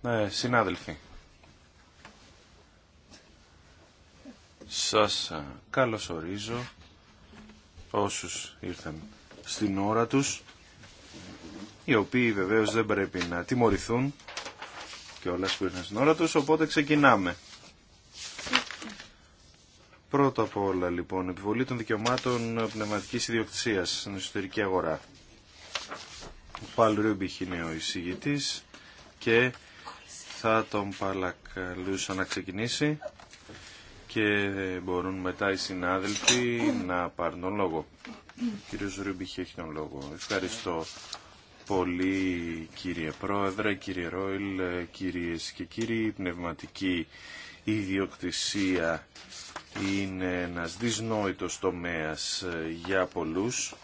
Ναι, συνάδελφοι. Σας ε, καλωσορίζω όσους ήρθαν στην ώρα τους, οι οποίοι βεβαίως δεν πρέπει να τιμωρηθούν και όλα που ήρθαν στην ώρα τους, οπότε ξεκινάμε. Πρώτα απ' όλα λοιπόν, επιβολή των δικαιωμάτων πνευματικής ιδιοκτησίας στην εσωτερική αγορά. Ο Παλ Ρούμπιχ είναι ο εισηγητής και θα τον παρακαλούσα να ξεκινήσει και μπορούν μετά οι συνάδελφοι να πάρουν τον λόγο. Ο κύριος Ρούμπιχ έχει τον λόγο. Ευχαριστώ πολύ κύριε Πρόεδρε, κύριε Ρόιλ, κυρίες και κύριοι. Η πνευματική ιδιοκτησία είναι ένας δυσνόητος τομέας για πολλούς,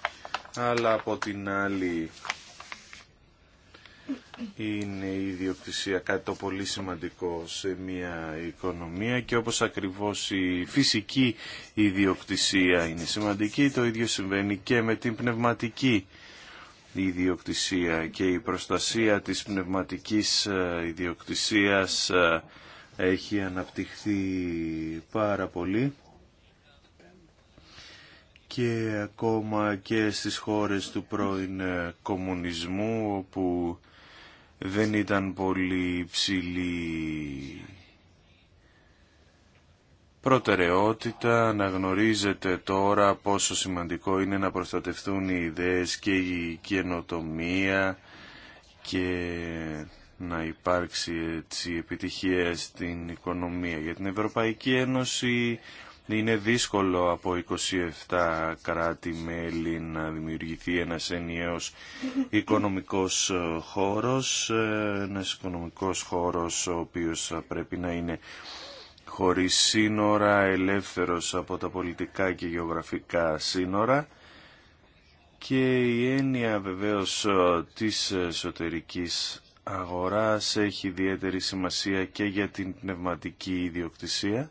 αλλά από την άλλη είναι η ιδιοκτησία κάτι το πολύ σημαντικό σε μια οικονομία και όπως ακριβώς η φυσική ιδιοκτησία είναι σημαντική, το ίδιο συμβαίνει και με την πνευματική ιδιοκτησία και η προστασία της πνευματικής ε, ιδιοκτησίας ε, έχει αναπτυχθεί πάρα πολύ και ακόμα και στις χώρες του πρώην ε, κομμουνισμού όπου δεν ήταν πολύ ψηλή προτεραιότητα. Να γνωρίζετε τώρα πόσο σημαντικό είναι να προστατευτούν οι ιδέες και η καινοτομία και να υπάρξει έτσι επιτυχία στην οικονομία. Για την Ευρωπαϊκή Ένωση είναι δύσκολο από 27 κράτη-μέλη να δημιουργηθεί ένας ενιαίος οικονομικός χώρος, ένας οικονομικός χώρος ο οποίος πρέπει να είναι χωρίς σύνορα, ελεύθερος από τα πολιτικά και γεωγραφικά σύνορα και η έννοια βεβαίως της εσωτερικής αγοράς έχει ιδιαίτερη σημασία και για την πνευματική ιδιοκτησία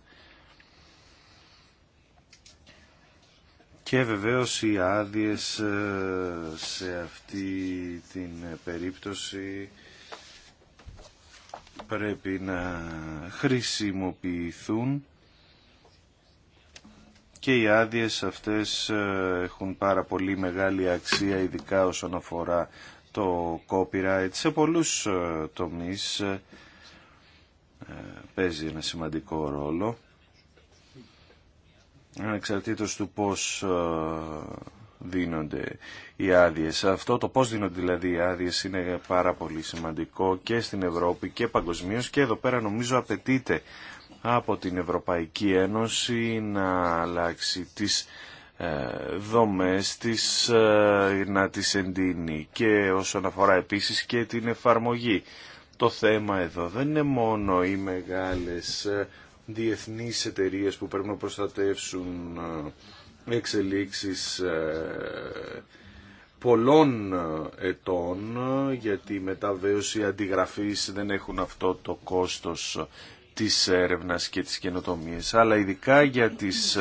και βεβαίως οι άδειες ε, σε αυτή την περίπτωση πρέπει να χρησιμοποιηθούν και οι άδειες αυτές ε, έχουν πάρα πολύ μεγάλη αξία ειδικά όσον αφορά το copyright σε πολλούς ε, τομείς παίζει ένα σημαντικό ρόλο ανεξαρτήτως του πώς ε, δίνονται οι άδειε. Αυτό το πώς δίνονται δηλαδή οι άδειε είναι πάρα πολύ σημαντικό και στην Ευρώπη και παγκοσμίω και εδώ πέρα νομίζω απαιτείται από την Ευρωπαϊκή Ένωση να αλλάξει τις ε, δομές της, ε, να τις εντείνει και όσον αφορά επίσης και την εφαρμογή. Το θέμα εδώ δεν είναι μόνο οι μεγάλες διεθνείς εταιρείε που πρέπει να προστατεύσουν ε, εξελίξεις ε, πολλών ε, ετών γιατί μετά αντιγραφής οι δεν έχουν αυτό το κόστος της έρευνας και της καινοτομίας αλλά ειδικά για τις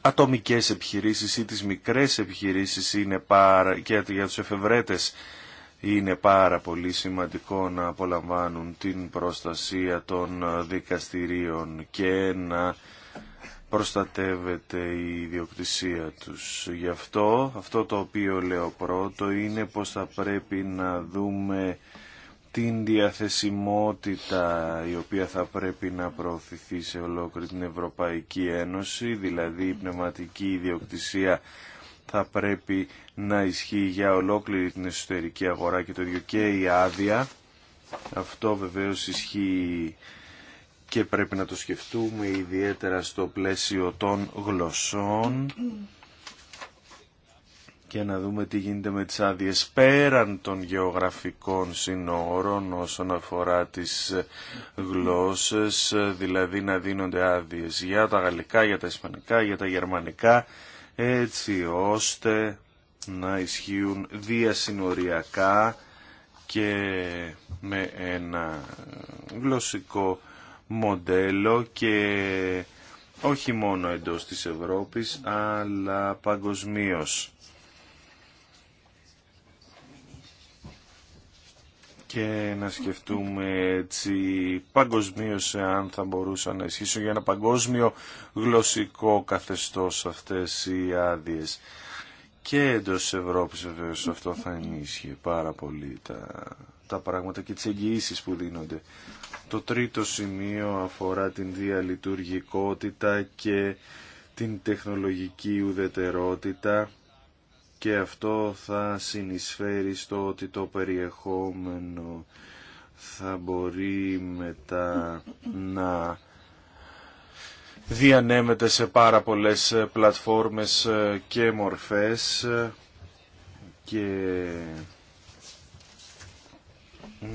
ατομικές επιχειρήσεις ή τις μικρές επιχειρήσεις είναι πάρα... και για τους εφευρέτες είναι πάρα πολύ σημαντικό να απολαμβάνουν την προστασία των δικαστηρίων και να προστατεύεται η ιδιοκτησία τους. Γι' αυτό, αυτό το οποίο λέω πρώτο είναι πως θα πρέπει να δούμε την διαθεσιμότητα η οποία θα πρέπει να προωθηθεί σε ολόκληρη την Ευρωπαϊκή Ένωση, δηλαδή η πνευματική ιδιοκτησία θα πρέπει να ισχύει για ολόκληρη την εσωτερική αγορά και το ίδιο και η άδεια. Αυτό βεβαίως ισχύει και πρέπει να το σκεφτούμε ιδιαίτερα στο πλαίσιο των γλωσσών και να δούμε τι γίνεται με τις άδειε πέραν των γεωγραφικών συνόρων όσον αφορά τις γλώσσες, δηλαδή να δίνονται άδειε για τα γαλλικά, για τα ισπανικά, για τα γερμανικά, έτσι ώστε να ισχύουν διασυνοριακά και με ένα γλωσσικό μοντέλο και όχι μόνο εντός της Ευρώπης αλλά παγκοσμίως. και να σκεφτούμε έτσι παγκοσμίω αν θα μπορούσαν να ισχύσουν για ένα παγκόσμιο γλωσσικό καθεστώς αυτές οι άδειε. Και εντό Ευρώπη βεβαίω αυτό θα ενίσχυε πάρα πολύ τα, τα πράγματα και τι εγγυήσει που δίνονται. Το τρίτο σημείο αφορά την διαλειτουργικότητα και την τεχνολογική ουδετερότητα και αυτό θα συνεισφέρει στο ότι το περιεχόμενο θα μπορεί μετά να διανέμεται σε πάρα πολλές πλατφόρμες και μορφές και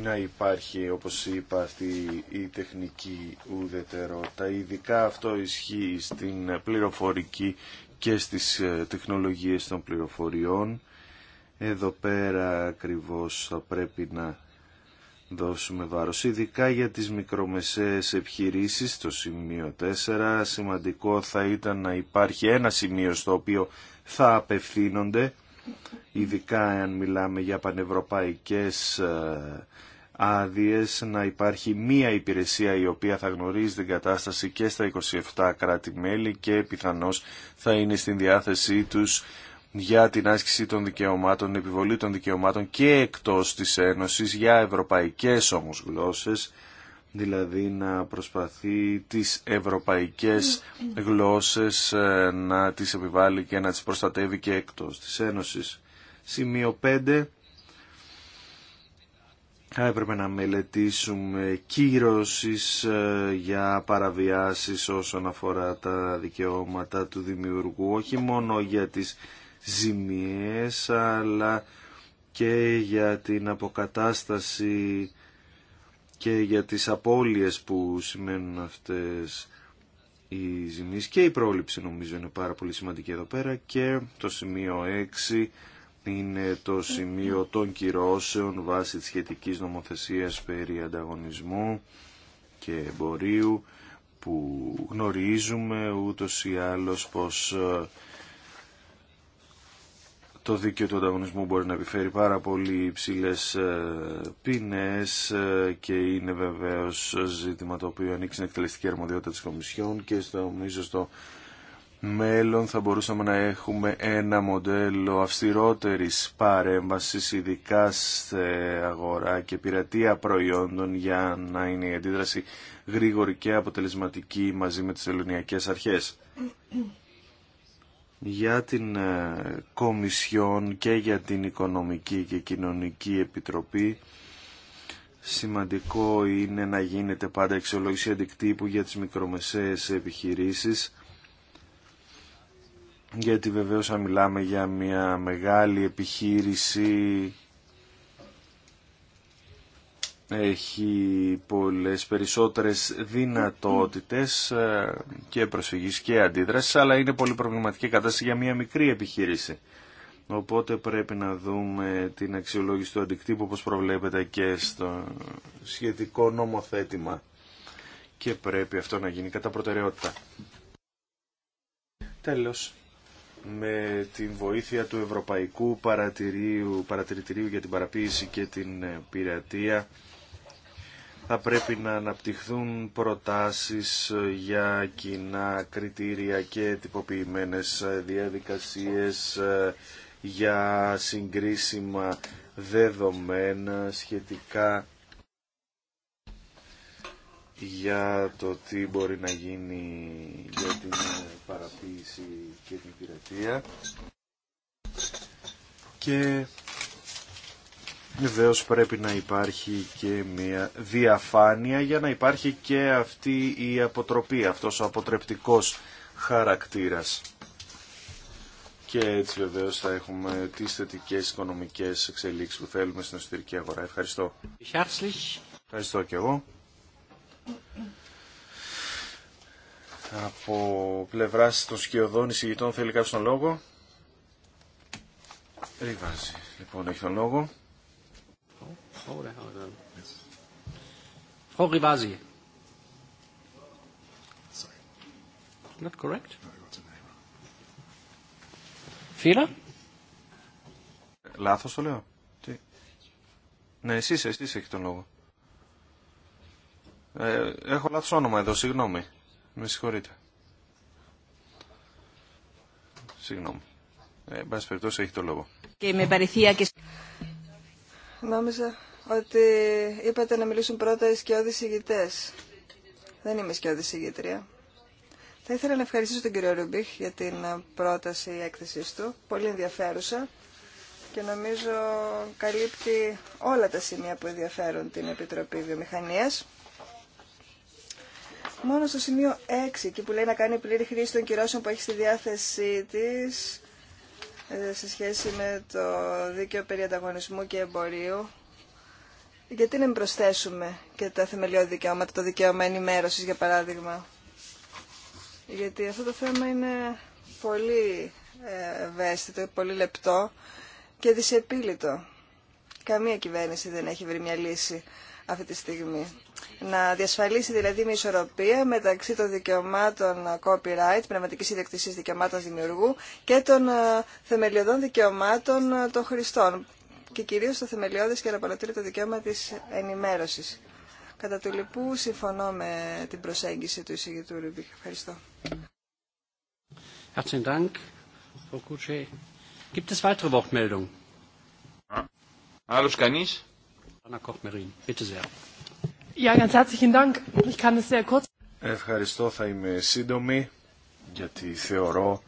να υπάρχει όπως είπα αυτή η τεχνική ουδετερότητα. Ειδικά αυτό ισχύει στην πληροφορική και στις ε, τεχνολογίες των πληροφοριών. Εδώ πέρα ακριβώς θα πρέπει να δώσουμε βάρος. Ειδικά για τις μικρομεσαίες επιχειρήσεις, το σημείο 4, σημαντικό θα ήταν να υπάρχει ένα σημείο στο οποίο θα απευθύνονται, ειδικά αν μιλάμε για πανευρωπαϊκές ε, άδειε να υπάρχει μία υπηρεσία η οποία θα γνωρίζει την κατάσταση και στα 27 κράτη-μέλη και πιθανώς θα είναι στην διάθεσή τους για την άσκηση των δικαιωμάτων, επιβολή των δικαιωμάτων και εκτός της Ένωσης για ευρωπαϊκές όμως γλώσσες, δηλαδή να προσπαθεί τις ευρωπαϊκές γλώσσες ε, να τις επιβάλλει και να τις προστατεύει και εκτός της Ένωσης. Σημείο θα έπρεπε να μελετήσουμε κύρωσης ε, για παραβιάσεις όσον αφορά τα δικαιώματα του δημιουργού, όχι μόνο για τις ζημιές, αλλά και για την αποκατάσταση και για τις απώλειες που σημαίνουν αυτές οι ζημίες και η πρόληψη νομίζω είναι πάρα πολύ σημαντική εδώ πέρα και το σημείο 6 είναι το σημείο των κυρώσεων βάσει της σχετικής νομοθεσίας περί ανταγωνισμού και εμπορίου που γνωρίζουμε ούτως ή άλλως πως ε, το δίκαιο του ανταγωνισμού μπορεί να επιφέρει πάρα πολύ υψηλε ποινές ε, και είναι βεβαίως ζήτημα το οποίο ανοίξει την εκτελεστική αρμοδιότητα της Κομισιόν και στο, νομίζω στο μέλλον θα μπορούσαμε να έχουμε ένα μοντέλο αυστηρότερης παρέμβασης ειδικά σε αγορά και πειρατεία προϊόντων για να είναι η αντίδραση γρήγορη και αποτελεσματική μαζί με τις ελληνιακές αρχές. Για την ε, Κομισιόν και για την Οικονομική και Κοινωνική Επιτροπή σημαντικό είναι να γίνεται πάντα αξιολόγηση αντικτύπου για τις μικρομεσαίες επιχειρήσεις γιατί βεβαίως αν μιλάμε για μια μεγάλη επιχείρηση έχει πολλές περισσότερες δυνατότητες ε, και προσφυγής και αντίδρασης, αλλά είναι πολύ προβληματική κατάσταση για μια μικρή επιχείρηση. Οπότε πρέπει να δούμε την αξιολόγηση του αντικτύπου όπως προβλέπεται και στο σχετικό νομοθέτημα και πρέπει αυτό να γίνει κατά προτεραιότητα. Τέλος, με την βοήθεια του Ευρωπαϊκού Παρατηρίου, Παρατηρητηρίου για την Παραποίηση και την ε, Πειρατεία θα πρέπει να αναπτυχθούν προτάσεις ε, για κοινά κριτήρια και τυποποιημένες ε, διαδικασίες για συγκρίσιμα δεδομένα σχετικά για το τι μπορεί να γίνει για την παραποίηση και την πειρατεία και βεβαίω πρέπει να υπάρχει και μια διαφάνεια για να υπάρχει και αυτή η αποτροπή, αυτός ο αποτρεπτικός χαρακτήρας. Και έτσι βεβαίως θα έχουμε τις θετικές οικονομικές εξελίξεις που θέλουμε στην εσωτερική αγορά. Ευχαριστώ. Ευχαριστώ και εγώ. Από πλευρά των σκιωδών εισηγητών θέλει κάποιος τον λόγο. Ρίβαζη, λοιπόν, έχει τον λόγο. Frau correct? Λάθος το λέω. Ναι, εσείς, εσείς έχει τον λόγο. Ε, έχω λάθος όνομα εδώ, συγγνώμη. Με συγχωρείτε. Συγγνώμη. Ε, εν πάση έχει το λόγο. Και με Νόμιζα ότι είπατε να μιλήσουν πρώτα οι σκιώδεις ηγητές. Δεν είμαι σκιώδης ηγητρία. Θα ήθελα να ευχαριστήσω τον κύριο Ρουμπίχ για την πρόταση έκθεσή του. Πολύ ενδιαφέρουσα και νομίζω καλύπτει όλα τα σημεία που ενδιαφέρουν την Επιτροπή Βιομηχανίας. Μόνο στο σημείο 6, και που λέει να κάνει πλήρη χρήση των κυρώσεων που έχει στη διάθεσή της ε, σε σχέση με το δίκαιο περί ανταγωνισμού και εμπορίου, γιατί να μην προσθέσουμε και τα θεμελιώδη δικαιώματα, το δικαίωμα ενημέρωσης για παράδειγμα. Γιατί αυτό το θέμα είναι πολύ ε, ευαίσθητο, πολύ λεπτό και δυσεπίλητο. Καμία κυβέρνηση δεν έχει βρει μια λύση αυτή τη στιγμή να διασφαλίσει δηλαδή μια ισορροπία μεταξύ των δικαιωμάτων copyright, πνευματική ιδιοκτησία δικαιωμάτων δημιουργού και των ε, θεμελιωδών δικαιωμάτων ε, των χρηστών και κυρίως το θεμελιώδες και αναπαρατήρητο δικαίωμα της ενημέρωσης. Κατά του λοιπού συμφωνώ με την προσέγγιση του εισηγητού Ρουμπίχ. Ευχαριστώ. Herzlichen Dank, Frau Kutsche. Gibt es weitere Ευχαριστώ, θα είμαι σύντομη, γιατί θεωρώ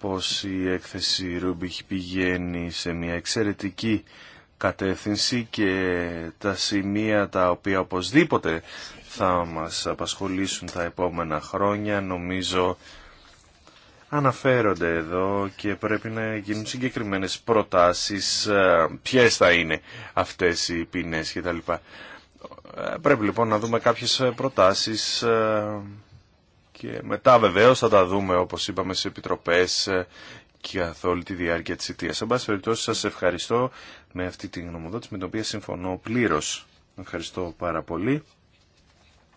πως η έκθεση Ρούμπιχ πηγαίνει σε μια εξαιρετική κατεύθυνση και τα σημεία τα οποία οπωσδήποτε θα μας απασχολήσουν τα επόμενα χρόνια νομίζω αναφέρονται εδώ και πρέπει να γίνουν συγκεκριμένες προτάσεις ε, ποιες θα είναι αυτές οι ποινές κτλ. Ε, πρέπει λοιπόν να δούμε κάποιες ε, προτάσεις ε, και μετά βεβαίως θα τα δούμε όπως είπαμε σε επιτροπές και καθ' όλη τη διάρκεια της ηττίας. Σε πάση περιπτώσει σας ευχαριστώ με αυτή τη γνωμοδότηση με την οποία συμφωνώ πλήρως. Ευχαριστώ πάρα πολύ.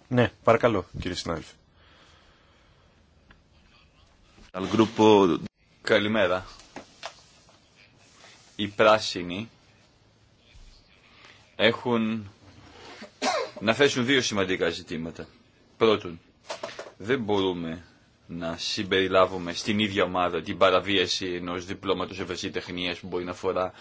Ναι, παρακαλώ κύριε συνάδελφε. Καλημέρα. Οι πράσινοι έχουν να θέσουν δύο σημαντικά ζητήματα. Πρώτον, δεν μπορούμε να συμπεριλάβουμε στην ίδια ομάδα την παραβίαση ενός διπλώματος ευρεσιτεχνίας που μπορεί να αφορά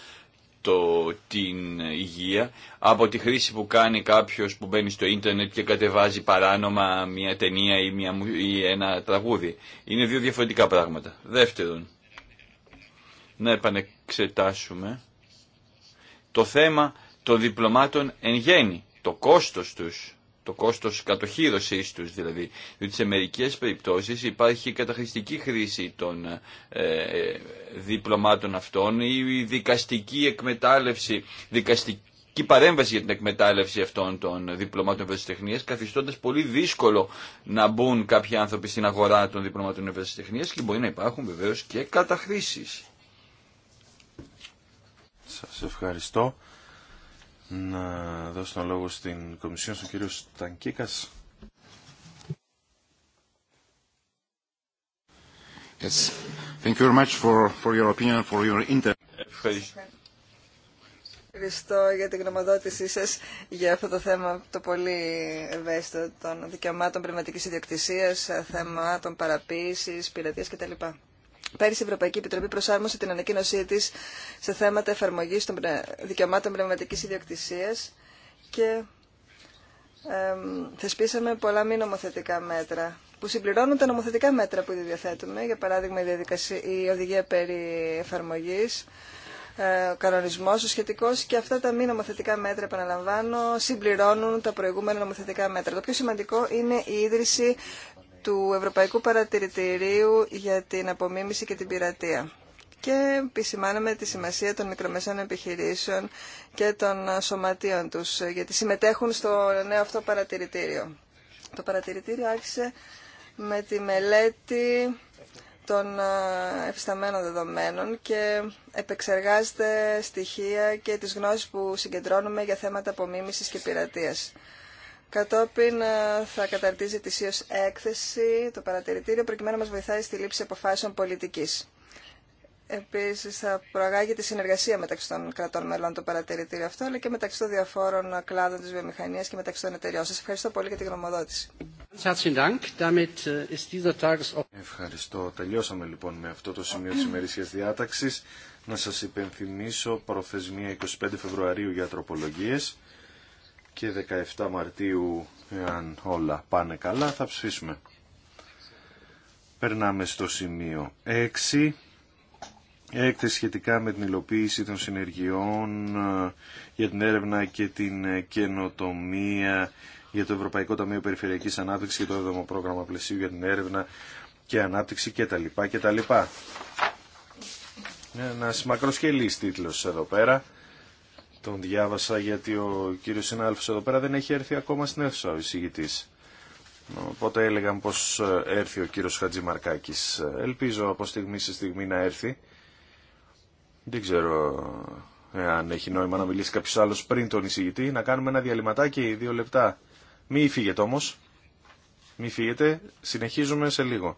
το, την υγεία από τη χρήση που κάνει κάποιος που μπαίνει στο ίντερνετ και κατεβάζει παράνομα μια ταινία ή, μια, ή ένα τραγούδι. Είναι δύο διαφορετικά πράγματα. Δεύτερον, να επανεξετάσουμε το θέμα των διπλωμάτων εν γέννη το κόστος τους, το κόστος κατοχύρωσης τους δηλαδή, διότι σε μερικές περιπτώσεις υπάρχει καταχρηστική χρήση των ε, ε, διπλωμάτων αυτών ή δικαστική εκμετάλλευση, δικαστική παρέμβαση για την εκμετάλλευση αυτών των διπλωμάτων ευρεσιτεχνίας, καθιστώντας πολύ δύσκολο να μπουν κάποιοι άνθρωποι στην αγορά των διπλωμάτων ευρεσιτεχνίας και μπορεί να υπάρχουν βεβαίως και καταχρήσεις. Σας ευχαριστώ να δώσω τον λόγο στην Κομισιόν, στον κύριο Στανκίκας. Yes. Thank you very much for, for your opinion, for your Ευχαριστώ για την γνωμοδότησή σας για αυτό το θέμα το πολύ ευαίσθητο των δικαιωμάτων πνευματικής ιδιοκτησίας, των παραποίησης, πειρατείας κτλ. Πέρυσι η Ευρωπαϊκή Επιτροπή προσάρμοσε την ανακοίνωσή τη σε θέματα εφαρμογή των δικαιωμάτων πνευματική ιδιοκτησία και ε, θεσπίσαμε πολλά μη νομοθετικά μέτρα που συμπληρώνουν τα νομοθετικά μέτρα που ήδη διαθέτουμε. Για παράδειγμα, η, η οδηγία περί εφαρμογή, ε, ο κανονισμό, ο σχετικό και αυτά τα μη νομοθετικά μέτρα, επαναλαμβάνω, συμπληρώνουν τα προηγούμενα νομοθετικά μέτρα. Το πιο σημαντικό είναι η ίδρυση του Ευρωπαϊκού Παρατηρητηρίου για την Απομίμηση και την Πειρατεία. Και επισημάναμε τη σημασία των μικρομεσαίων επιχειρήσεων και των σωματείων τους, γιατί συμμετέχουν στο νέο αυτό παρατηρητήριο. Το παρατηρητήριο άρχισε με τη μελέτη των εφισταμένων δεδομένων και επεξεργάζεται στοιχεία και τις γνώσεις που συγκεντρώνουμε για θέματα απομίμησης και πειρατείας. Κατόπιν ε, θα καταρτίζει τη ΣΥΟΣ έκθεση, το παρατηρητήριο, προκειμένου να μας βοηθάει στη λήψη αποφάσεων πολιτικής. Επίσης θα προαγάγει τη συνεργασία μεταξύ των κρατών μελών το παρατηρητήριο αυτό, αλλά και μεταξύ των διαφόρων κλάδων της βιομηχανίας και μεταξύ των εταιριών. Σας ευχαριστώ πολύ για την γνωμοδότηση. Ε, ευχαριστώ. Τελειώσαμε λοιπόν με αυτό το σημείο της ημερησίας διάταξης. Να σας υπενθυμίσω προθεσμία 25 Φεβρουαρίου για τροπολογίες και 17 Μαρτίου, εάν όλα πάνε καλά, θα ψηφίσουμε. Περνάμε στο σημείο 6. Έκθεση σχετικά με την υλοποίηση των συνεργειών ε, για την έρευνα και την καινοτομία για το Ευρωπαϊκό Ταμείο Περιφερειακής Ανάπτυξης και το 7 Πρόγραμμα Πλαισίου για την έρευνα και ανάπτυξη κτλ. λοιπά Ένα ε, μακροσκελής τίτλος εδώ πέρα τον διάβασα γιατί ο κύριο συνάδελφο εδώ πέρα δεν έχει έρθει ακόμα στην αίθουσα ο εισηγητή. Οπότε έλεγαν πω ε, έρθει ο κύριο Χατζημαρκάκης. Ελπίζω από στιγμή σε στιγμή να έρθει. Δεν ξέρω ε, αν έχει νόημα να μιλήσει κάποιο άλλο πριν τον εισηγητή. Να κάνουμε ένα διαλυματάκι, δύο λεπτά. Μη φύγετε όμω. Μη φύγετε. Συνεχίζουμε σε λίγο.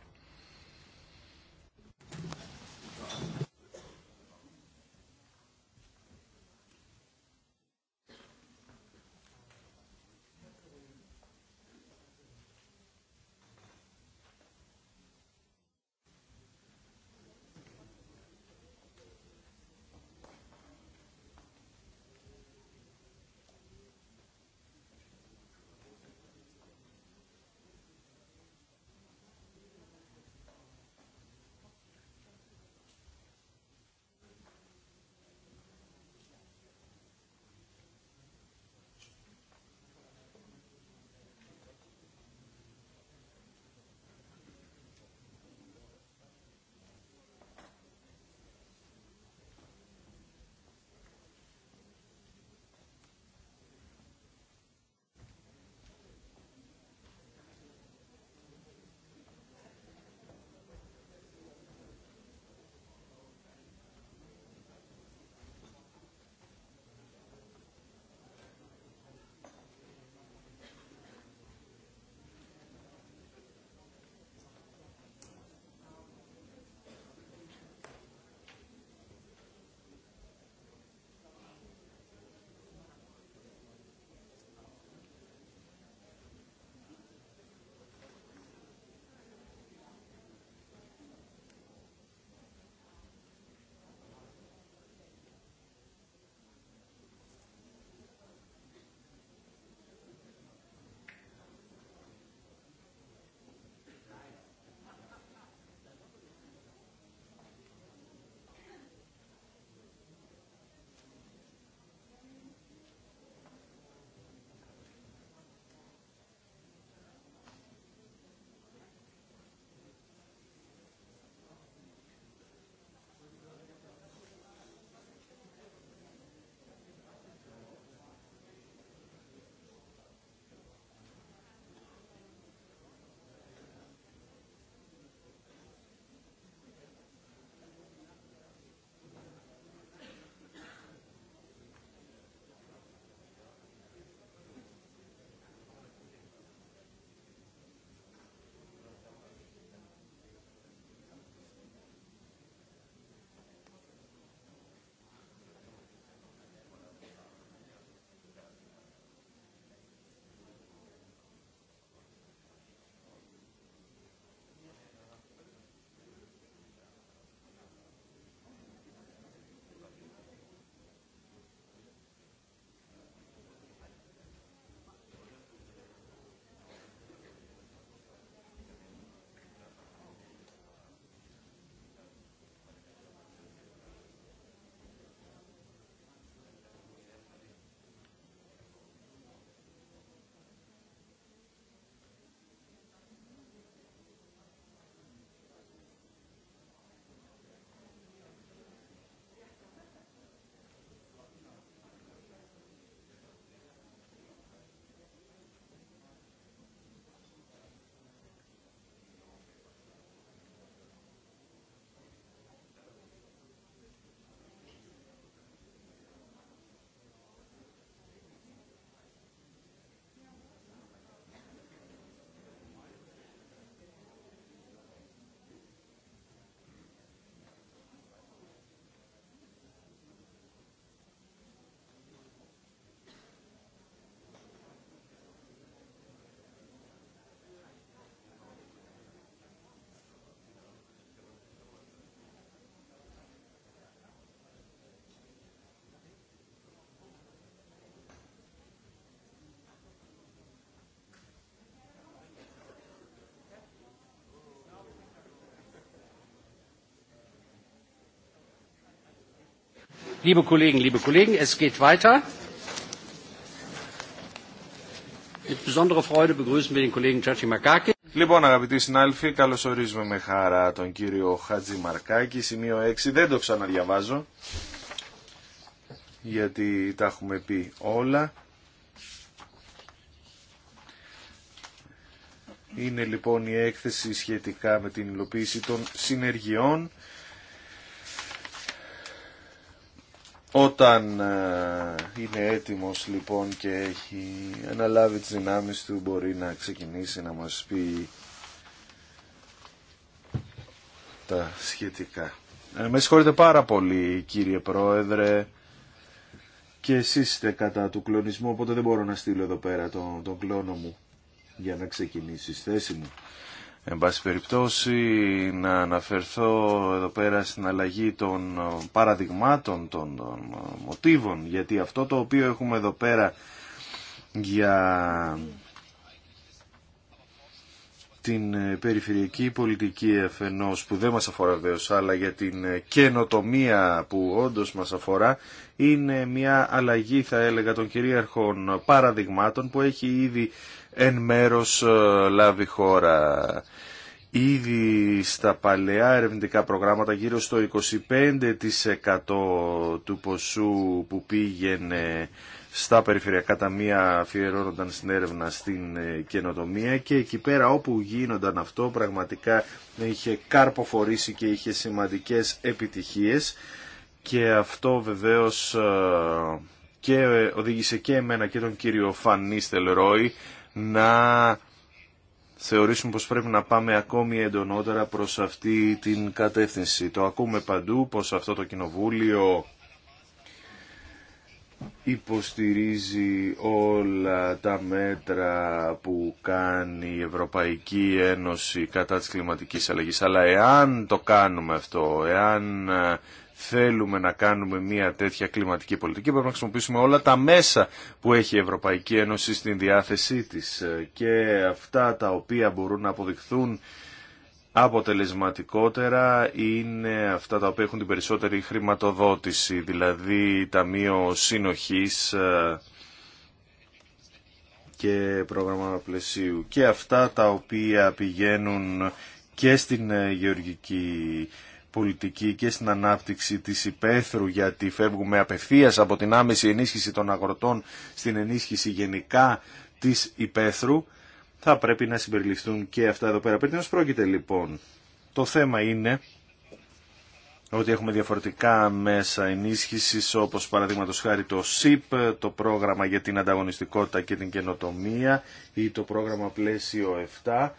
Liebe Kolleginnen, liebe Kollegen, es geht weiter. Mit besonderer Freude begrüßen wir den Kollegen Chachi Λοιπόν, αγαπητοί συνάδελφοι, καλωσορίζουμε με χαρά τον κύριο Χατζη Μαρκάκη, σημείο 6. Δεν το ξαναδιαβάζω, γιατί τα έχουμε πει όλα. Είναι λοιπόν η έκθεση σχετικά με την υλοποίηση των συνεργειών Όταν ε, είναι έτοιμος λοιπόν και έχει αναλάβει τις δυνάμεις του μπορεί να ξεκινήσει να μας πει τα σχετικά. Ε, με συγχωρείτε πάρα πολύ κύριε Πρόεδρε και εσείς είστε κατά του κλονισμού οπότε δεν μπορώ να στείλω εδώ πέρα τον, τον κλόνο μου για να ξεκινήσει η θέση μου. Εν πάση περιπτώσει να αναφερθώ εδώ πέρα στην αλλαγή των ε, παραδειγμάτων, των, των ε, μοτίβων, γιατί αυτό το οποίο έχουμε εδώ πέρα για την ε, περιφερειακή πολιτική αφενός που δεν μας αφορά βέβαιως αλλά για την ε, καινοτομία που όντως μας αφορά είναι μια αλλαγή θα έλεγα των κυρίαρχων παραδειγμάτων που έχει ήδη εν μέρος ε, λάβει χώρα. Ήδη στα παλαιά ερευνητικά προγράμματα γύρω στο 25% του ποσού που πήγαινε στα περιφερειακά ταμεία αφιερώνονταν στην έρευνα στην ε, καινοτομία και εκεί πέρα όπου γίνονταν αυτό πραγματικά είχε καρποφορήσει και είχε σημαντικές επιτυχίες και αυτό βεβαίως ε, και ε, οδήγησε και εμένα και τον κύριο Φανίστελ Ρόι να θεωρήσουμε πως πρέπει να πάμε ακόμη εντονότερα προς αυτή την κατεύθυνση. Το ακούμε παντού πως αυτό το κοινοβούλιο υποστηρίζει όλα τα μέτρα που κάνει η Ευρωπαϊκή Ένωση κατά της κλιματικής αλλαγής. Αλλά εάν το κάνουμε αυτό, εάν ε, θέλουμε να κάνουμε μια τέτοια κλιματική πολιτική, πρέπει να χρησιμοποιήσουμε όλα τα μέσα που έχει η Ευρωπαϊκή Ένωση στην διάθεσή της ε, και αυτά τα οποία μπορούν να αποδειχθούν αποτελεσματικότερα είναι αυτά τα οποία έχουν την περισσότερη χρηματοδότηση, δηλαδή Ταμείο Συνοχής ε, και πρόγραμμα πλαισίου και αυτά τα οποία πηγαίνουν και στην ε, γεωργική πολιτική και στην ανάπτυξη της υπαίθρου γιατί φεύγουμε απευθείας από την άμεση ενίσχυση των αγροτών στην ενίσχυση γενικά της υπαίθρου θα πρέπει να συμπεριληφθούν και αυτά εδώ πέρα. Πριν πρόκειται λοιπόν, το θέμα είναι ότι έχουμε διαφορετικά μέσα ενίσχυσης όπως παραδείγματο χάρη το ΣΥΠ, το πρόγραμμα για την ανταγωνιστικότητα και την καινοτομία ή το πρόγραμμα πλαίσιο 7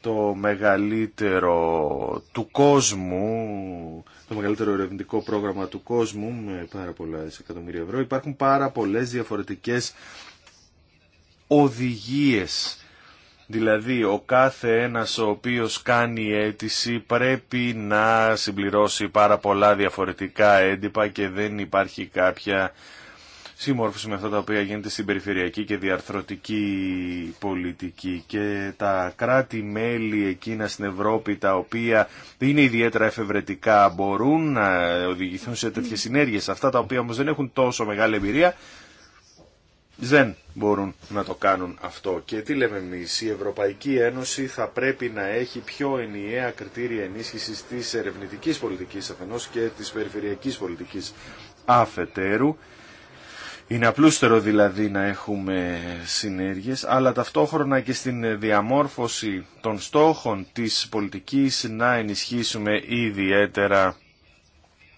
το μεγαλύτερο του κόσμου, το μεγαλύτερο ερευνητικό πρόγραμμα του κόσμου με πάρα πολλά εκατομμύρια ευρώ. Υπάρχουν πάρα πολλές διαφορετικές οδηγίες Δηλαδή ο κάθε ένας ο οποίος κάνει αίτηση πρέπει να συμπληρώσει πάρα πολλά διαφορετικά έντυπα και δεν υπάρχει κάποια συμμόρφωση με αυτά τα οποία γίνεται στην περιφερειακή και διαρθρωτική πολιτική και τα κράτη-μέλη εκείνα στην Ευρώπη τα οποία είναι ιδιαίτερα εφευρετικά μπορούν να οδηγηθούν σε τέτοιες συνέργειες αυτά τα οποία όμως δεν έχουν τόσο μεγάλη εμπειρία δεν μπορούν να το κάνουν αυτό. Και τι λέμε εμεί, η Ευρωπαϊκή Ένωση θα πρέπει να έχει πιο ενιαία κριτήρια ενίσχυσης της ερευνητική πολιτικής Αφενό και της περιφερειακή πολιτική αφετέρου. Είναι απλούστερο δηλαδή να έχουμε συνέργειες, αλλά ταυτόχρονα και στην διαμόρφωση των στόχων της πολιτικής να ενισχύσουμε ιδιαίτερα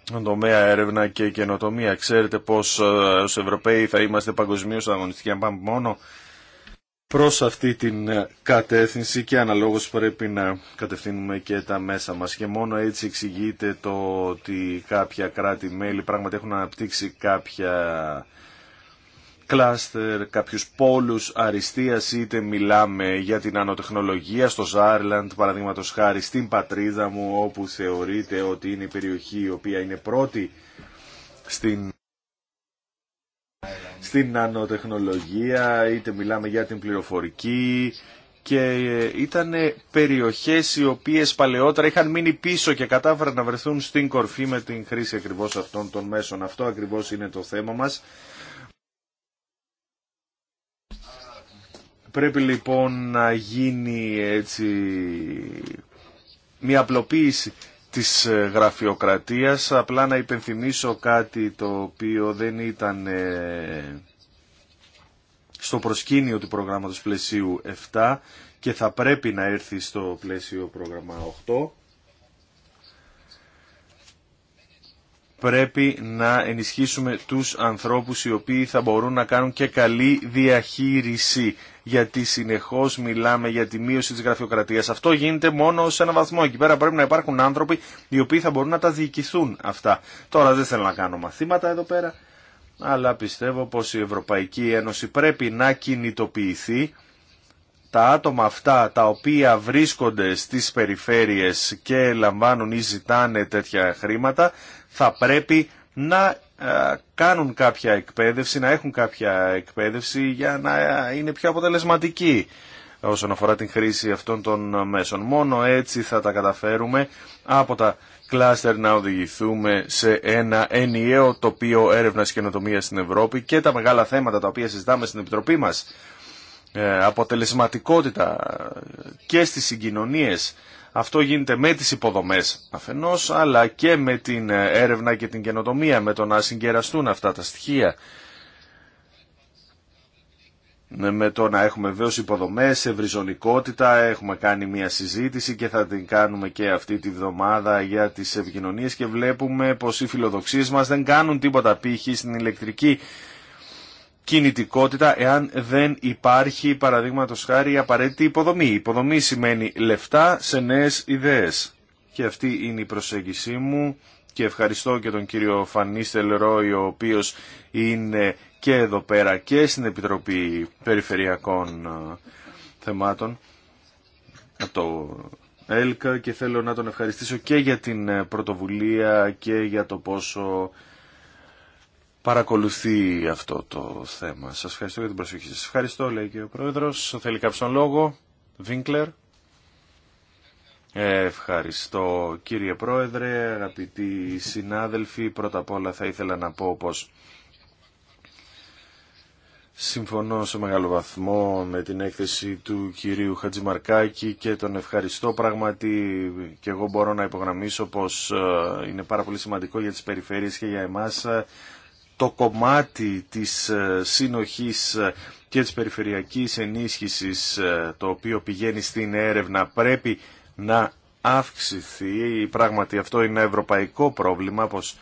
στον τομέα έρευνα και καινοτομία. Ξέρετε πως ε, ως Ευρωπαίοι θα είμαστε παγκοσμίως αγωνιστικοί αν πάμε μόνο προς αυτή την ε, κατεύθυνση και αναλόγως πρέπει να κατευθύνουμε και τα μέσα μας. Και μόνο έτσι εξηγείται το ότι κάποια κράτη-μέλη πράγματι έχουν αναπτύξει κάποια κλάστερ, κάποιους πόλους αριστείας, είτε μιλάμε για την ανοτεχνολογία στο Ζάρλαντ, παραδείγματο χάρη στην πατρίδα μου, όπου θεωρείται ότι είναι η περιοχή η οποία είναι πρώτη στην στην ανοτεχνολογία, είτε μιλάμε για την πληροφορική και ήταν περιοχές οι οποίες παλαιότερα είχαν μείνει πίσω και κατάφεραν να βρεθούν στην κορφή με την χρήση ακριβώς αυτών των μέσων. Αυτό ακριβώς είναι το θέμα μας Πρέπει λοιπόν να γίνει έτσι μια απλοποίηση της γραφειοκρατίας. Απλά να υπενθυμίσω κάτι το οποίο δεν ήταν ε, στο προσκήνιο του προγράμματος πλαισίου 7 και θα πρέπει να έρθει στο πλαίσιο πρόγραμμα 8. Πρέπει να ενισχύσουμε τους ανθρώπους οι οποίοι θα μπορούν να κάνουν και καλή διαχείριση γιατί συνεχώς μιλάμε για τη μείωση της γραφειοκρατίας. Αυτό γίνεται μόνο σε ένα βαθμό. Εκεί πέρα πρέπει να υπάρχουν άνθρωποι οι οποίοι θα μπορούν να τα διοικηθούν αυτά. Τώρα δεν θέλω να κάνω μαθήματα εδώ πέρα, αλλά πιστεύω πως η Ευρωπαϊκή Ένωση πρέπει να κινητοποιηθεί τα άτομα αυτά τα οποία βρίσκονται στις περιφέρειες και λαμβάνουν ή ζητάνε τέτοια χρήματα θα πρέπει να ε, κάνουν κάποια εκπαίδευση, να έχουν κάποια εκπαίδευση για να είναι πιο αποτελεσματικοί όσον αφορά την χρήση αυτών των μέσων. Μόνο έτσι θα τα καταφέρουμε από τα κλάστερ να οδηγηθούμε σε ένα ενιαίο τοπίο έρευνας και στην Ευρώπη και τα μεγάλα θέματα τα οποία συζητάμε στην Επιτροπή μας, ε, αποτελεσματικότητα και στις συγκοινωνίες αυτό γίνεται με τις υποδομές αφενός, αλλά και με την έρευνα και την καινοτομία, με το να συγκεραστούν αυτά τα στοιχεία. Με το να έχουμε βεβαίω υποδομές, ευρυζωνικότητα, έχουμε κάνει μια συζήτηση και θα την κάνουμε και αυτή τη βδομάδα για τις επικοινωνίε και βλέπουμε πως οι φιλοδοξίες μας δεν κάνουν τίποτα πύχη στην ηλεκτρική κινητικότητα εάν δεν υπάρχει παραδείγματο χάρη η απαραίτητη υποδομή. Η υποδομή σημαίνει λεφτά σε νέε ιδέες. Και αυτή είναι η προσέγγιση μου και ευχαριστώ και τον κύριο Φανίστελ Ρόι ο οποίος είναι και εδώ πέρα και στην Επιτροπή Περιφερειακών ε, Θεμάτων από το ΕΛΚΑ και θέλω να τον ευχαριστήσω και για την ε, πρωτοβουλία και για το πόσο παρακολουθεί αυτό το θέμα. Σας ευχαριστώ για την προσοχή σας. Ευχαριστώ, λέει και ο Πρόεδρος. Θέλει κάποιον λόγο. Βίνκλερ. Ευχαριστώ κύριε Πρόεδρε, αγαπητοί συνάδελφοι. Πρώτα απ' όλα θα ήθελα να πω πως συμφωνώ σε μεγάλο βαθμό με την έκθεση του κυρίου Χατζημαρκάκη και τον ευχαριστώ πράγματι και εγώ μπορώ να υπογραμμίσω πως ε, είναι πάρα πολύ σημαντικό για τις περιφέρειες και για εμάς ε, το κομμάτι της ε, συνοχής ε, και της περιφερειακής ενίσχυσης ε, το οποίο πηγαίνει στην έρευνα πρέπει να αυξηθεί. Πράγματι αυτό είναι ένα ευρωπαϊκό πρόβλημα πως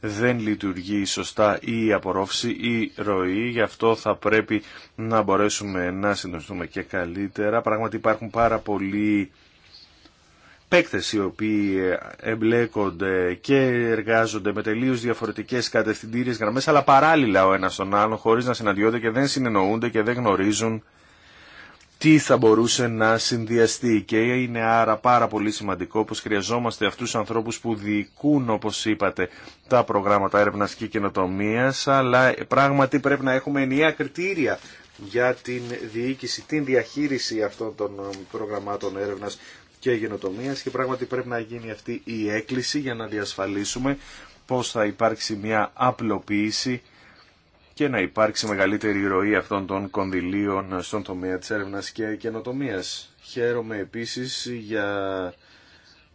δεν λειτουργεί σωστά η απορρόφηση ή η ροή. Γι' αυτό θα πρέπει να μπορέσουμε να συντονιστούμε και καλύτερα. Πράγματι υπάρχουν πάρα πολλοί παίκτες οι οποίοι ε, εμπλέκονται και εργάζονται με τελείω διαφορετικές κατευθυντήριες γραμμές αλλά παράλληλα ο ένας τον άλλον χωρίς να συναντιόνται και δεν συνεννοούνται και δεν γνωρίζουν τι θα μπορούσε να συνδυαστεί και είναι άρα πάρα πολύ σημαντικό πως χρειαζόμαστε αυτούς τους ανθρώπους που διοικούν όπως είπατε τα προγράμματα έρευνας και καινοτομίας αλλά πράγματι πρέπει να έχουμε ενιαία κριτήρια για την διοίκηση, την διαχείριση αυτών των ε, προγραμμάτων έρευνας και γενοτομίας και πράγματι πρέπει να γίνει αυτή η έκκληση για να διασφαλίσουμε πώς θα υπάρξει μια απλοποίηση και να υπάρξει μεγαλύτερη ροή αυτών των κονδυλίων στον τομέα της έρευνας και καινοτομίας. Χαίρομαι επίσης για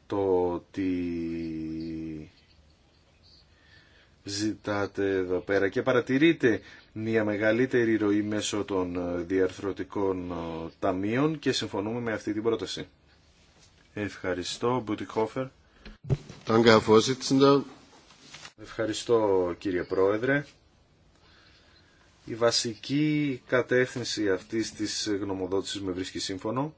το ότι ζητάτε εδώ πέρα και παρατηρείτε μια μεγαλύτερη ροή μέσω των διαρθρωτικών ε, ταμείων και συμφωνούμε με αυτή την πρόταση. Ευχαριστώ, Ευχαριστώ, κύριε Πρόεδρε. Η βασική κατεύθυνση αυτής της γνωμοδότησης με βρίσκει σύμφωνο.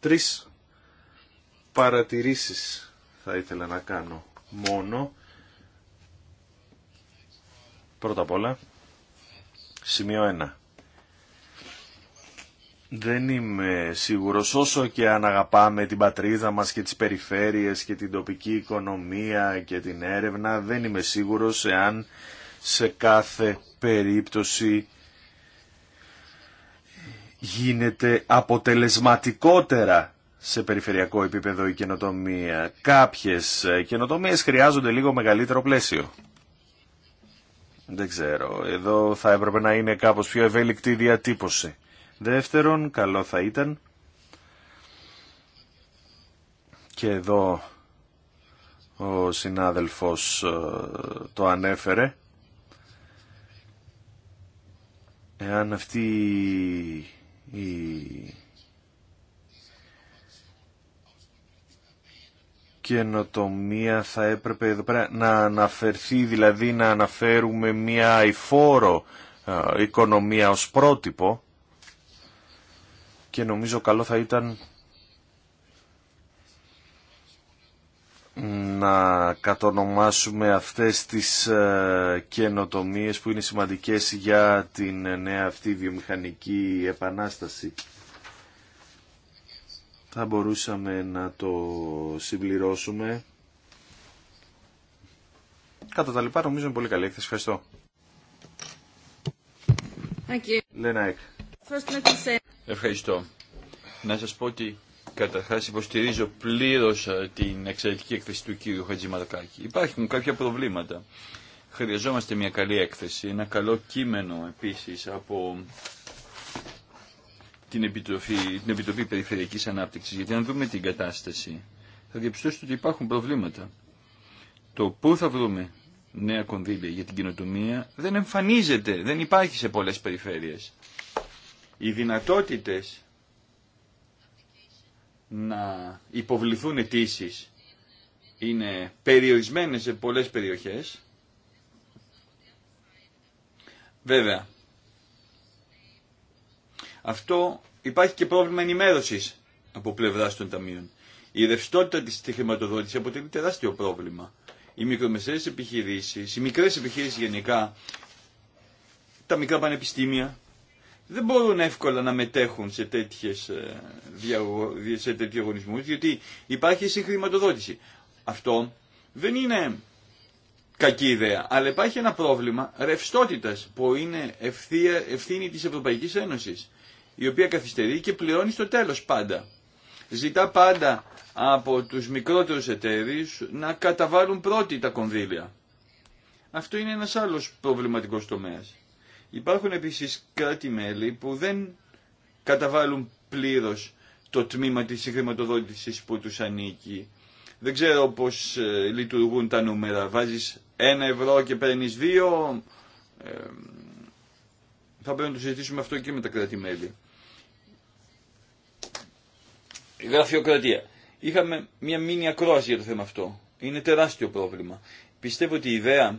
Τρεις παρατηρήσεις θα ήθελα να κάνω μόνο. Πρώτα απ' όλα, σημείο 1. Δεν είμαι σίγουρος όσο και αν αγαπάμε την πατρίδα μας και τις περιφέρειες και την τοπική οικονομία και την έρευνα, δεν είμαι σίγουρος εάν σε κάθε περίπτωση γίνεται αποτελεσματικότερα σε περιφερειακό επίπεδο η καινοτομία. Κάποιες ε, καινοτομίες χρειάζονται λίγο μεγαλύτερο πλαίσιο. Δεν ξέρω. Εδώ θα έπρεπε να είναι κάπως πιο ευέλικτη η διατύπωση. Δεύτερον, καλό θα ήταν και εδώ ο συνάδελφος ε, το ανέφερε εάν αυτή η καινοτομία θα έπρεπε εδώ να αναφερθεί, δηλαδή να αναφέρουμε μια αηφόρο οικονομία ως πρότυπο και νομίζω καλό θα ήταν να κατονομάσουμε αυτές τις καινοτομίες που είναι σημαντικές για την νέα αυτή βιομηχανική επανάσταση θα μπορούσαμε να το συμπληρώσουμε. Κατά τα λοιπά, νομίζω είναι πολύ καλή έκθεση. Ευχαριστώ. Ευχαριστώ. Να σας πω ότι καταρχάς υποστηρίζω πλήρως ε, την εξαιρετική έκθεση του κύριου Χατζημαρκάκη. Υπάρχουν κάποια προβλήματα. Χρειαζόμαστε μια καλή έκθεση, ένα καλό κείμενο επίσης από την Επιτροπή, την Επιτροπή Περιφερειακής Ανάπτυξης, γιατί αν δούμε την κατάσταση θα διαπιστώσετε ότι υπάρχουν προβλήματα. Το πού θα βρούμε νέα κονδύλια για την κοινοτομία δεν εμφανίζεται, δεν υπάρχει σε πολλές περιφέρειες. Οι δυνατότητες να υποβληθούν αιτήσει είναι περιορισμένες σε πολλές περιοχές. Βέβαια, αυτό υπάρχει και πρόβλημα ενημέρωση από πλευρά των ταμείων. Η ρευστότητα τη χρηματοδότηση αποτελεί τεράστιο πρόβλημα. Οι μικρομεσαίε επιχειρήσει, οι μικρέ επιχειρήσει γενικά, τα μικρά πανεπιστήμια δεν μπορούν εύκολα να μετέχουν σε, τέτοιες, ε, σε τέτοιου αγωνισμού διότι υπάρχει συγχρηματοδότηση. Αυτό δεν είναι κακή ιδέα, αλλά υπάρχει ένα πρόβλημα ρευστότητα που είναι ευθεία, ευθύνη τη Ευρωπαϊκή Ένωση η οποία καθυστερεί και πληρώνει στο τέλος πάντα. Ζητά πάντα από τους μικρότερους εταίρους να καταβάλουν πρώτοι τα κονδύλια. Αυτό είναι ένας άλλος προβληματικός τομέας. Υπάρχουν επίσης κράτη-μέλη που δεν καταβάλουν πλήρως το τμήμα της χρηματοδότησης που τους ανήκει. Δεν ξέρω πώς ε, λειτουργούν τα νούμερα. Βάζεις ένα ευρώ και παίρνει δύο. Ε, θα πρέπει να το συζητήσουμε αυτό και με τα κράτη-μέλη γραφειοκρατία. Είχαμε μια μήνυα κρόαση για το θέμα αυτό. Είναι τεράστιο πρόβλημα. Πιστεύω ότι η ιδέα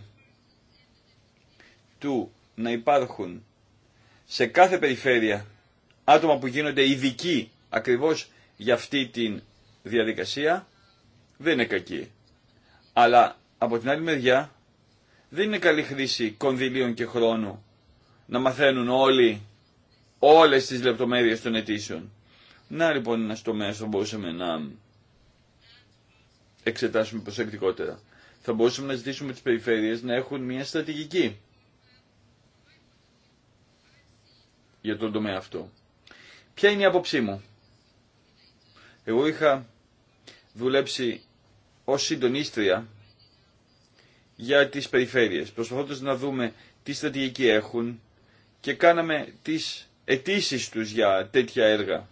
του να υπάρχουν σε κάθε περιφέρεια άτομα που γίνονται ειδικοί ακριβώς για αυτή τη διαδικασία δεν είναι κακή. Αλλά από την άλλη μεριά δεν είναι καλή χρήση κονδυλίων και χρόνου να μαθαίνουν όλοι όλες τις λεπτομέρειες των αιτήσεων. Να λοιπόν ένα τομέα θα μπορούσαμε να εξετάσουμε προσεκτικότερα. Θα μπορούσαμε να ζητήσουμε τις περιφέρειες να έχουν μια στρατηγική για τον τομέα αυτό. Ποια είναι η άποψή μου. Εγώ είχα δουλέψει ως συντονίστρια για τις περιφέρειες, προσπαθώντας να δούμε τι στρατηγική έχουν και κάναμε τις αιτήσει τους για τέτοια έργα.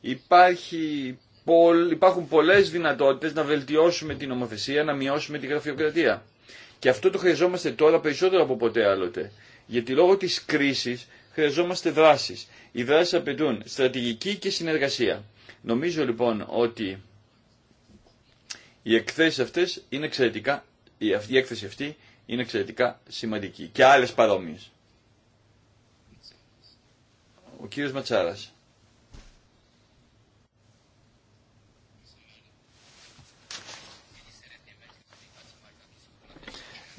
Υπάρχει, υπάρχουν πολλές δυνατότητες να βελτιώσουμε την νομοθεσία, να μειώσουμε την γραφειοκρατία. Και αυτό το χρειαζόμαστε τώρα περισσότερο από ποτέ άλλοτε. Γιατί λόγω της κρίσης χρειαζόμαστε δράσεις. Οι δράσεις απαιτούν στρατηγική και συνεργασία. Νομίζω λοιπόν ότι οι εκθέσεις αυτές είναι εξαιρετικά, η έκθεση αυτή είναι εξαιρετικά σημαντική και άλλες παρόμοιες. Ο κύριος Ματσάρας.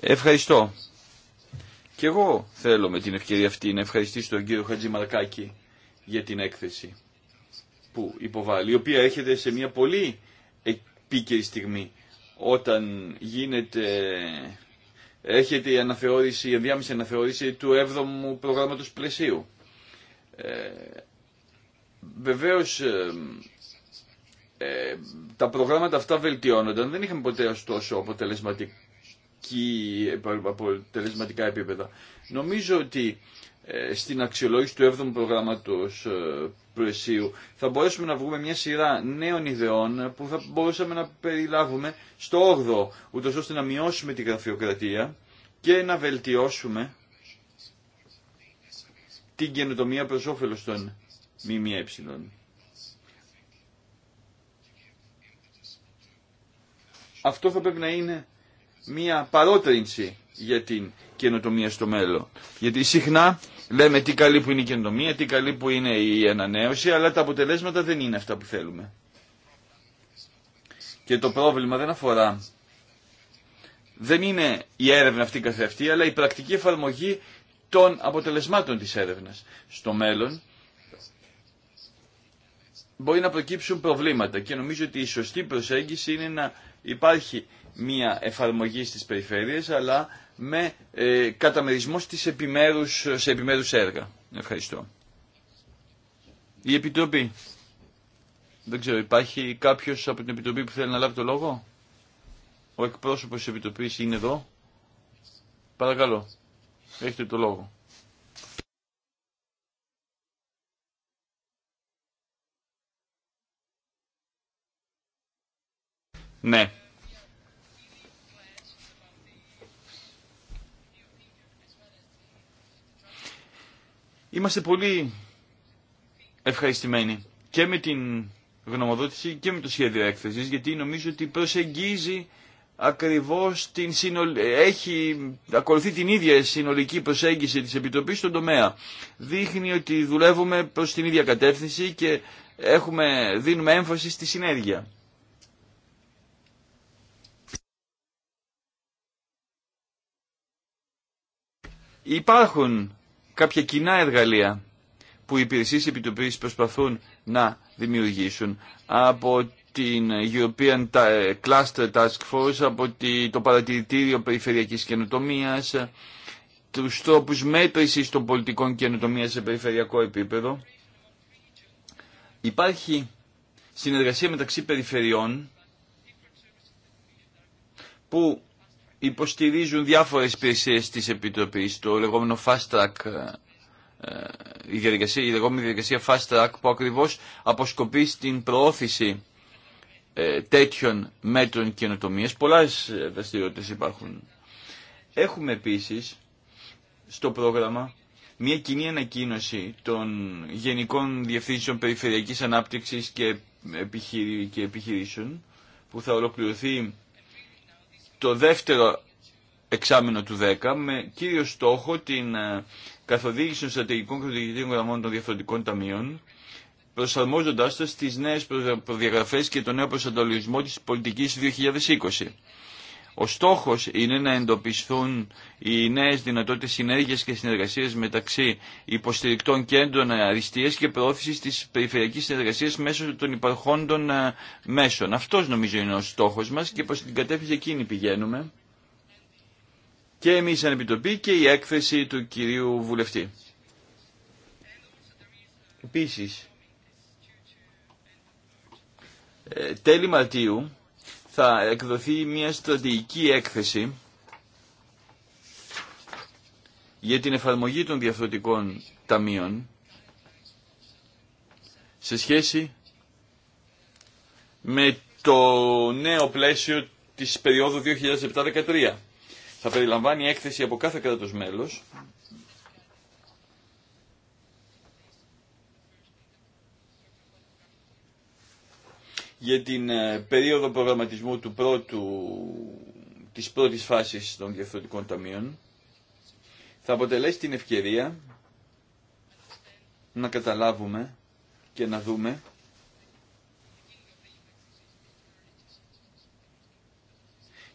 Ευχαριστώ. Και εγώ θέλω με την ευκαιρία αυτή να ευχαριστήσω τον κύριο Μαρκάκη για την έκθεση που υποβάλλει, η οποία έρχεται σε μια πολύ επίκαιρη στιγμή όταν γίνεται έρχεται η αναθεώρηση, η ενδιάμεση αναθεώρηση του 7ου προγράμματος πλαισίου. Ε, βεβαίως ε, ε, τα προγράμματα αυτά βελτιώνονταν, δεν είχαμε ποτέ ωστόσο αποτελεσματικό αποτελεσματικά επίπεδα. Νομίζω ότι ε, στην αξιολόγηση του 7ου προγράμματος ε, πλαισίου θα μπορέσουμε να βγούμε μια σειρά νέων ιδεών που θα μπορούσαμε να περιλάβουμε στο 8ο, ούτως ώστε να μειώσουμε τη γραφειοκρατία και να βελτιώσουμε την καινοτομία προς όφελος των ΜΜΕ. Αυτό θα πρέπει να είναι μία παρότρινση για την καινοτομία στο μέλλον. Γιατί συχνά λέμε τι καλή που είναι η καινοτομία, τι καλή που είναι η ανανέωση, αλλά τα αποτελέσματα δεν είναι αυτά που θέλουμε. Και το πρόβλημα δεν αφορά, δεν είναι η έρευνα αυτή καθεαυτή, αλλά η πρακτική εφαρμογή των αποτελεσμάτων της έρευνας. Στο μέλλον μπορεί να προκύψουν προβλήματα και νομίζω ότι η σωστή προσέγγιση είναι να υπάρχει μία εφαρμογή στις περιφέρειες, αλλά με ε, καταμερισμό στις επιμέρους, σε επιμέρους έργα. Ευχαριστώ. Η Επιτροπή. Δεν ξέρω, υπάρχει κάποιος από την Επιτροπή που θέλει να λάβει το λόγο. Ο εκπρόσωπος της Επιτροπής είναι εδώ. Παρακαλώ, έχετε το λόγο. Ναι. Είμαστε πολύ ευχαριστημένοι και με την γνωμοδότηση και με το σχέδιο έκθεσης γιατί νομίζω ότι προσεγγίζει ακριβώς την συνολ... έχει ακολουθεί την ίδια συνολική προσέγγιση της Επιτροπής στον τομέα. Δείχνει ότι δουλεύουμε προς την ίδια κατεύθυνση και έχουμε... δίνουμε έμφαση στη συνέργεια. Υπάρχουν κάποια κοινά εργαλεία που οι υπηρεσίες επιτροπή προσπαθούν να δημιουργήσουν από την European Cluster Task Force, από το Παρατηρητήριο Περιφερειακής Καινοτομίας, τους τρόπους μέτρησης των πολιτικών καινοτομίας σε περιφερειακό επίπεδο. Υπάρχει συνεργασία μεταξύ περιφερειών που υποστηρίζουν διάφορες υπηρεσίες της Επιτροπής, το λεγόμενο fast track, ε, ε, η, διαδικασία, η λεγόμενη διαδικασία fast track που ακριβώς αποσκοπεί στην προώθηση ε, τέτοιων μέτρων καινοτομίας. Πολλές δραστηριότητε υπάρχουν. Έχουμε επίσης στο πρόγραμμα μια κοινή ανακοίνωση των Γενικών Διευθύνσεων Περιφερειακής Ανάπτυξης και, επιχειρήσεων που θα ολοκληρωθεί το δεύτερο εξάμεινο του 10 με κύριο στόχο την ε, καθοδήγηση των στρατηγικών και των γραμμών των διαφορετικών ταμείων προσαρμόζοντάς τα στις νέες προδιαγραφές και τον νέο προσανατολισμό της πολιτικής 2020. Ο στόχος είναι να εντοπιστούν οι νέες δυνατότητες συνέργειας και συνεργασίες μεταξύ υποστηρικτών κέντρων αριστείας και προώθησης της περιφερειακής συνεργασίας μέσω των υπαρχόντων ε, μέσων. Αυτός νομίζω είναι ο στόχος μας και προς την κατεύθυνση εκείνη πηγαίνουμε. Και εμείς σαν επιτροπή και η έκθεση του κυρίου βουλευτή. Επίσης, ε, τέλη Μαρτίου θα εκδοθεί μια στρατηγική έκθεση για την εφαρμογή των διαφθορτικών ταμείων σε σχέση με το νέο πλαίσιο της περίοδου 2007-2013. Θα περιλαμβάνει έκθεση από κάθε κράτος μέλος για την ε, περίοδο προγραμματισμού του πρώτου, της πρώτης φάσης των διαφορετικών ταμείων θα αποτελέσει την ευκαιρία να καταλάβουμε και να δούμε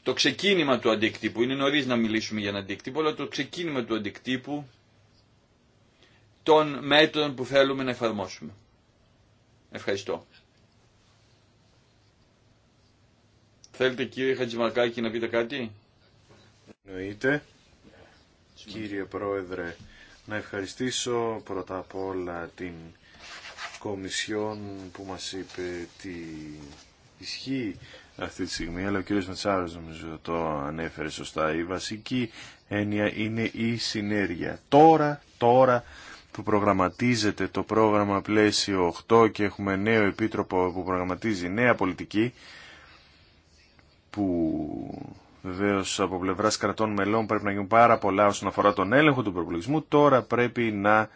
το ξεκίνημα του αντίκτυπου. Είναι νωρί να μιλήσουμε για ένα αντίκτυπο, αλλά το ξεκίνημα του αντικτύπου των μέτρων που θέλουμε να εφαρμόσουμε. Ευχαριστώ. Θέλετε κύριε Χατζημαρκάκη να πείτε κάτι. Εννοείται. Κύριε Πρόεδρε, να ευχαριστήσω πρώτα απ' όλα την Κομισιόν που μας είπε τι ισχύει αυτή τη στιγμή, αλλά ο κύριος Μετσάρος νομίζω το ανέφερε σωστά. Η βασική έννοια είναι η συνέργεια. Τώρα, τώρα που προγραμματίζεται το πρόγραμμα πλαίσιο 8 και έχουμε νέο επίτροπο που προγραμματίζει νέα πολιτική, που βεβαίω από πλευρά κρατών μελών πρέπει να γίνουν πάρα πολλά όσον αφορά τον έλεγχο του προπολογισμού, τώρα πρέπει να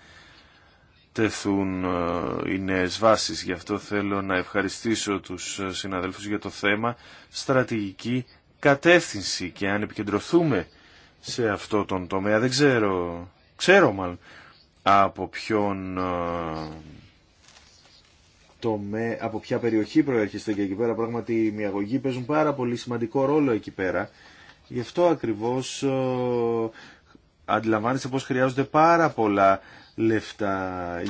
τεθούν ε, οι νέε βάσει. Γι' αυτό θέλω να ευχαριστήσω τους ε, συναδέλφους για το θέμα στρατηγική κατεύθυνση και αν επικεντρωθούμε σε αυτό τον τομέα, δεν ξέρω, ξέρω μάλλον από ποιον ε, με, από ποια περιοχή προέρχεστε και εκεί πέρα πράγματι οι μυαγωγοί παίζουν πάρα πολύ σημαντικό ρόλο εκεί πέρα. Γι' αυτό ακριβώς ε, αντιλαμβάνεστε πως χρειάζονται πάρα πολλά λεφτά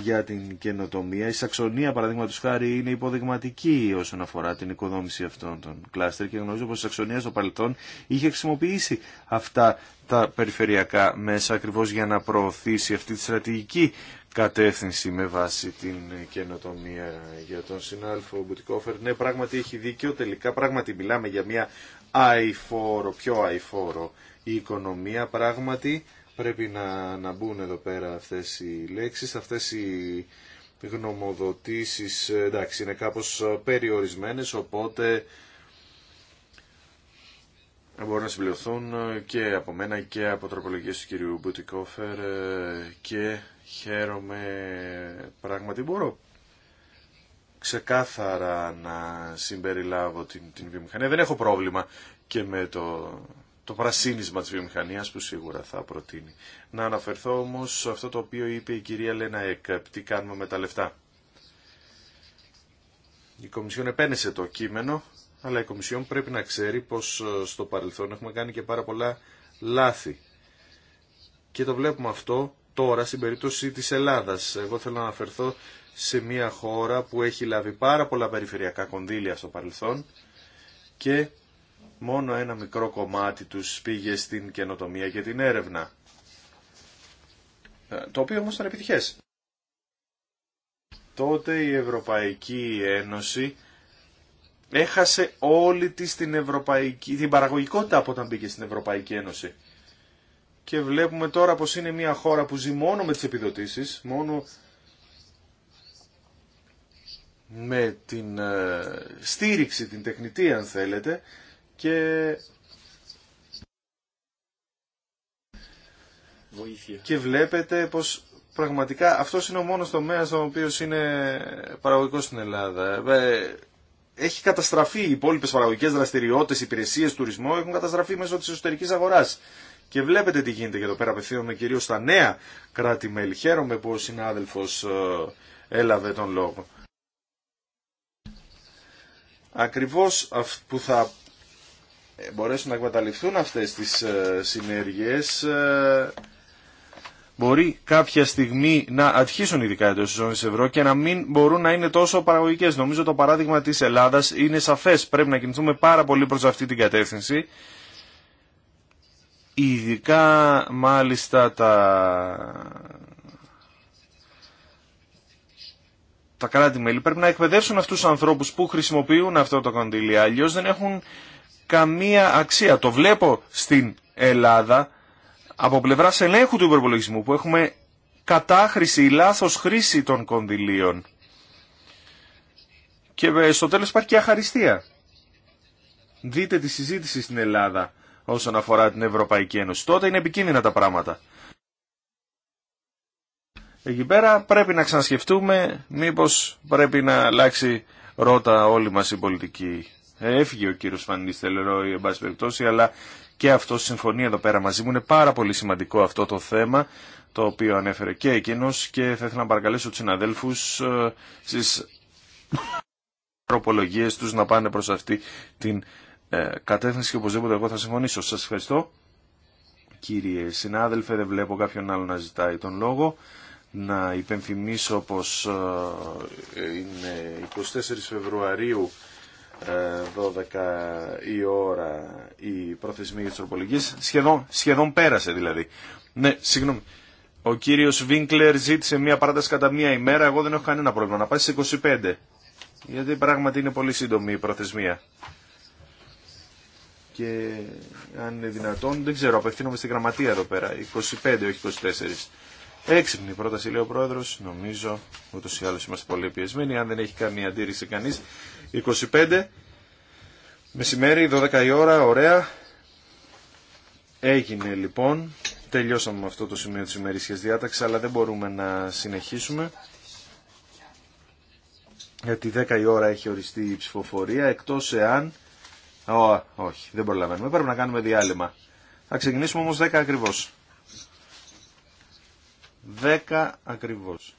για την καινοτομία. Η Σαξονία, παραδείγματο χάρη, είναι υποδειγματική όσον αφορά την οικοδόμηση αυτών των κλάστερ και γνωρίζω πω η Σαξονία στο παρελθόν είχε χρησιμοποιήσει αυτά τα περιφερειακά μέσα ακριβώ για να προωθήσει αυτή τη στρατηγική κατεύθυνση με βάση την καινοτομία για τον συνάδελφο Μπουτικόφερ. Ναι, πράγματι έχει δίκιο. Τελικά πράγματι μιλάμε για μια αϊφόρο, πιο αϊφόρο η οικονομία. Πράγματι πρέπει να, να μπουν εδώ πέρα αυτές οι λέξεις, αυτές οι γνωμοδοτήσεις. Εντάξει, είναι κάπως περιορισμένες, οπότε μπορούν να συμπληρωθούν και από μένα και από τροπολογίες του κυρίου Μπουτικόφερ και Χαίρομαι πράγματι μπορώ ξεκάθαρα να συμπεριλάβω την, την βιομηχανία. Δεν έχω πρόβλημα και με το, το πρασίνισμα της βιομηχανίας που σίγουρα θα προτείνει. Να αναφερθώ όμως σε αυτό το οποίο είπε η κυρία Λένα Εκ, τι κάνουμε με τα λεφτά. Η Κομισιόν επένεσε το κείμενο, αλλά η Κομισιόν πρέπει να ξέρει πως ε, στο παρελθόν έχουμε κάνει και πάρα πολλά λάθη. Και το βλέπουμε αυτό τώρα στην περίπτωση της Ελλάδας. Εγώ θέλω να αναφερθώ σε μια χώρα που έχει λάβει πάρα πολλά περιφερειακά κονδύλια στο παρελθόν και μόνο ένα μικρό κομμάτι τους πήγε στην καινοτομία και την έρευνα. Ε, το οποίο όμως ήταν επιτυχές. Τότε η Ευρωπαϊκή Ένωση έχασε όλη της την, ευρωπαϊκή, την παραγωγικότητα από όταν μπήκε στην Ευρωπαϊκή Ένωση και βλέπουμε τώρα πως είναι μια χώρα που ζει μόνο με τις επιδοτήσεις, μόνο με την ε, στήριξη, την τεχνητή αν θέλετε και Βοήθεια. βλέπετε πως πραγματικά αυτός είναι ο μόνος τομέας ο οποίος είναι παραγωγικός στην Ελλάδα. Ε, έχει καταστραφεί οι υπόλοιπε παραγωγικέ δραστηριότητε, υπηρεσίε, τουρισμό έχουν καταστραφεί μέσω τη εσωτερική αγορά. Και βλέπετε τι γίνεται και το πέρα απευθύνομαι κυρίως στα νέα κράτη-μέλη. Χαίρομαι που ο συνάδελφος ε, έλαβε τον λόγο. Ακριβώς που θα ε, μπορέσουν να εκμεταλλευτούν αυτές τις ε, συνέργειες μπορεί κάποια στιγμή να αρχίσουν ειδικά εντό τη ζώνη ευρώ και να μην μπορούν να είναι τόσο παραγωγικέ. Νομίζω το παράδειγμα τη Ελλάδα είναι σαφέ. Πρέπει να κινηθούμε πάρα πολύ προ αυτή την κατεύθυνση Ειδικά μάλιστα τα τα κράτη-μέλη πρέπει να εκπαιδεύσουν αυτούς τους ανθρώπους που χρησιμοποιούν αυτό το κονδύλι. Αλλιώ δεν έχουν καμία αξία. Το βλέπω στην Ελλάδα από πλευρά ελέγχου του υπερπολογισμού που έχουμε κατάχρηση ή λάθος χρήση των κονδυλίων. Και στο τέλος υπάρχει και αχαριστία. Δείτε τη συζήτηση στην Ελλάδα όσον αφορά την Ευρωπαϊκή Ένωση. Τότε είναι επικίνδυνα τα πράγματα. Εκεί πέρα πρέπει να ξανασκεφτούμε μήπως πρέπει να αλλάξει ρότα όλη μας η πολιτική. Ε, έφυγε ο κύριος Φανίλης Τελερόη, εν περιπτώσει, αλλά και αυτό συμφωνεί εδώ πέρα μαζί μου. Είναι πάρα πολύ σημαντικό αυτό το θέμα το οποίο ανέφερε και εκείνο. και θα ήθελα να παρακαλέσω τους συναδέλφους ε, στις προπολογίες τους να πάνε προς αυτή την ε, κατεύθυνση και οπωσδήποτε εγώ θα συμφωνήσω. Σας ευχαριστώ. Κύριε συνάδελφε, δεν βλέπω κάποιον άλλο να ζητάει τον λόγο. Να υπενθυμίσω πως ε, είναι 24 Φεβρουαρίου 12 ε, η ώρα η προθεσμία της τις Σχεδόν, σχεδόν πέρασε δηλαδή. Ναι, συγγνώμη. Ο κύριος Βίνκλερ ζήτησε μία παράταση κατά μία ημέρα. Εγώ δεν έχω κανένα πρόβλημα. Να πάει στις 25. Γιατί πράγματι είναι πολύ σύντομη η προθεσμία και αν είναι δυνατόν, δεν ξέρω, απευθύνομαι στην γραμματεία εδώ πέρα, 25 όχι 24. Έξυπνη πρόταση, λέει ο Πρόεδρος, Νομίζω ούτω ή άλλως είμαστε πολύ πιεσμένοι. Αν δεν έχει καμία αντίρρηση κανείς. 25 μεσημέρι, 12 η ώρα, ωραία. Έγινε λοιπόν. Τελειώσαμε με αυτό το σημείο της ημερήσιας διάταξης, αλλά δεν μπορούμε να συνεχίσουμε. Γιατί 10 η ώρα έχει οριστεί η ψηφοφορία, εκτός εάν Ω, όχι, δεν προλαβαίνουμε. Πρέπει να κάνουμε διάλειμμα. Θα ξεκινήσουμε όμως 10 ακριβώς. 10 ακριβώς.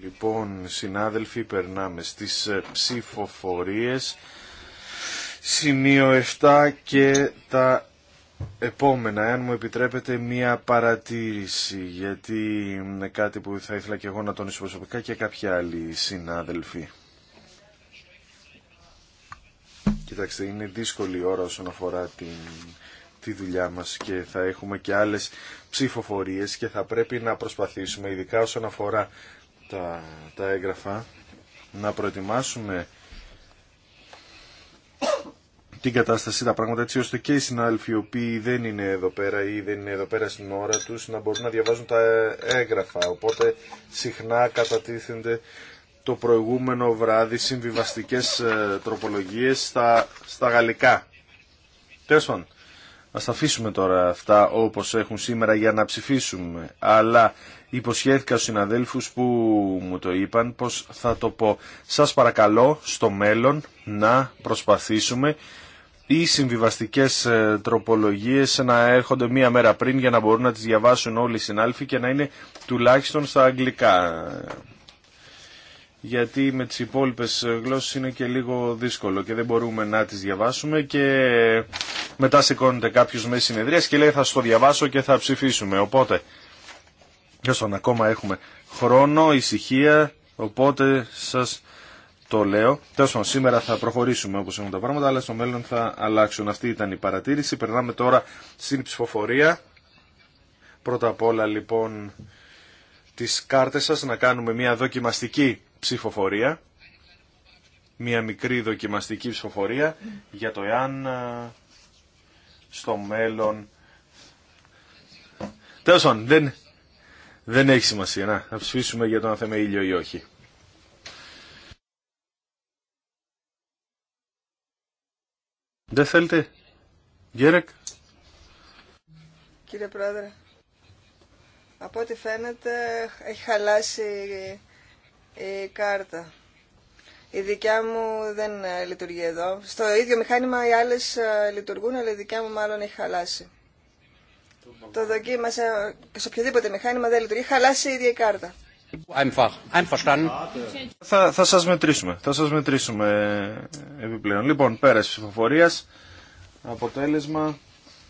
Λοιπόν, συνάδελφοι, περνάμε στις ε, ψηφοφορίες, σημείο 7 και τα επόμενα. Εάν μου επιτρέπετε μία παρατήρηση, γιατί είναι κάτι που θα ήθελα και εγώ να τονίσω προσωπικά και κάποιοι άλλοι συνάδελφοι. Κοιτάξτε, είναι δύσκολη η ώρα όσον αφορά την τη δουλειά μας και θα έχουμε και άλλες ψηφοφορίες και θα πρέπει να προσπαθήσουμε, ειδικά όσον αφορά τα, τα έγγραφα, να προετοιμάσουμε την κατάσταση, τα πράγματα έτσι ώστε και οι συνάδελφοι οι οποίοι δεν είναι εδώ πέρα ή δεν είναι εδώ πέρα στην ώρα τους να μπορούν να διαβάζουν τα έγγραφα. Οπότε συχνά κατατίθενται το προηγούμενο βράδυ συμβιβαστικές ε, τροπολογίες στα, στα γαλλικά. Τέλος Ας αφήσουμε τώρα αυτά όπως έχουν σήμερα για να ψηφίσουμε. Αλλά υποσχέθηκα στους συναδέλφους που μου το είπαν πως θα το πω. Σας παρακαλώ στο μέλλον να προσπαθήσουμε οι συμβιβαστικές ε, τροπολογίες να έρχονται μία μέρα πριν για να μπορούν να τις διαβάσουν όλοι οι συνάλφοι και να είναι τουλάχιστον στα αγγλικά. Γιατί με τις υπόλοιπες γλώσσες είναι και λίγο δύσκολο και δεν μπορούμε να τις διαβάσουμε και μετά σηκώνεται κάποιο μέσα συνεδρία και λέει θα στο διαβάσω και θα ψηφίσουμε. Οπότε, όσον ακόμα έχουμε χρόνο, ησυχία, οπότε σα το λέω. Τέλο πάντων, σήμερα θα προχωρήσουμε όπω έχουν τα πράγματα, αλλά στο μέλλον θα αλλάξουν. Αυτή ήταν η παρατήρηση. Περνάμε τώρα στην ψηφοφορία. Πρώτα απ' όλα λοιπόν τι κάρτε σα να κάνουμε μια δοκιμαστική ψηφοφορία. Μια μικρή δοκιμαστική ψηφοφορία για το εάν στο μέλλον. Τέλος πάντων, δεν, δεν έχει σημασία να, να ψηφίσουμε για το να θέμε ήλιο ή όχι. Δεν θέλετε, Γκέρεκ. Κύριε Πρόεδρε, από ό,τι φαίνεται έχει χαλάσει η κάρτα. Η δικιά μου δεν ε, λειτουργεί εδώ. Στο ίδιο μηχάνημα οι άλλε ε, λειτουργούν, αλλά η δικιά μου μάλλον έχει χαλάσει. Το δοκίμασα σε οποιοδήποτε μηχάνημα δεν λειτουργεί. Χαλάσει η ίδια η κάρτα. Θα, θα σας μετρήσουμε. Θα σας μετρήσουμε ε, επιπλέον. Λοιπόν, τη ψηφοφορία, Αποτέλεσμα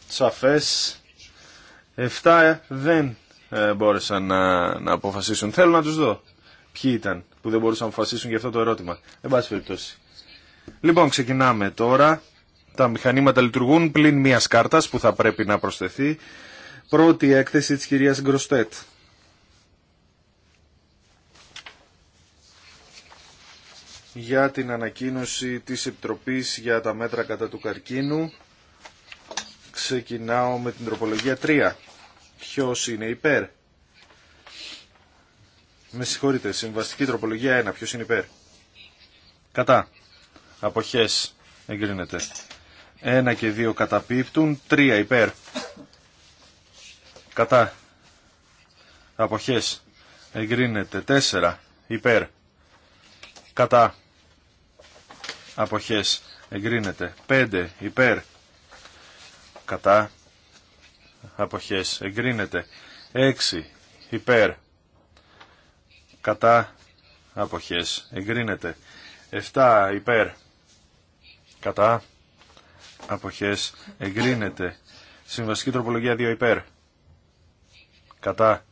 σαφές. 7 δεν μπόρεσαν να, να αποφασίσουν. Θέλω να τους δω. Ποιοι ήταν που δεν μπορούσαν να αποφασίσουν για αυτό το ερώτημα. Εν πάση περιπτώσει. Λοιπόν, ξεκινάμε τώρα. Τα μηχανήματα λειτουργούν πλην μια κάρτας που θα πρέπει να προσθεθεί. Πρώτη έκθεση της κυρίας Γκροστέτ. για την ανακοίνωση της Επιτροπής για τα μέτρα κατά του καρκίνου. Ξεκινάω με την τροπολογία 3. Ποιος είναι υπέρ. Με συγχωρείτε, συμβαστική τροπολογία 1. Ποιος είναι υπέρ. Κατά. Αποχές. Εγκρίνεται. 1 και 2 καταπίπτουν. 3 υπέρ. Κατά. Αποχές. Εγκρίνεται. 4 υπέρ. Κατά. Αποχές. Εγκρίνεται. 5 υπέρ. Κατά. Αποχές. Εγκρίνεται. 6 υπέρ κατά αποχές εγκρίνεται 7 υπέρ κατά αποχές εγκρίνεται συμβαστική τροπολογία 2 υπέρ κατά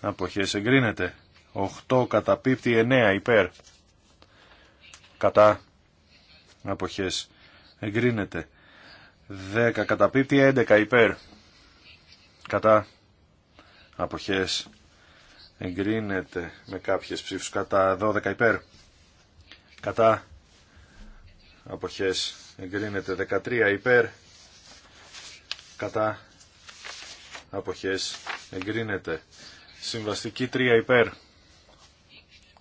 αποχές εγκρίνεται 8 καταπίπτει 9 υπέρ κατά αποχές εγκρίνεται 10 καταπίπτει 11 υπέρ κατά αποχές εγκρίνεται με κάποιες ψήφους κατά 12 υπέρ κατά αποχές εγκρίνεται 13 υπέρ κατά αποχές εγκρίνεται συμβαστική 3 υπέρ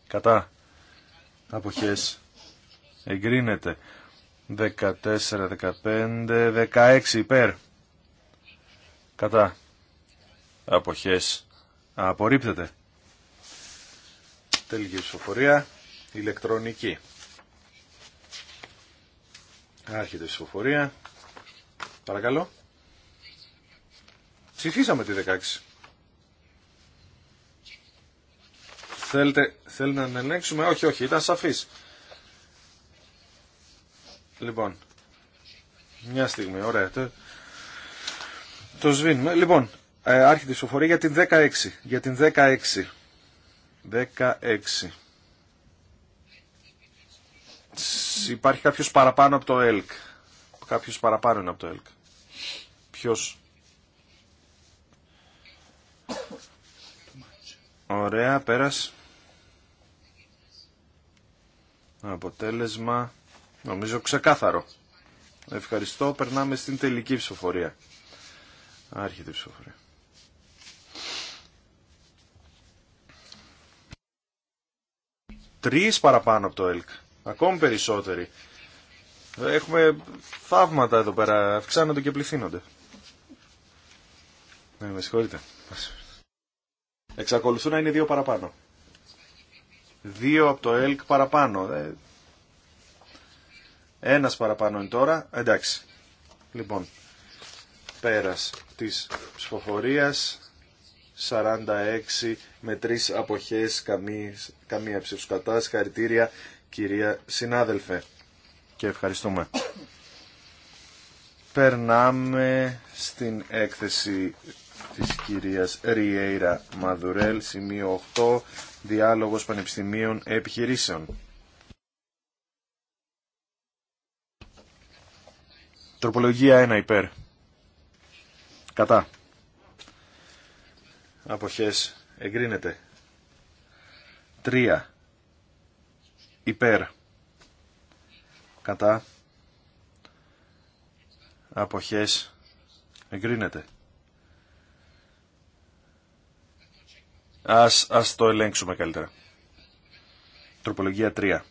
κατά αποχές εγκρίνεται 14, 15, 16 υπέρ κατά αποχές απορρίπτεται Τελική ψηφοφορία. Ηλεκτρονική. Άρχεται η ψηφοφορία. Παρακαλώ. Ψηφίσαμε τη 16. Θέλετε, να ελέγξουμε. Όχι, όχι, ήταν σαφής. Λοιπόν, μια στιγμή, ωραία. Το, το σβήνουμε. Λοιπόν, ε, άρχεται η ψηφοφορία για την 16. Για την 16. 16. Υπάρχει κάποιο παραπάνω από το ΕΛΚ. Κάποιο παραπάνω είναι από το ΕΛΚ. Ποιο Ωραία, πέρας. Αποτέλεσμα, νομίζω ξεκάθαρο. Ευχαριστώ, περνάμε στην τελική ψηφοφορία. Άρχεται η ψηφοφορία. τρεις παραπάνω από το ΕΛΚ, ακόμη περισσότεροι. Έχουμε θαύματα εδώ πέρα, αυξάνονται και πληθύνονται. Ναι, με συγχωρείτε. Εξακολουθούν να είναι δύο παραπάνω. Δύο από το ΕΛΚ παραπάνω. Ε, ένας παραπάνω είναι τώρα. Εντάξει. Λοιπόν, πέρας της ψηφοφορίας 46 με τρεις αποχές, καμία, καμία Συγχαρητήρια κυρία συνάδελφε και ευχαριστούμε. Περνάμε στην έκθεση της κυρίας Ριέιρα Μαδουρέλ, σημείο 8, διάλογος πανεπιστημίων επιχειρήσεων. Τροπολογία 1 υπέρ. Κατά αποχές εγκρίνεται. τρία υπέρ κατά αποχές εγκρίνεται. Ας, ας το ελέγξουμε καλύτερα. Τροπολογία 3.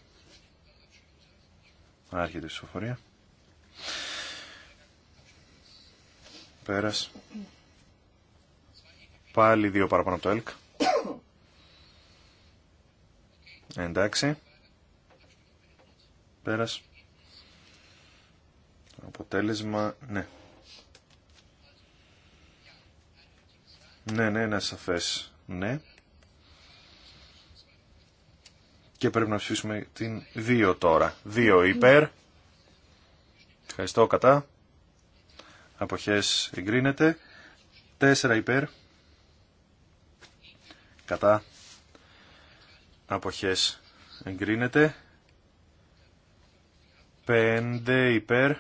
Άρχεται η ψηφοφορία. Πέρας. Πάλι δύο παραπάνω από το ΕΛΚ. Εντάξει. Πέρας. Αποτέλεσμα, ναι. Ναι, ναι, είναι σαφές. Ναι. Και πρέπει να ψηφίσουμε την 2 τώρα. 2 υπέρ. Ευχαριστώ κατά. Αποχές εγκρίνεται. 4 υπέρ κατά αποχές εγκρίνεται 5 υπέρ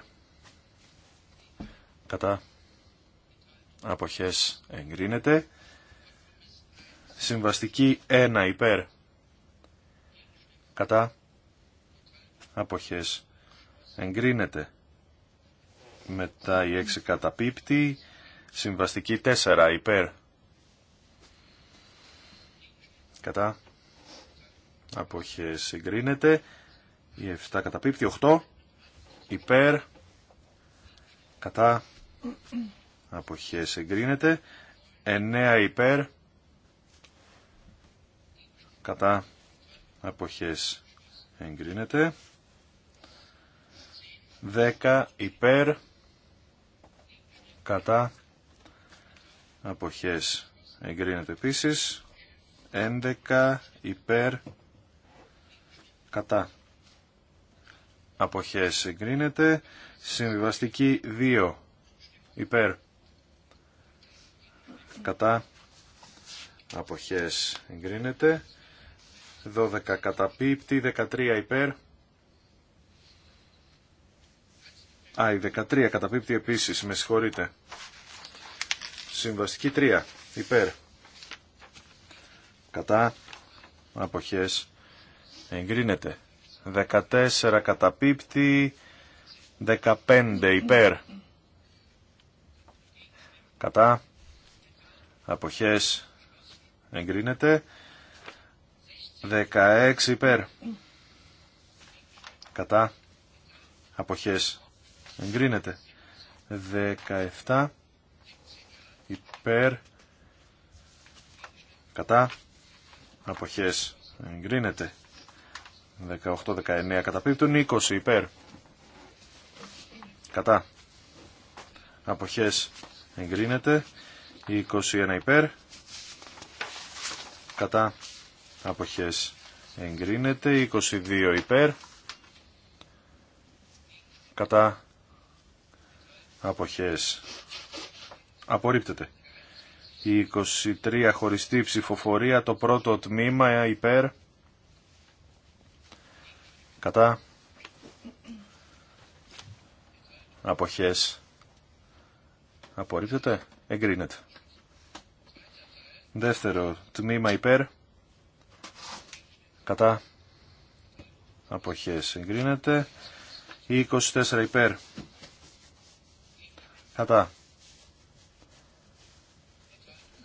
κατά αποχές εγκρίνεται συμβαστική 1 υπέρ κατά αποχές εγκρίνεται μετά η 6 καταπίπτει συμβαστική 4 υπέρ κατά αποχές εγκρίνεται η 7 καταπίπτει 8 υπέρ κατά αποχές εγκρίνεται 9 υπέρ κατά αποχές εγκρίνεται 10 υπέρ κατά αποχές εγκρίνεται επίσης 11 υπέρ κατά αποχές εγκρίνεται συμβιβαστική 2 υπέρ κατά αποχές εγκρίνεται 12 καταπίπτει 13 υπέρ Α, η 13 καταπίπτει επίσης, με συγχωρείτε. Συμβαστική 3, υπέρ κατά αποχές εγκρίνεται 14 καταπίπτει 15 υπέρ κατά αποχές εγκρίνεται 16 υπέρ κατά αποχές εγκρίνεται 17 υπέρ κατά αποχές εγκρίνεται 18-19 καταπίπτουν 20 υπέρ κατά αποχές εγκρίνεται 21 υπέρ κατά αποχές εγκρίνεται 22 υπέρ κατά αποχές απορρίπτεται η 23 χωριστή ψηφοφορία, το πρώτο τμήμα υπέρ. Κατά. Αποχές. Απορρίπτεται. Εγκρίνεται. Δεύτερο τμήμα υπέρ. Κατά. Αποχές. Εγκρίνεται. 24 υπέρ. Κατά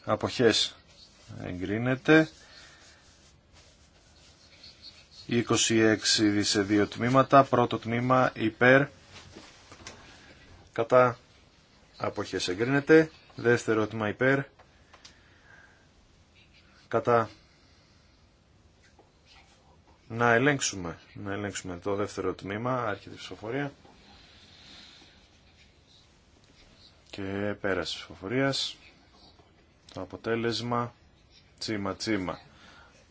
αποχές εγκρίνεται. 26 σε δύο τμήματα. Πρώτο τμήμα υπέρ κατά αποχές εγκρίνεται. Δεύτερο τμήμα υπέρ κατά να ελέγξουμε, να ελέγξουμε το δεύτερο τμήμα, άρχεται ψηφοφορία και πέραση ψηφοφορίας. Το αποτέλεσμα τσίμα τσίμα.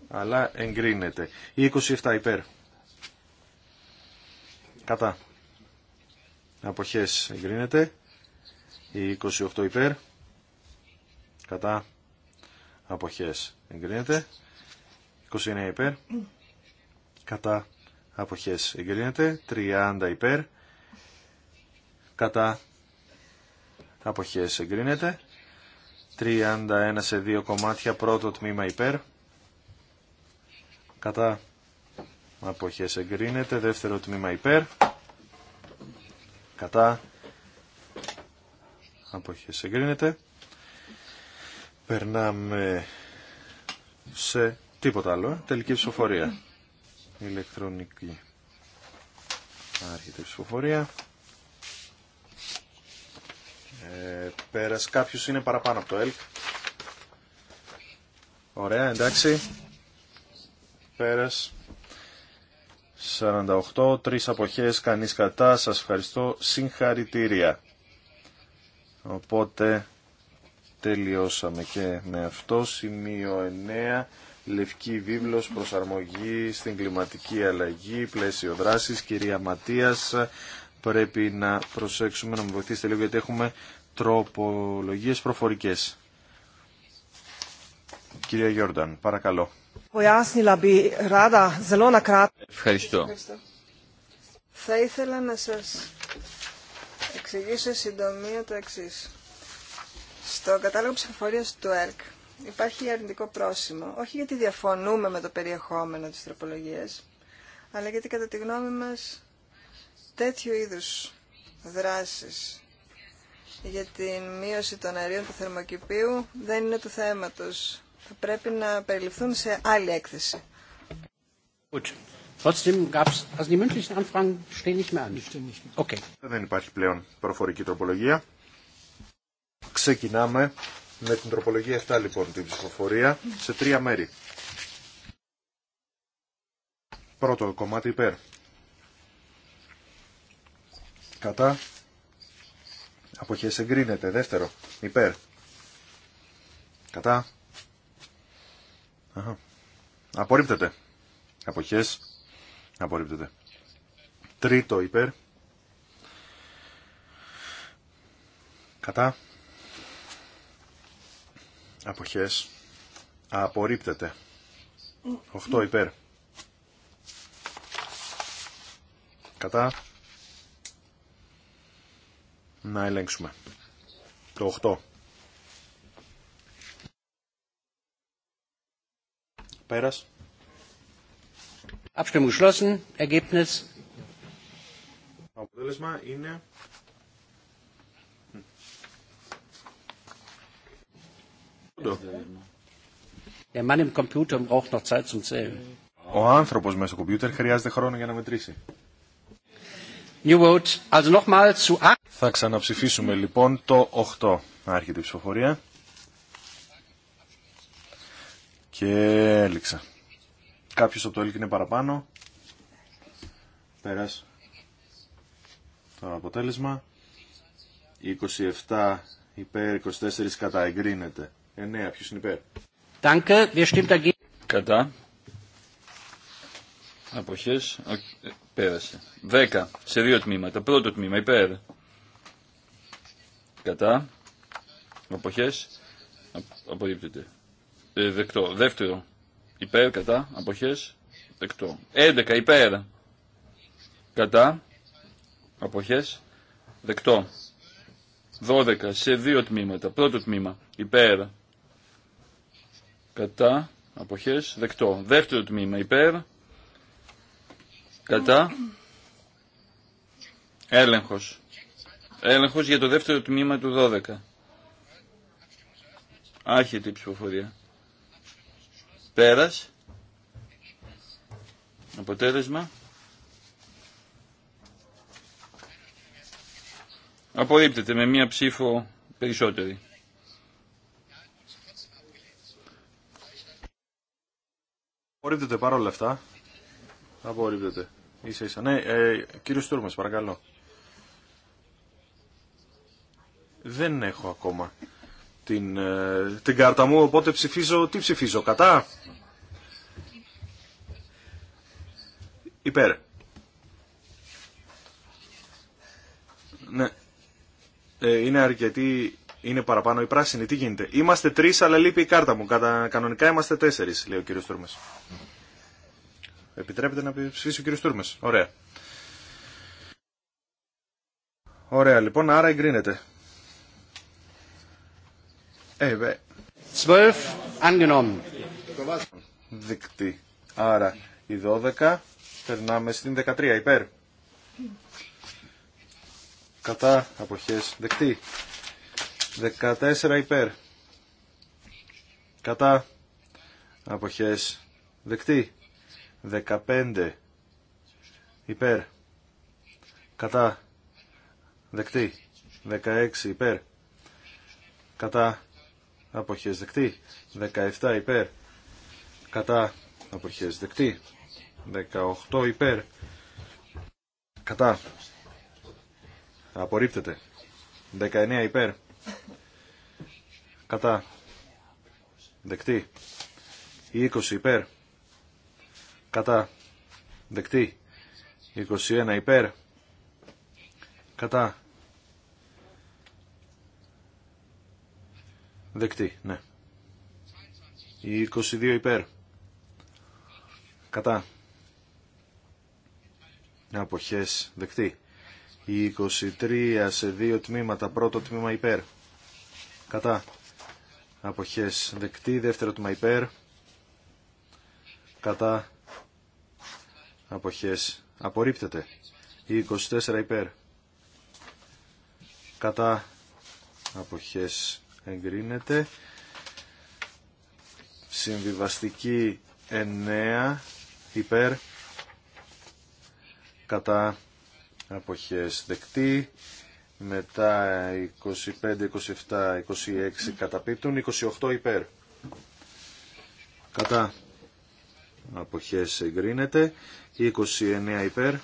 Αλλά εγκρίνεται. 27 υπέρ. Κατά. Αποχές εγκρίνεται. Η 28 υπέρ. Κατά. Αποχές εγκρίνεται. 29 υπέρ. Κατά. Αποχές εγκρίνεται. 30 υπέρ. Κατά. Αποχές εγκρίνεται. 31 σε 2 κομμάτια, πρώτο τμήμα υπέρ, κατά αποχές εγκρίνεται, δεύτερο τμήμα υπέρ, κατά αποχές εγκρίνεται. Περνάμε σε τίποτα άλλο, ε. τελική ψηφοφορία, ηλεκτρονική άρχεται ψηφοφορία. Ε, πέρας. Κάποιος είναι παραπάνω από το ΕΛΚ. Ωραία, εντάξει. Πέρας. 48, τρεις αποχές, κανείς κατά. Σας ευχαριστώ. Συγχαρητήρια. Οπότε τελειώσαμε και με αυτό. Σημείο 9. Λευκή Βίβλος, προσαρμογή στην κλιματική αλλαγή, πλαίσιο δράσης, κυρία Ματίας, πρέπει να προσέξουμε, να με βοηθήσετε λίγο, γιατί έχουμε τροπολογίες προφορικές. Κυρία Γιόρνταν, παρακαλώ. Ευχαριστώ. Θα ήθελα να σας εξηγήσω συντομία το εξή. Στο κατάλογο ψηφοφορίας του ΕΡΚ υπάρχει αρνητικό πρόσημο, όχι γιατί διαφωνούμε με το περιεχόμενο της τροπολογίας, αλλά γιατί κατά τη γνώμη μας τέτοιου είδους δράσεις για την μείωση των αερίων του θερμοκηπίου δεν είναι του θέματος. Θα πρέπει να περιληφθούν σε άλλη έκθεση. Δεν υπάρχει πλέον προφορική τροπολογία. Ξεκινάμε με την τροπολογία 7 λοιπόν την ψηφοφορία σε τρία μέρη. Πρώτο κομμάτι υπέρ κατά αποχές εγκρίνεται δεύτερο υπέρ κατά Αχα. απορρίπτεται αποχές απορρίπτεται τρίτο υπέρ κατά αποχές απορρίπτεται Οχτώ υπέρ κατά να ελέγξουμε. Το 8. Πέρας. Abstimmung geschlossen. Ergebnis. αποτέλεσμα είναι... Der Mann im Computer braucht noch Zeit zum Zählen. Ο άνθρωπος μέσα στο κομπιούτερ χρειάζεται χρόνο για να μετρήσει. Θα ξαναψηφίσουμε λοιπόν το 8. Άρχεται η ψηφοφορία. Και έληξα. Κάποιο από το είναι παραπάνω. Πέρας. Το αποτέλεσμα. 27 υπέρ, 24 κατά. Εγκρίνεται. 9. Ποιο είναι υπέρ. Κατά. Αποχές. Πέρασε. 10 σε δύο τμήματα. Πρώτο τμήμα υπέρ. Κατά. αποχέ. Απορρίπτεται. Ε, δεκτό. Δεύτερο. Υπέρ. Κατά. αποχέ, Δεκτό. 11 υπέρ. Κατά. αποχέ, Δεκτό. 12 σε δύο τμήματα. Πρώτο τμήμα. Υπέρ. Κατά. Αποχές. Δεκτό. Δεύτερο τμήμα. Υπέρ Κατά. Έλεγχος. Έλεγχος για το δεύτερο τμήμα του 12. Άρχεται η ψηφοφορία. Πέρας. Αποτέλεσμα. Απορρίπτεται με μία ψήφο περισσότερη. Απορρίπτεται παρόλα αυτά. Απορρίπτεται. Ίσα ίσα. Ναι, ε, κύριο Στουρμες, παρακαλώ. Δεν έχω ακόμα την, ε, την κάρτα μου, οπότε ψηφίζω, τι ψηφίζω, κατά. Υπέρ. Ναι. Ε, είναι αρκετή, είναι παραπάνω η πράσινη, τι γίνεται. Είμαστε τρεις, αλλά λείπει η κάρτα μου. Κατα, κανονικά είμαστε τέσσερις, λέει ο κύριος Τούρμες. Επιτρέπεται να ψηφίσει ο κύριος Τούρμε. Ωραία. Ωραία λοιπόν, άρα εγκρίνεται. Ε, 12 angenommen. Δεκτή. Άρα η 12 περνάμε στην 13 υπέρ. Κατά αποχές δεκτή. 14 υπέρ. Κατά αποχές δεκτή. 15 υπέρ κατά δεκτή 16 υπέρ κατά αποχές δεκτή 17 υπέρ κατά απόχέ δεκτή 18 υπέρ κατά απορρίπτεται 19 υπέρ κατά δεκτή 20 υπέρ κατά δεκτή 21 υπέρ κατά δεκτή ναι 22 υπέρ κατά αποχές δεκτή 23 σε δύο τμήματα πρώτο τμήμα υπέρ κατά αποχές δεκτή δεύτερο τμήμα υπέρ κατά αποχές απορρίπτεται. Η 24 υπέρ κατά αποχές εγκρίνεται. Συμβιβαστική 9 υπέρ κατά αποχές δεκτή. Μετά 25, 27, 26 καταπίπτουν. 28 υπέρ κατά αποχές εγκρίνεται 29 υπέρ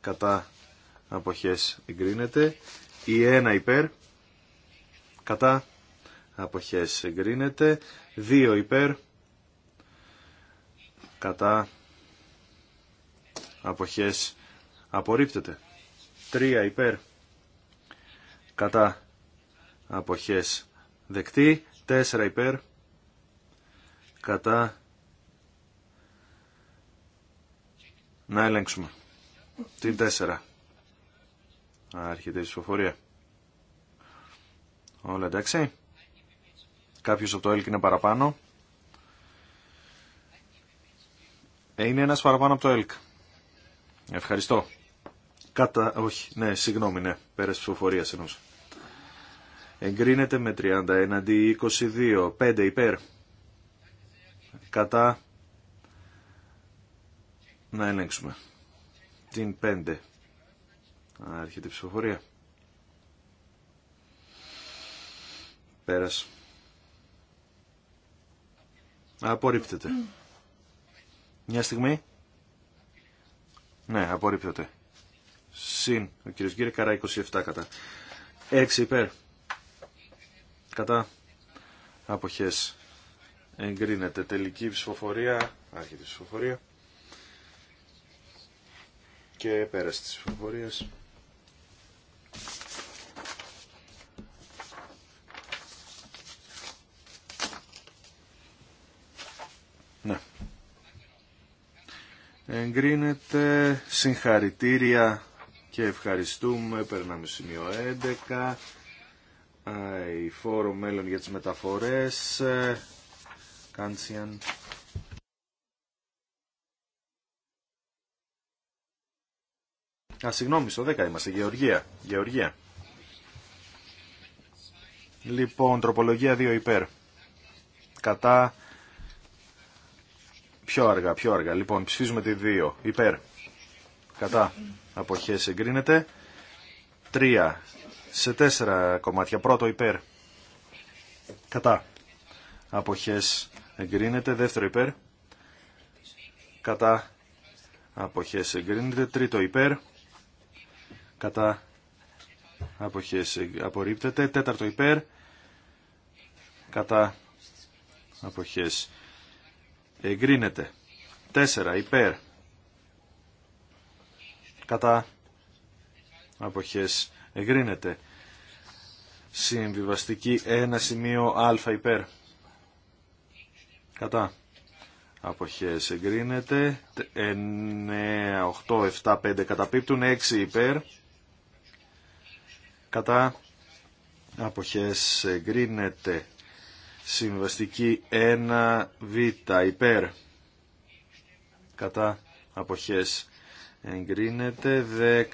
κατά αποχές εγκρίνεται 1 υπέρ κατά αποχές εγκρίνεται 2 υπέρ κατά αποχές απορρίπτεται 3 υπέρ κατά αποχές δεκτή 4 υπέρ κατά Να ελέγξουμε. Την 4. Άρχεται η ψηφοφορία. Όλα εντάξει. Κάποιος από το ΕΛΚ είναι παραπάνω. Ε, είναι ένας παραπάνω από το ΕΛΚ. Ευχαριστώ. Κατά... Όχι, ναι, συγγνώμη, ναι. Πέρας ψηφοφορίας ενός. Εγκρίνεται με 31, αντί 22. 5 υπέρ. Κατά να ελέγξουμε. Την 5. Άρχεται η ψηφοφορία. Πέρας. Απορρίπτεται. Μια στιγμή. Ναι, απορρίπτεται. Συν ο κύριο Γκύρη καρά 27 κατά. 6 υπέρ. Κατά. Αποχές. Εγκρίνεται. Τελική ψηφοφορία. Άρχεται η ψηφοφορία και πέρασε τις ψηφοφορίας. Ναι. Εγκρίνεται συγχαρητήρια και ευχαριστούμε. Περνάμε σημείο 11. Η φόρο μέλλον για τις μεταφορές. Κάντσιαν. Α, συγγνώμη, στο 10 είμαστε. Γεωργία. Γεωργία. Λοιπόν, τροπολογία 2 υπέρ. Κατά. Πιο αργά, πιο αργά. Λοιπόν, ψηφίζουμε τη 2 υπέρ. Κατά. απόχέ εγκρίνεται. 3 σε 4 κομμάτια. Πρώτο υπέρ. Κατά. Αποχέ εγκρίνεται. Δεύτερο υπέρ. Κατά. Αποχέ εγκρίνεται. Τρίτο υπέρ κατά αποχές απορρίπτεται. Τέταρτο υπέρ κατά αποχές εγκρίνεται. Τέσσερα υπέρ κατά αποχές εγκρίνεται. Συμβιβαστική 1 σημείο α υπέρ. Κατά. Αποχές εγκρίνεται. 9, 8, 7, 5 καταπίπτουν. 6 υπέρ κατά αποχές εγκρίνεται συμβαστική 1β υπέρ κατά αποχές εγκρίνεται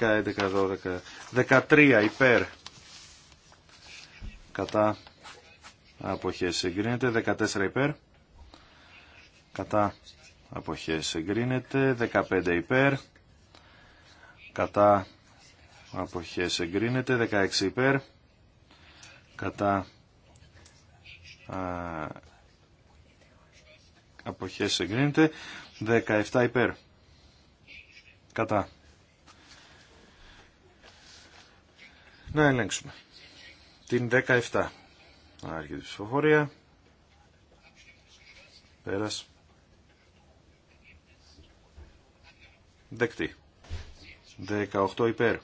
10, 11, 12, 13 υπέρ κατά αποχές εγκρίνεται 14 υπέρ κατά αποχές εγκρίνεται 15 υπέρ κατά αποχές εγκρίνεται 16 υπέρ κατά α, αποχές εγκρίνεται 17 υπέρ κατά να ελέγξουμε την 17 άρχεται η ψηφοφορία πέρας δεκτή 18 υπέρ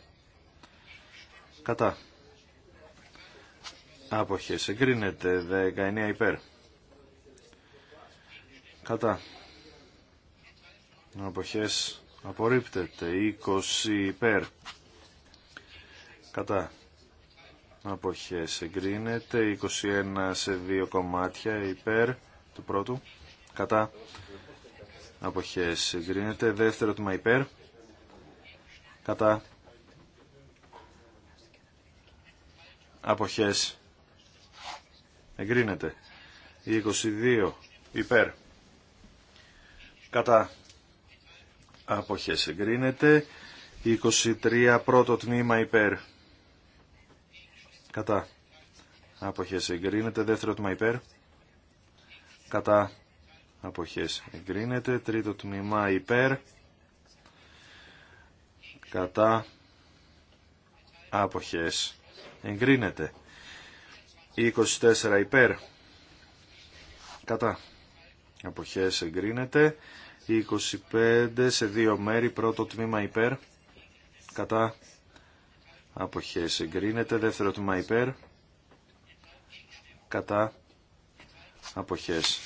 Κατά. Άποχες. Εγκρίνεται. 19 υπέρ. Κατά. Αποχές. Απορρίπτεται. 20 υπέρ. Κατά. Αποχές. Εγκρίνεται. 21 σε δύο κομμάτια υπέρ του πρώτου. Κατά. Αποχές. Εγκρίνεται. Δεύτερο τμήμα υπέρ. Κατά αποχές εγκρίνεται. 22 υπέρ κατά αποχές εγκρίνεται. 23 πρώτο τμήμα υπέρ κατά αποχές εγκρίνεται. Δεύτερο τμήμα υπέρ κατά αποχές εγκρίνεται. Τρίτο τμήμα υπέρ κατά αποχές εγκρίνεται. 24 υπέρ, κατά, αποχές εγκρίνεται. 25 σε δύο μέρη, πρώτο τμήμα υπέρ, κατά, αποχές εγκρίνεται. Δεύτερο τμήμα υπέρ, κατά, αποχές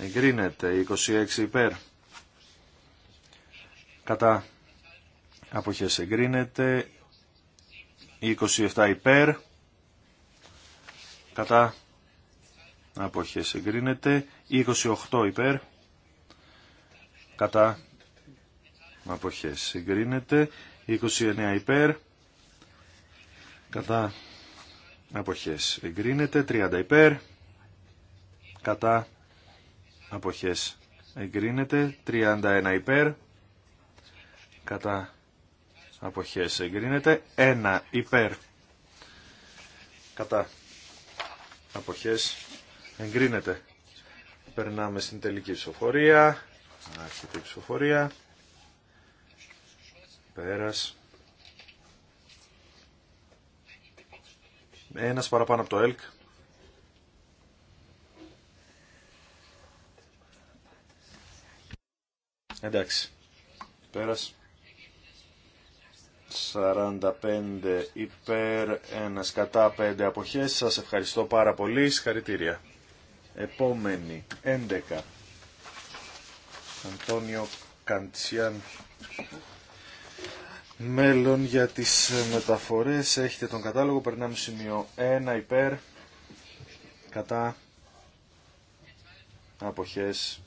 εγκρίνεται. 26 υπέρ, κατά, αποχές εγκρίνεται. 27 υπέρ. Κατά. Αποχές εγκρίνεται. 28 υπέρ. Κατά. Αποχές εγκρίνεται. 29 υπέρ. Κατά. Αποχές εγκρίνεται. 30 υπέρ. Κατά. Αποχές εγκρίνεται. 31 υπέρ. Κατά αποχές εγκρίνεται Ένα υπέρ κατά αποχές εγκρίνεται περνάμε στην τελική ψηφοφορία Αρχική ψηφοφορία πέρας ένας παραπάνω από το ΕΛΚ εντάξει πέρας 45 υπέρ, ένας κατά 5 αποχές. Σας ευχαριστώ πάρα πολύ. Συγχαρητήρια. Επόμενη, 11. Αντώνιο Καντσιάν. Μέλλον για τις μεταφορές. Έχετε τον κατάλογο. Περνάμε σημείο 1 υπέρ, κατά αποχές.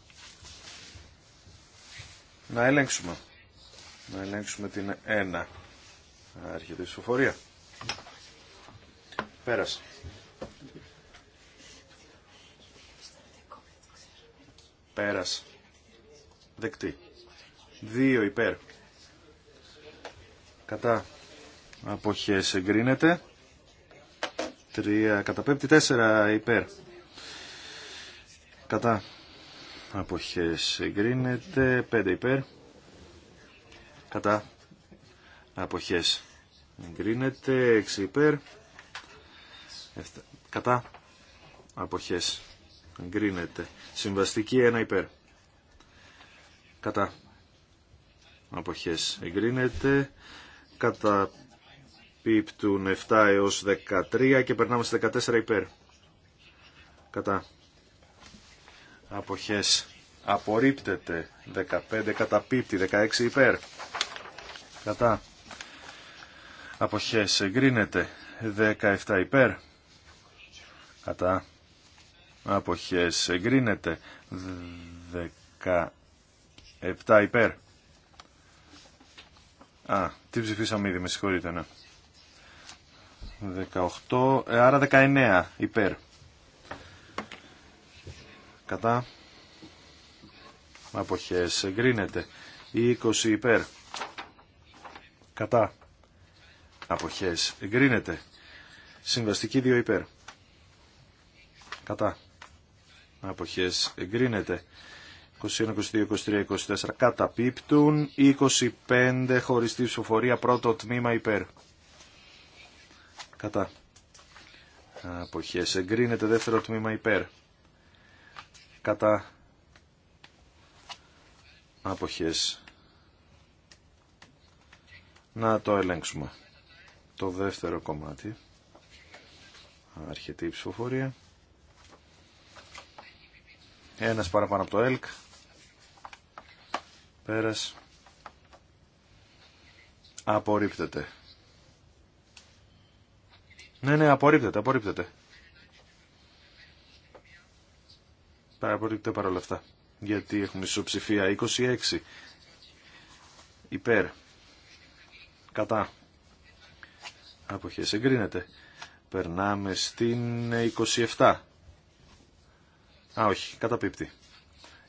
Να ελέγξουμε. Να ελέγξουμε την 1. Έρχεται η σωφορία. Πέρασε. Πέρασε. Δεκτή. Δύο υπέρ. Κατά. Αποχές εγκρίνεται. Τρία. Καταπέμπτη. Τέσσερα υπέρ. Κατά. Αποχές εγκρίνεται. Πέντε υπέρ. Κατά. Αποχές Εγκρίνεται 6 υπέρ. Κατά. Αποχές. Εγκρίνεται. Συμβαστική 1 υπέρ. Κατά. Αποχές. Εγκρίνεται. Κατά πίπτουν 7 έως 13 και περνάμε σε 14 υπέρ. Κατά. Αποχές. Απορρίπτεται 15 κατά πίπτη 16 υπέρ. Κατά αποχές εγκρίνεται 17 υπέρ κατά αποχές εγκρίνεται 17 υπέρ Α, τι ψηφίσαμε ήδη, με συγχωρείτε, ναι. 18, ε, άρα 19 υπέρ. Κατά. Αποχές εγκρίνεται. 20 υπέρ. Κατά αποχές εγκρίνεται. Συμβαστική 2 υπέρ. Κατά. Αποχές εγκρίνεται. 21, 22, 23, 24 καταπίπτουν. 25 χωριστή ψηφοφορία πρώτο τμήμα υπέρ. Κατά. Αποχές εγκρίνεται δεύτερο τμήμα υπέρ. Κατά. Αποχές. Να το ελέγξουμε το δεύτερο κομμάτι αρχιετή ψηφοφορία ένας παραπάνω από το ΕΛΚ πέρας απορρίπτεται ναι ναι απορρίπτεται απορρίπτεται απορρίπτεται παρόλα αυτά γιατί έχουμε ισοψηφία 26 υπέρ κατά αποχές εγκρίνεται. Περνάμε στην 27. Α, όχι, καταπίπτει.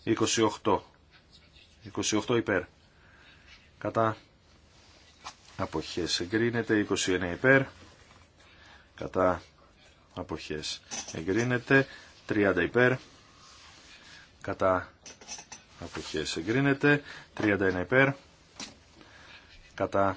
28. 28 υπέρ. Κατά αποχές εγκρίνεται. 29 υπέρ. Κατά αποχές εγκρίνεται. 30 υπέρ. Κατά αποχές εγκρίνεται. 31 υπέρ. Κατά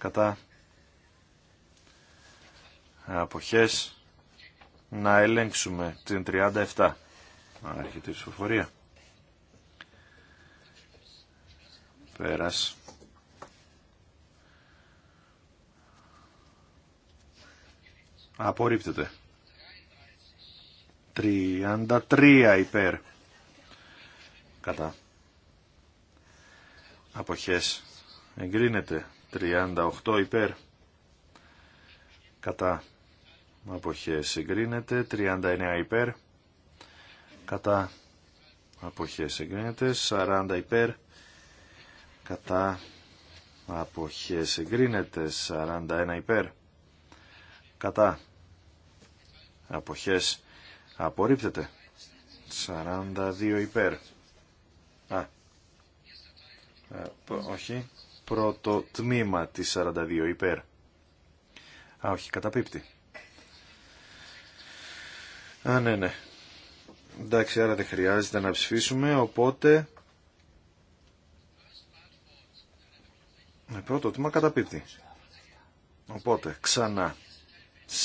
κατά αποχές να ελέγξουμε την 37 άρχεται η ψηφοφορία πέρας απορρίπτεται 33 υπέρ κατά αποχές εγκρίνεται 38 υπέρ κατά αποχές εγκρίνεται 39 υπέρ κατά αποχές εγκρίνεται 40 υπέρ κατά αποχές εγκρίνεται 41 υπέρ κατά αποχές απορρίπτεται 42 υπέρ α, α ε, όχι πρώτο τμήμα της 42 υπέρ. Α, όχι, καταπίπτει. Α, ναι, ναι. Εντάξει, άρα δεν χρειάζεται να ψηφίσουμε, οπότε... Με πρώτο τμήμα καταπίπτει. Οπότε, ξανά.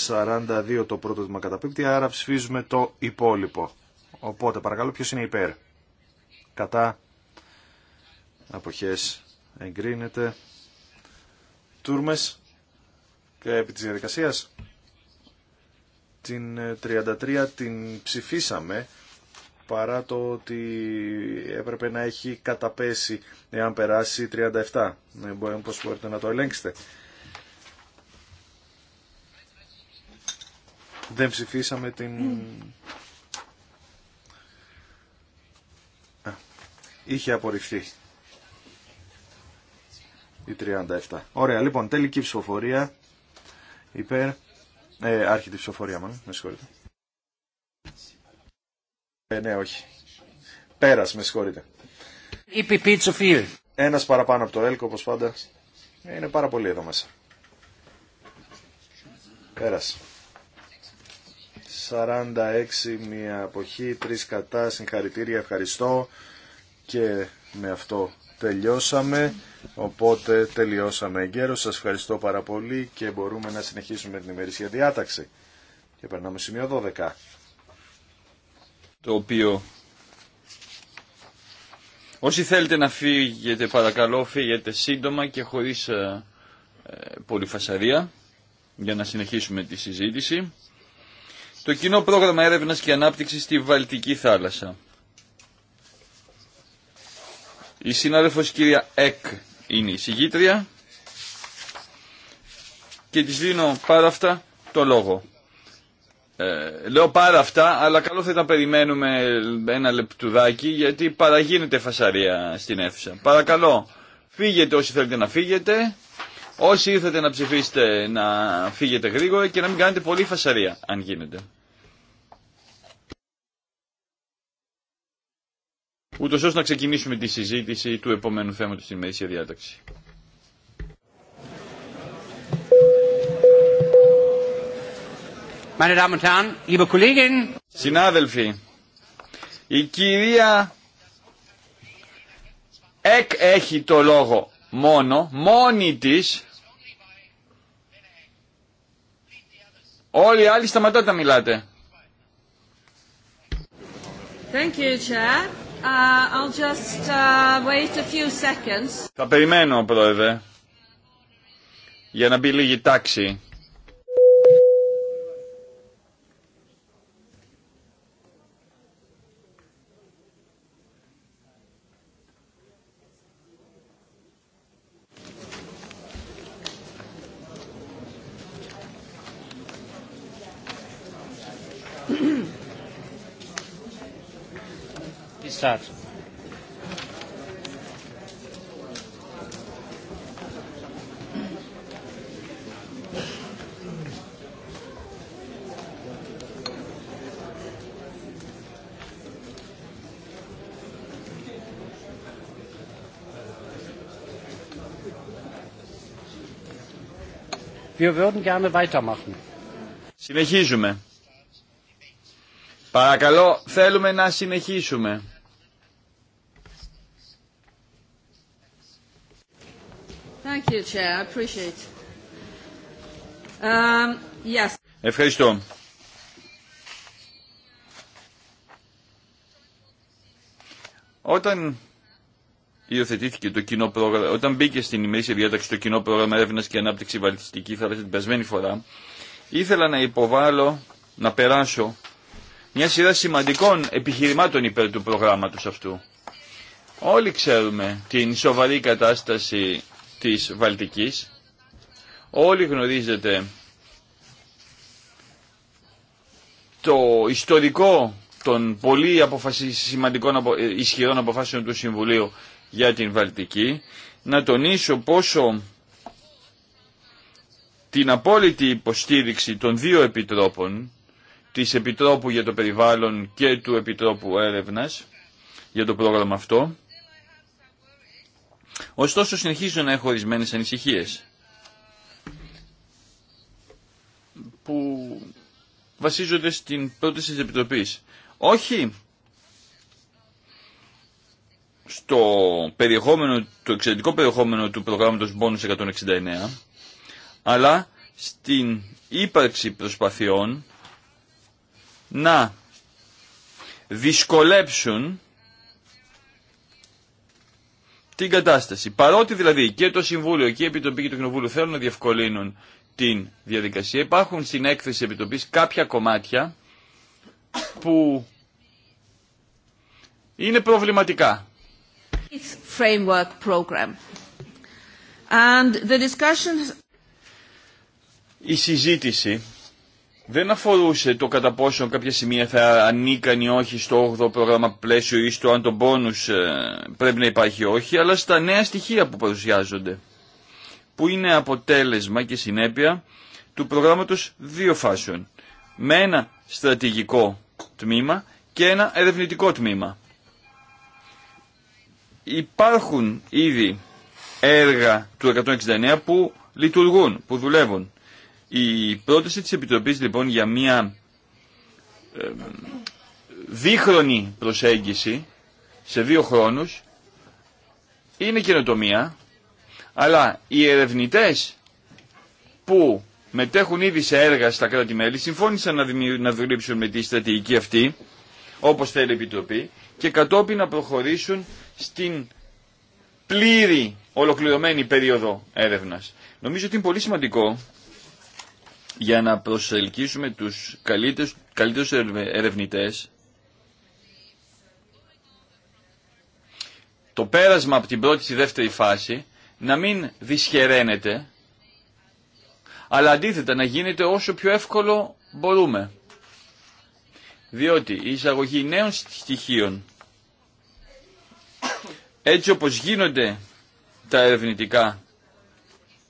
42 το πρώτο τμήμα καταπίπτει, άρα ψηφίζουμε το υπόλοιπο. Οπότε, παρακαλώ, ποιος είναι υπέρ. Κατά αποχές εγκρίνεται. Τούρμες και επί της διαδικασίας την 33 ε, την ψηφίσαμε παρά το ότι έπρεπε να έχει καταπέσει εάν περάσει 37. Ναι, ε, ε, πώς μπορείτε να το ελέγξετε. Δεν ψηφίσαμε την... είχε απορριφθεί ή 37. Ωραία, λοιπόν, τελική ψηφοφορία υπέρ... Ε, άρχιτη ψηφοφορία μάλλον, με συγχωρείτε. Ε, ναι, όχι. Πέρα, με συγχωρείτε. Ένα Ένας παραπάνω από το ΕΛΚ, όπω πάντα. Ε, είναι πάρα πολύ εδώ μέσα. Πέρα. 46, μια αποχή, τρεις κατά, συγχαρητήρια, ευχαριστώ. Και με αυτό τελειώσαμε. Οπότε τελειώσαμε εγκαίρως. Σας ευχαριστώ πάρα πολύ και μπορούμε να συνεχίσουμε την ημερήσια διάταξη. Και περνάμε σημείο 12. Το οποίο... Όσοι θέλετε να φύγετε παρακαλώ φύγετε σύντομα και χωρίς ε, ε πολυφασαρία για να συνεχίσουμε τη συζήτηση. Το κοινό πρόγραμμα έρευνας και ανάπτυξης στη Βαλτική θάλασσα. Η συνάδελφος κυρία Εκ είναι η συγγήτρια και της δίνω πάρα αυτά το λόγο. Ε, λέω πάρα αυτά, αλλά καλό θα ήταν περιμένουμε ένα λεπτουδάκι γιατί παραγίνεται φασαρία στην αίθουσα. Παρακαλώ, φύγετε όσοι θέλετε να φύγετε, όσοι ήρθατε να ψηφίσετε να φύγετε γρήγορα και να μην κάνετε πολύ φασαρία αν γίνεται. ούτως ώστε να ξεκινήσουμε τη συζήτηση του επόμενου θέματος στην ημερήσια διάταξη. Συνάδελφοι, η κυρία Εκ έχει το λόγο μόνο, μόνη της. Όλοι οι άλλοι σταματάτε να μιλάτε. Thank you, Uh, uh, Θα περιμένω, Πρόεδρε, για να μπει λίγη τάξη Σάρ. Wir würden gerne weitermachen. Συνεχίζουμε. Παρακαλώ, θέλουμε να συνεχίσουμε. Um, Ευχαριστώ. Όταν υιοθετήθηκε το κοινό πρόγραμμα, όταν μπήκε στην ημερήσια διάταξη το κοινό πρόγραμμα έρευνα και ανάπτυξη βαλιστική θάλασσα την περασμένη φορά, ήθελα να υποβάλω, να περάσω μια σειρά σημαντικών επιχειρημάτων υπέρ του προγράμματος αυτού. Όλοι ξέρουμε την σοβαρή κατάσταση της Βαλτικής. Όλοι γνωρίζετε το ιστορικό των πολύ σημαντικών ε, ισχυρών αποφάσεων του Συμβουλίου για την Βαλτική. Να τονίσω πόσο την απόλυτη υποστήριξη των δύο επιτρόπων, της Επιτρόπου για το Περιβάλλον και του Επιτρόπου Έρευνας, για το πρόγραμμα αυτό, Ωστόσο συνεχίζω να έχω ορισμένε ανησυχίες που βασίζονται στην πρόταση της Επιτροπής. Όχι στο περιεχόμενο, το εξαιρετικό περιεχόμενο του προγράμματος Bonus 169, αλλά στην ύπαρξη προσπαθειών να δυσκολέψουν την κατάσταση. Παρότι δηλαδή και το Συμβούλιο και η Επιτροπή και το Κοινοβούλιο θέλουν να διευκολύνουν την διαδικασία, υπάρχουν στην έκθεση Επιτροπής κάποια κομμάτια που είναι προβληματικά. Η συζήτηση δεν αφορούσε το κατά πόσο κάποια σημεία θα ανήκαν ή όχι στο 8ο πρόγραμμα πλαίσιο ή στο αν το πόνους ε, πρέπει να υπάρχει όχι, αλλά στα νέα στοιχεία που παρουσιάζονται, που είναι αποτέλεσμα και συνέπεια του προγράμματος δύο φάσεων, με ένα στρατηγικό τμήμα και ένα ερευνητικό τμήμα. Υπάρχουν ήδη έργα του 169 που λειτουργούν, που δουλεύουν. Η πρόταση της Επιτροπής λοιπόν για μια ε, δίχρονη προσέγγιση σε δύο χρόνους είναι καινοτομία, αλλά οι ερευνητές που μετέχουν ήδη σε έργα στα κράτη-μέλη συμφώνησαν να δουλέψουν με τη στρατηγική αυτή, όπως θέλει η Επιτροπή, και κατόπιν να προχωρήσουν στην πλήρη ολοκληρωμένη περίοδο έρευνας. Νομίζω ότι είναι πολύ σημαντικό για να προσελκύσουμε τους καλύτερους, καλύτερους ερευνητές το πέρασμα από την πρώτη στη δεύτερη φάση να μην δυσχεραίνεται αλλά αντίθετα να γίνεται όσο πιο εύκολο μπορούμε. Διότι η εισαγωγή νέων στοιχείων έτσι όπως γίνονται τα ερευνητικά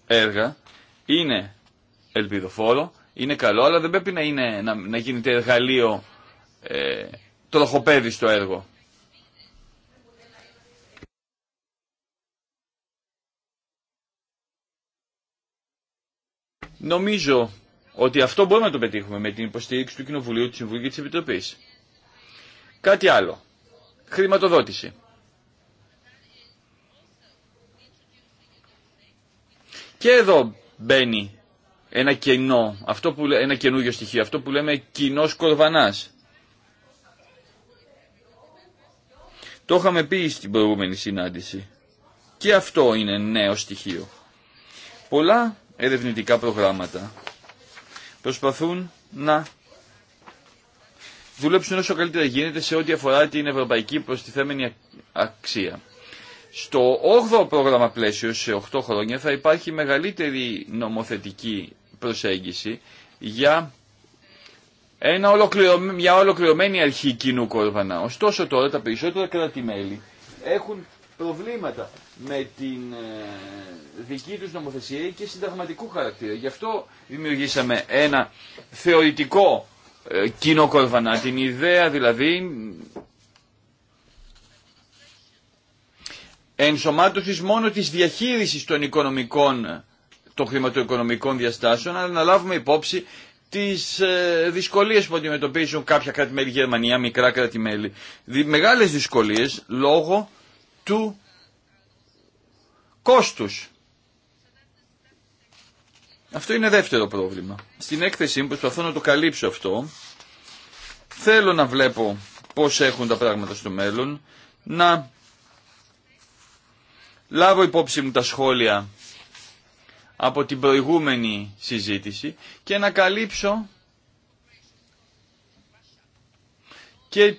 έργα είναι ελπιδοφόρο, είναι καλό, αλλά δεν πρέπει να, είναι, να, να γίνεται εργαλείο ε, τροχοπέδι στο έργο. Νομίζω ότι αυτό μπορούμε να το πετύχουμε με την υποστήριξη του Κοινοβουλίου, του Συμβουλίου και της Επιτροπής. Κάτι άλλο. Χρηματοδότηση. Και εδώ μπαίνει ένα κενό, αυτό που, ένα καινούριο στοιχείο, αυτό που λέμε κοινό κορβανάς. Το είχαμε πει στην προηγούμενη συνάντηση. Και αυτό είναι νέο στοιχείο. Πολλά ερευνητικά προγράμματα προσπαθούν να δουλέψουν όσο καλύτερα γίνεται σε ό,τι αφορά την ευρωπαϊκή προστιθέμενη αξία. Στο 8ο πρόγραμμα πλαίσιο σε 8 χρόνια θα υπάρχει μεγαλύτερη νομοθετική προσέγγιση για ένα μια ολοκληρωμένη αρχή κοινού κορβανά. Ωστόσο τώρα τα περισσότερα κράτη-μέλη έχουν προβλήματα με την ε, δική τους νομοθεσία και συνταγματικού χαρακτήρα. Γι' αυτό δημιουργήσαμε ένα θεωρητικό ε, κοινό κορβανά, την ιδέα δηλαδή ενσωμάτωσης μόνο της διαχείρισης των οικονομικών των χρηματοοικονομικών διαστάσεων, αλλά να λάβουμε υπόψη τις ε, δυσκολίες που αντιμετωπίζουν κάποια κράτη-μέλη, Γερμανία, μικρά κράτη-μέλη. Μεγάλες δυσκολίες λόγω του κόστους. Αυτό είναι δεύτερο πρόβλημα. Στην έκθεση μου προσπαθώ να το καλύψω αυτό. Θέλω να βλέπω πώς έχουν τα πράγματα στο μέλλον, να λάβω υπόψη μου τα σχόλια από την προηγούμενη συζήτηση και να καλύψω και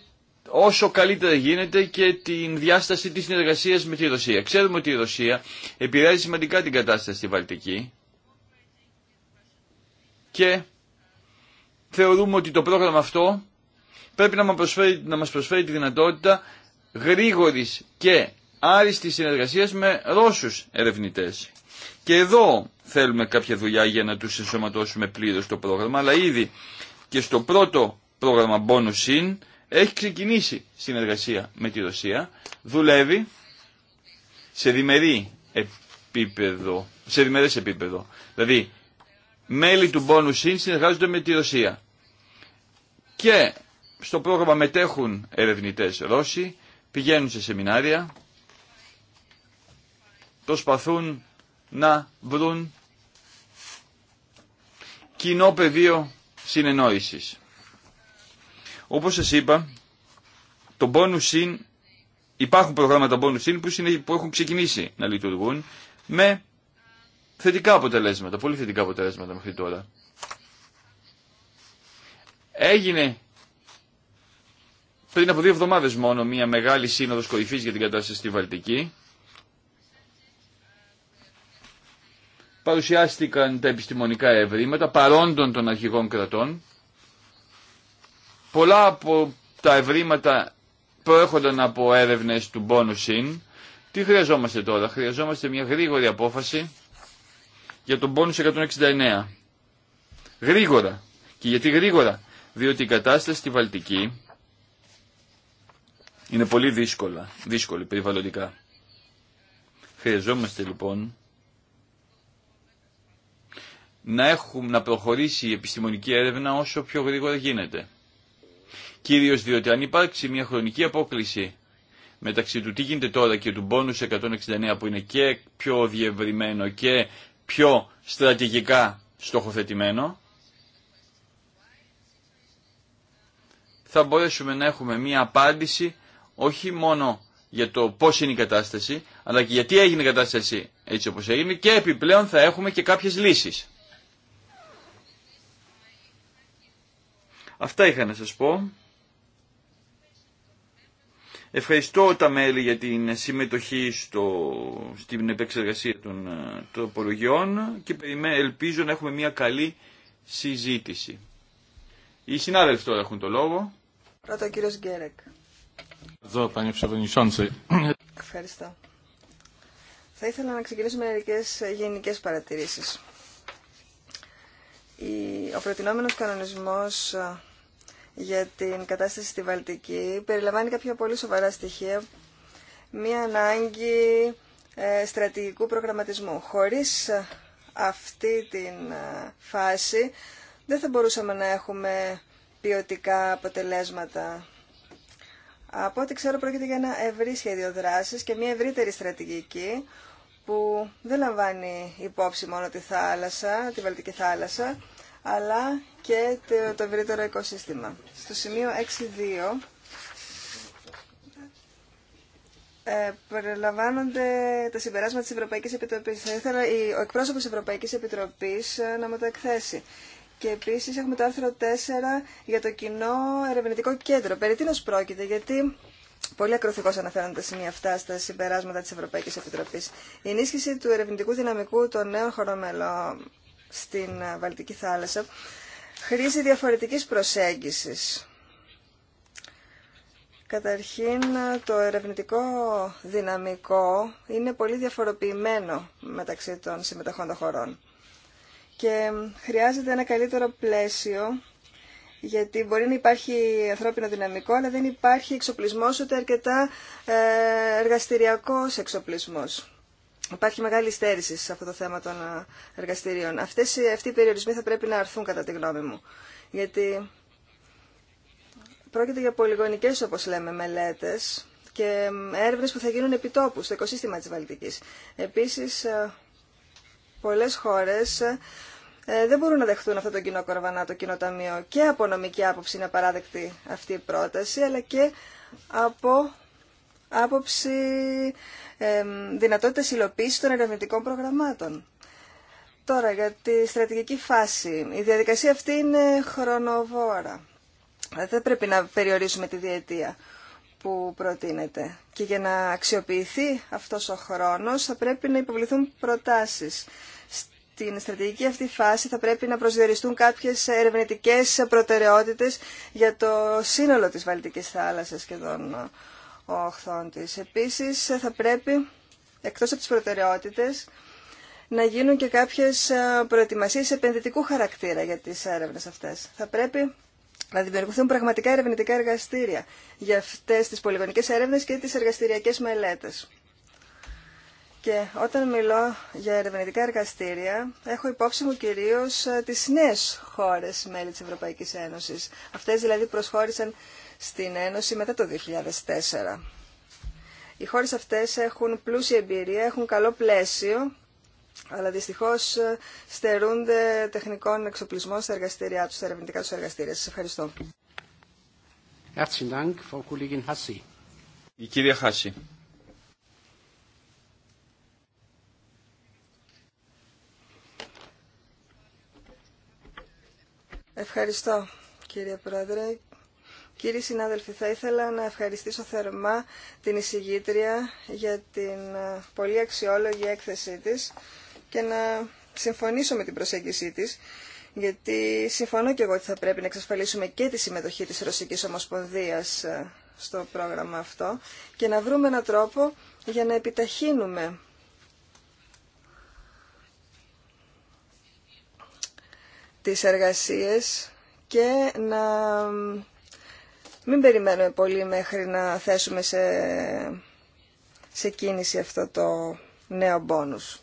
όσο καλύτερα γίνεται και την διάσταση της συνεργασίας με τη Ρωσία. Ξέρουμε ότι η Ρωσία επηρεάζει σημαντικά την κατάσταση στη Βαλτική και θεωρούμε ότι το πρόγραμμα αυτό πρέπει να μας προσφέρει, να μας προσφέρει τη δυνατότητα γρήγορης και άριστης συνεργασίας με Ρώσους ερευνητές. Και εδώ θέλουμε κάποια δουλειά για να τους ενσωματώσουμε πλήρως στο πρόγραμμα, αλλά ήδη και στο πρώτο πρόγραμμα Bonus In έχει ξεκινήσει συνεργασία με τη Ρωσία, δουλεύει σε διμερή επίπεδο, σε διμερές επίπεδο. Δηλαδή, μέλη του Bonus In συνεργάζονται με τη Ρωσία. Και στο πρόγραμμα μετέχουν ερευνητές Ρώσοι, πηγαίνουν σε σεμινάρια, προσπαθούν να βρουν κοινό πεδίο συνεννόησης. Όπως σας είπα, το bonus in, υπάρχουν προγράμματα bonus in που, που έχουν ξεκινήσει να λειτουργούν με θετικά αποτελέσματα, πολύ θετικά αποτελέσματα μέχρι τώρα. Έγινε πριν από δύο εβδομάδες μόνο μια μεγάλη σύνοδος κορυφής για την κατάσταση στη Βαλτική παρουσιάστηκαν τα επιστημονικά ευρήματα παρόντων των αρχηγών κρατών. Πολλά από τα ευρήματα προέρχονταν από έρευνες του Bonus -in. Τι χρειαζόμαστε τώρα, χρειαζόμαστε μια γρήγορη απόφαση για τον Bonus 169. Γρήγορα. Και γιατί γρήγορα, διότι η κατάσταση στη Βαλτική είναι πολύ δύσκολα, δύσκολη περιβαλλοντικά. Χρειαζόμαστε λοιπόν να, έχουμε, να προχωρήσει η επιστημονική έρευνα όσο πιο γρήγορα γίνεται. Κυρίως διότι αν υπάρξει μια χρονική απόκληση μεταξύ του τι γίνεται τώρα και του bonus 169 που είναι και πιο διευρυμένο και πιο στρατηγικά στοχοθετημένο, θα μπορέσουμε να έχουμε μια απάντηση όχι μόνο για το πώς είναι η κατάσταση, αλλά και γιατί έγινε η κατάσταση έτσι όπως έγινε και επιπλέον θα έχουμε και κάποιες λύσεις. Αυτά είχα να σας πω. Ευχαριστώ τα μέλη για την συμμετοχή στο, στην επεξεργασία των ε, τροπολογιών και ελπίζω να έχουμε μια καλή συζήτηση. Οι συνάδελφοι τώρα έχουν το λόγο. Πρώτα ο κύριος Γκέρεκ. Ευχαριστώ. Θα ήθελα να ξεκινήσω με μερικές γενικές παρατηρήσεις. Ο προτινόμενος κανονισμός για την κατάσταση στη Βαλτική περιλαμβάνει κάποια πολύ σοβαρά στοιχεία. Μία ανάγκη ε, στρατηγικού προγραμματισμού. Χωρίς ε, αυτή την ε, φάση δεν θα μπορούσαμε να έχουμε ποιοτικά αποτελέσματα. Από ό,τι ξέρω πρόκειται για ένα ευρύ σχέδιο δράσης και μια ευρύτερη στρατηγική που δεν λαμβάνει υπόψη μόνο τη θάλασσα, τη Βαλτική θάλασσα, αλλά και το ευρύτερο οικοσύστημα. Στο σημείο 6.2 ε, περιλαμβάνονται τα συμπεράσματα της Ευρωπαϊκής Επιτροπής. Θα ήθελα ο εκπρόσωπος της Ευρωπαϊκής Επιτροπής ε, να μου το εκθέσει. Και επίσης έχουμε το άρθρο 4 για το κοινό ερευνητικό κέντρο. Περί τίνος πρόκειται, γιατί Πολύ ακροθυγώ αναφέρονται τα σημεία αυτά στα συμπεράσματα τη Ευρωπαϊκή Επιτροπή. Η ενίσχυση του ερευνητικού δυναμικού των νέων χωρών μελών στην ε, Βαλτική θάλασσα χρήση διαφορετικής προσέγγισης. Καταρχήν ε, το ερευνητικό δυναμικό είναι πολύ διαφοροποιημένο μεταξύ των συμμετοχών των χωρών και ε, χρειάζεται ένα καλύτερο πλαίσιο γιατί μπορεί να υπάρχει ανθρώπινο δυναμικό αλλά δεν υπάρχει εξοπλισμός ούτε αρκετά εργαστηριακός εξοπλισμός. Υπάρχει μεγάλη στέρηση σε αυτό το θέμα των ε, εργαστηρίων. Αυτές, αυτοί οι περιορισμοί θα πρέπει να αρθούν κατά τη γνώμη μου. Γιατί πρόκειται για πολυγονικές, όπως λέμε, μελέτες και έρευνες που θα γίνουν επιτόπου στο οικοσύστημα της Βαλτικής. Επίσης, ε, πολλές χώρες ε, δεν μπορούν να δεχτούν αυτό το κοινό κορβανά, το κοινό ταμείο. Και από νομική άποψη είναι απαράδεκτη αυτή η πρόταση, αλλά και από άποψη ε, δυνατότητας υλοποίησης των ερευνητικών προγραμμάτων. Τώρα, για τη στρατηγική φάση. Η διαδικασία αυτή είναι χρονοβόρα. Δεν πρέπει να περιορίσουμε τη διετία που προτείνεται. Και για να αξιοποιηθεί αυτός ο χρόνος θα πρέπει να υποβληθούν προτάσεις. Στην στρατηγική αυτή φάση θα πρέπει να προσδιοριστούν κάποιες ερευνητικές προτεραιότητες για το σύνολο της Βαλτικής θάλασσας και των οχθών της. Επίσης θα πρέπει, εκτός από τις προτεραιότητες, να γίνουν και κάποιες ε, προετοιμασίες επενδυτικού χαρακτήρα για τις έρευνες αυτές. Θα πρέπει να δημιουργηθούν πραγματικά ερευνητικά εργαστήρια για αυτές τις πολυγονικές έρευνες και τις εργαστηριακές μελέτες. Και όταν μιλώ για ερευνητικά εργαστήρια, έχω υπόψη μου κυρίως ε, τις νέες χώρες μέλη της Ευρωπαϊκής Ένωσης. Αυτές δηλαδή προσχώρησαν στην Ένωση μετά το 2004. Οι χώρες αυτές έχουν πλούσια εμπειρία, έχουν καλό πλαίσιο, αλλά δυστυχώς ε, στερούνται τεχνικών εξοπλισμών στα εργαστήριά τους, στα ερευνητικά τους εργαστήρια. Σας ευχαριστώ. Η κυρία Χάση. Ευχαριστώ κύριε Πρόεδρε Κύριοι συνάδελφοι, θα ήθελα να ευχαριστήσω θερμά την εισηγήτρια για την ε, πολύ αξιόλογη έκθεσή της και να συμφωνήσω με την προσέγγισή της, γιατί συμφωνώ και εγώ ότι θα πρέπει να εξασφαλίσουμε και τη συμμετοχή της Ρωσικής Ομοσπονδίας ε, στο πρόγραμμα αυτό και να βρούμε έναν τρόπο για να επιταχύνουμε τις εργασίες και να μην περιμένουμε πολύ μέχρι να θέσουμε σε, σε κίνηση αυτό το νέο μπόνους.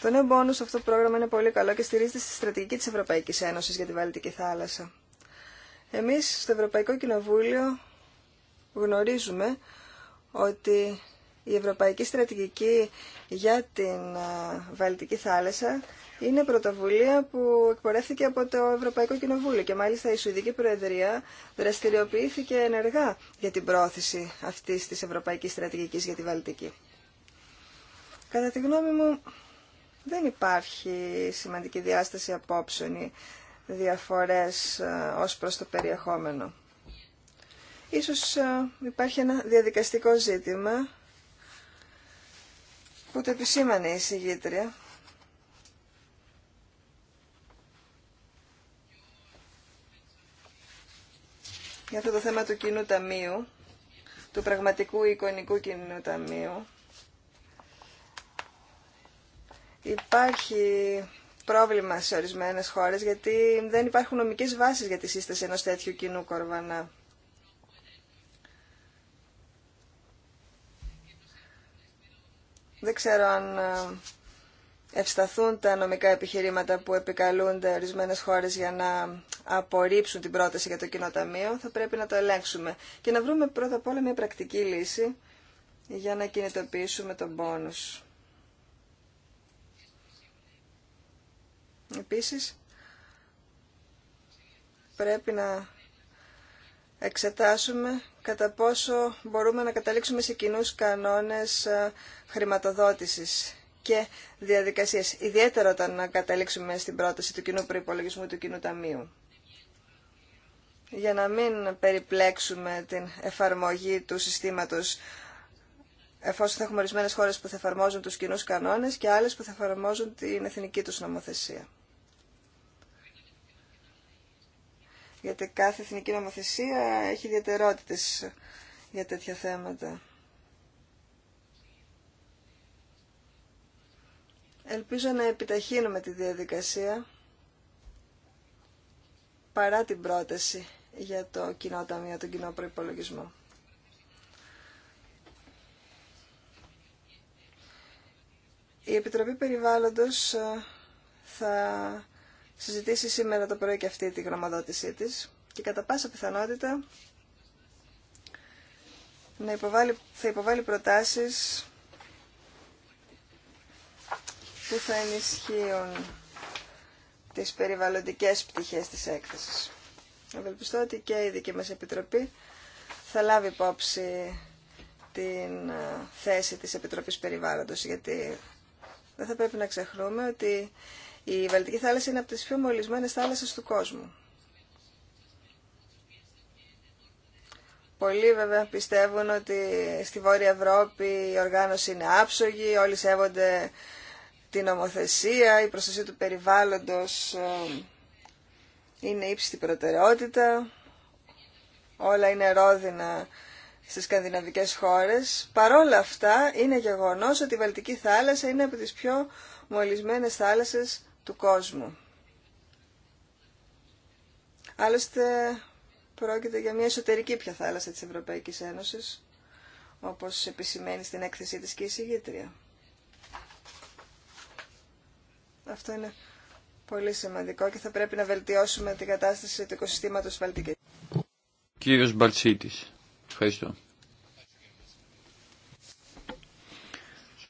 Το νέο μπόνους αυτό το πρόγραμμα είναι πολύ καλό και στηρίζεται στη στρατηγική της Ευρωπαϊκής Ένωσης για τη Βαλτική θάλασσα. Εμείς στο Ευρωπαϊκό Κοινοβούλιο γνωρίζουμε ότι η Ευρωπαϊκή Στρατηγική για την Βαλτική θάλασσα είναι πρωτοβουλία που εκπορεύθηκε από το Ευρωπαϊκό Κοινοβούλιο και μάλιστα η Σουηδική Προεδρία δραστηριοποιήθηκε ενεργά για την πρόθεση αυτής της Ευρωπαϊκής Στρατηγικής για τη Βαλτική. Κατά τη γνώμη μου δεν υπάρχει σημαντική διάσταση απόψεων ή διαφορές ε, ως προς το περιεχόμενο. Ίσως ε, υπάρχει ένα διαδικαστικό ζήτημα που το επισήμανε η συγγήτρια για αυτό το θέμα του κοινού ταμείου, του πραγματικού εικονικού κοινού ταμείου. Υπάρχει πρόβλημα σε ορισμένες χώρες γιατί δεν υπάρχουν νομικές βάσεις για τη σύσταση ενός τέτοιου κοινού κορβανά. Δεν ξέρω αν ε, ευσταθούν τα νομικά επιχειρήματα που επικαλούνται ορισμένε χώρες για να απορρίψουν την πρόταση για το κοινό ταμείο, θα πρέπει να το ελέγξουμε και να βρούμε πρώτα απ' όλα μια πρακτική λύση για να κινητοποιήσουμε τον πόνους. Επίσης, πρέπει να εξετάσουμε κατά πόσο μπορούμε να καταλήξουμε σε κοινού κανόνες ε, χρηματοδότησης και διαδικασίες, ιδιαίτερα όταν καταλήξουμε στην πρόταση του κοινού προπολογισμού του κοινού ταμείου. Για να μην περιπλέξουμε την εφαρμογή του συστήματος εφόσον θα έχουμε ορισμένε χώρε που θα εφαρμόζουν του κοινού κανόνε και άλλε που θα εφαρμόζουν την εθνική του νομοθεσία. Γιατί κάθε εθνική νομοθεσία έχει ιδιαιτερότητε για τέτοια θέματα. Ελπίζω να επιταχύνουμε τη διαδικασία παρά την πρόταση για το κοινό ταμείο, τον κοινό προϋπολογισμό. Η Επιτροπή Περιβάλλοντος ε, θα συζητήσει σήμερα το πρωί και αυτή τη γνωμοδότησή της και κατά πάσα πιθανότητα να υποβάλει, θα υποβάλει προτάσεις που θα ενισχύουν τις περιβαλλοντικές πτυχές της έκθεσης. Ευελπιστώ ότι και η δική μας Επιτροπή θα λάβει υπόψη την ε, θέση της Επιτροπής Περιβάλλοντος, γιατί δεν θα πρέπει να ξεχνούμε ότι η Βαλτική θάλασσα είναι από τις πιο μολυσμένες θάλασσες του κόσμου. Πολλοί βέβαια πιστεύουν ότι στη Βόρεια Ευρώπη η οργάνωση είναι άψογη, όλοι σέβονται την νομοθεσία, η προστασία του περιβάλλοντος ε, είναι ύψιστη προτεραιότητα. Όλα είναι ρόδινα στις σκανδιναβικές χώρες. Παρόλα αυτά είναι γεγονός ότι η Βαλτική θάλασσα είναι από τις πιο μολυσμένες θάλασσες του κόσμου. Άλλωστε πρόκειται για μια εσωτερική πια θάλασσα της Ευρωπαϊκής Ένωσης, όπως επισημαίνει στην έκθεσή της και η αυτό είναι πολύ σημαντικό και θα πρέπει να βελτιώσουμε την κατάσταση του οικοσυστήματος Βαλτικής. Κύριος Μπαλτσίτης, ευχαριστώ.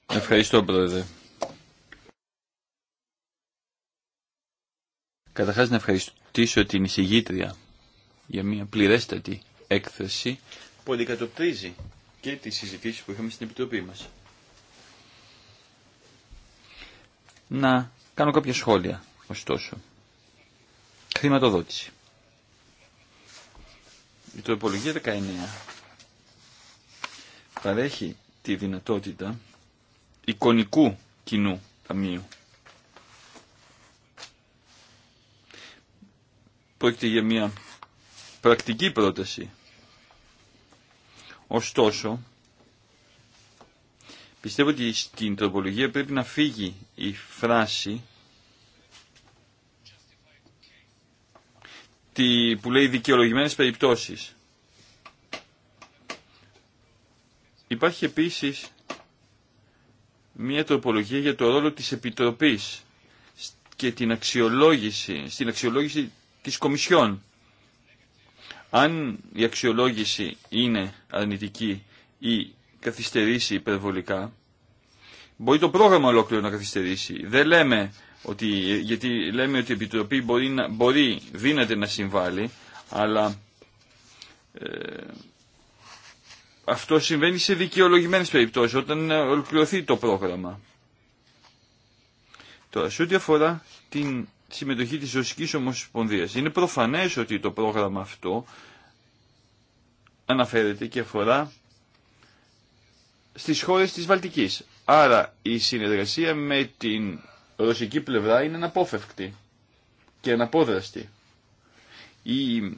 Ευχαριστώ, Πρόεδρε. Καταρχάς να ευχαριστήσω την εισηγήτρια για μια πληρέστατη έκθεση που αντικατοπτρίζει και τις συζητήσεις που είχαμε στην Επιτροπή μας. Να Κάνω κάποια σχόλια, ωστόσο. Χρηματοδότηση. Η τροπολογία 19 παρέχει τη δυνατότητα εικονικού κοινού ταμείου. Πρόκειται για μια πρακτική πρόταση. Ωστόσο, Πιστεύω ότι στην τροπολογία πρέπει να φύγει η φράση που λέει δικαιολογημένες περιπτώσεις. Υπάρχει επίσης μία τροπολογία για το ρόλο της Επιτροπής και την αξιολόγηση, στην αξιολόγηση της Κομισιόν. Αν η αξιολόγηση είναι αρνητική ή καθυστερήσει υπερβολικά. Μπορεί το πρόγραμμα ολόκληρο να καθυστερήσει. Δεν λέμε ότι, γιατί λέμε ότι η Επιτροπή μπορεί, να, μπορεί δύναται να συμβάλλει, αλλά ε, αυτό συμβαίνει σε δικαιολογημένε περιπτώσει όταν ολοκληρωθεί το πρόγραμμα. Τώρα, σε ό,τι αφορά την συμμετοχή της Ρωσικής Ομοσπονδίας, είναι προφανές ότι το πρόγραμμα αυτό αναφέρεται και αφορά στις χώρες της Βαλτικής. Άρα η συνεργασία με την ρωσική πλευρά είναι αναπόφευκτη και αναπόδραστη. Η, η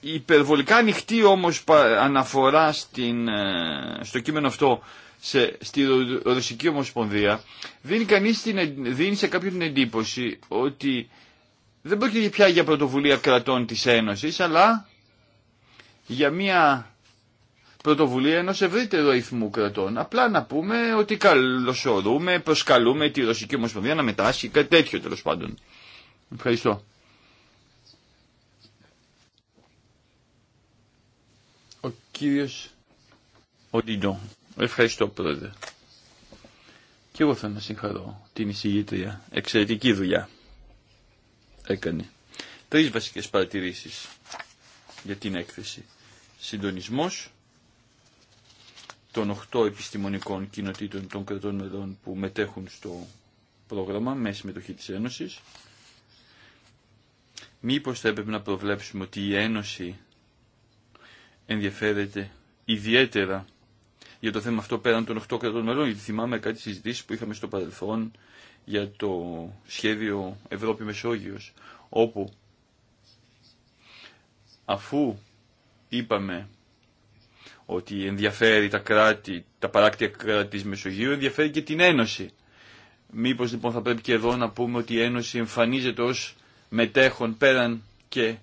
υπερβολικά ανοιχτή όμως αναφορά στην, ε, στο κείμενο αυτό σε, στη Ρωσική Ομοσπονδία δίνει, κανείς την, δίνει σε κάποιον την εντύπωση ότι δεν πρόκειται πια για πρωτοβουλία κρατών της Ένωσης αλλά για μια πρωτοβουλία ενός ευρύτερου αριθμού κρατών. Απλά να πούμε ότι καλωσορούμε, προσκαλούμε τη Ρωσική Ομοσπονδία να μετάσχει, κάτι τέτοιο τέλος πάντων. Ευχαριστώ. Ο κύριος Οντινό. Ευχαριστώ πρόεδρε. Και εγώ θα να συγχαρώ την εισηγήτρια. Εξαιρετική δουλειά έκανε. Τρεις βασικές παρατηρήσεις για την έκθεση. Συντονισμός, των οχτώ επιστημονικών κοινοτήτων των κρατών μελών που μετέχουν στο πρόγραμμα με συμμετοχή της Ένωσης. Μήπως θα έπρεπε να προβλέψουμε ότι η Ένωση ενδιαφέρεται ιδιαίτερα για το θέμα αυτό πέραν των 8 κρατών μελών, θυμάμαι κάτι συζητήσει που είχαμε στο παρελθόν για το σχέδιο Ευρώπη Μεσόγειος, όπου αφού είπαμε ότι ενδιαφέρει τα κράτη, τα παράκτια κράτη της Μεσογείου, ενδιαφέρει και την Ένωση. Μήπως λοιπόν θα πρέπει και εδώ να πούμε ότι η Ένωση εμφανίζεται ως μετέχον πέραν και ε,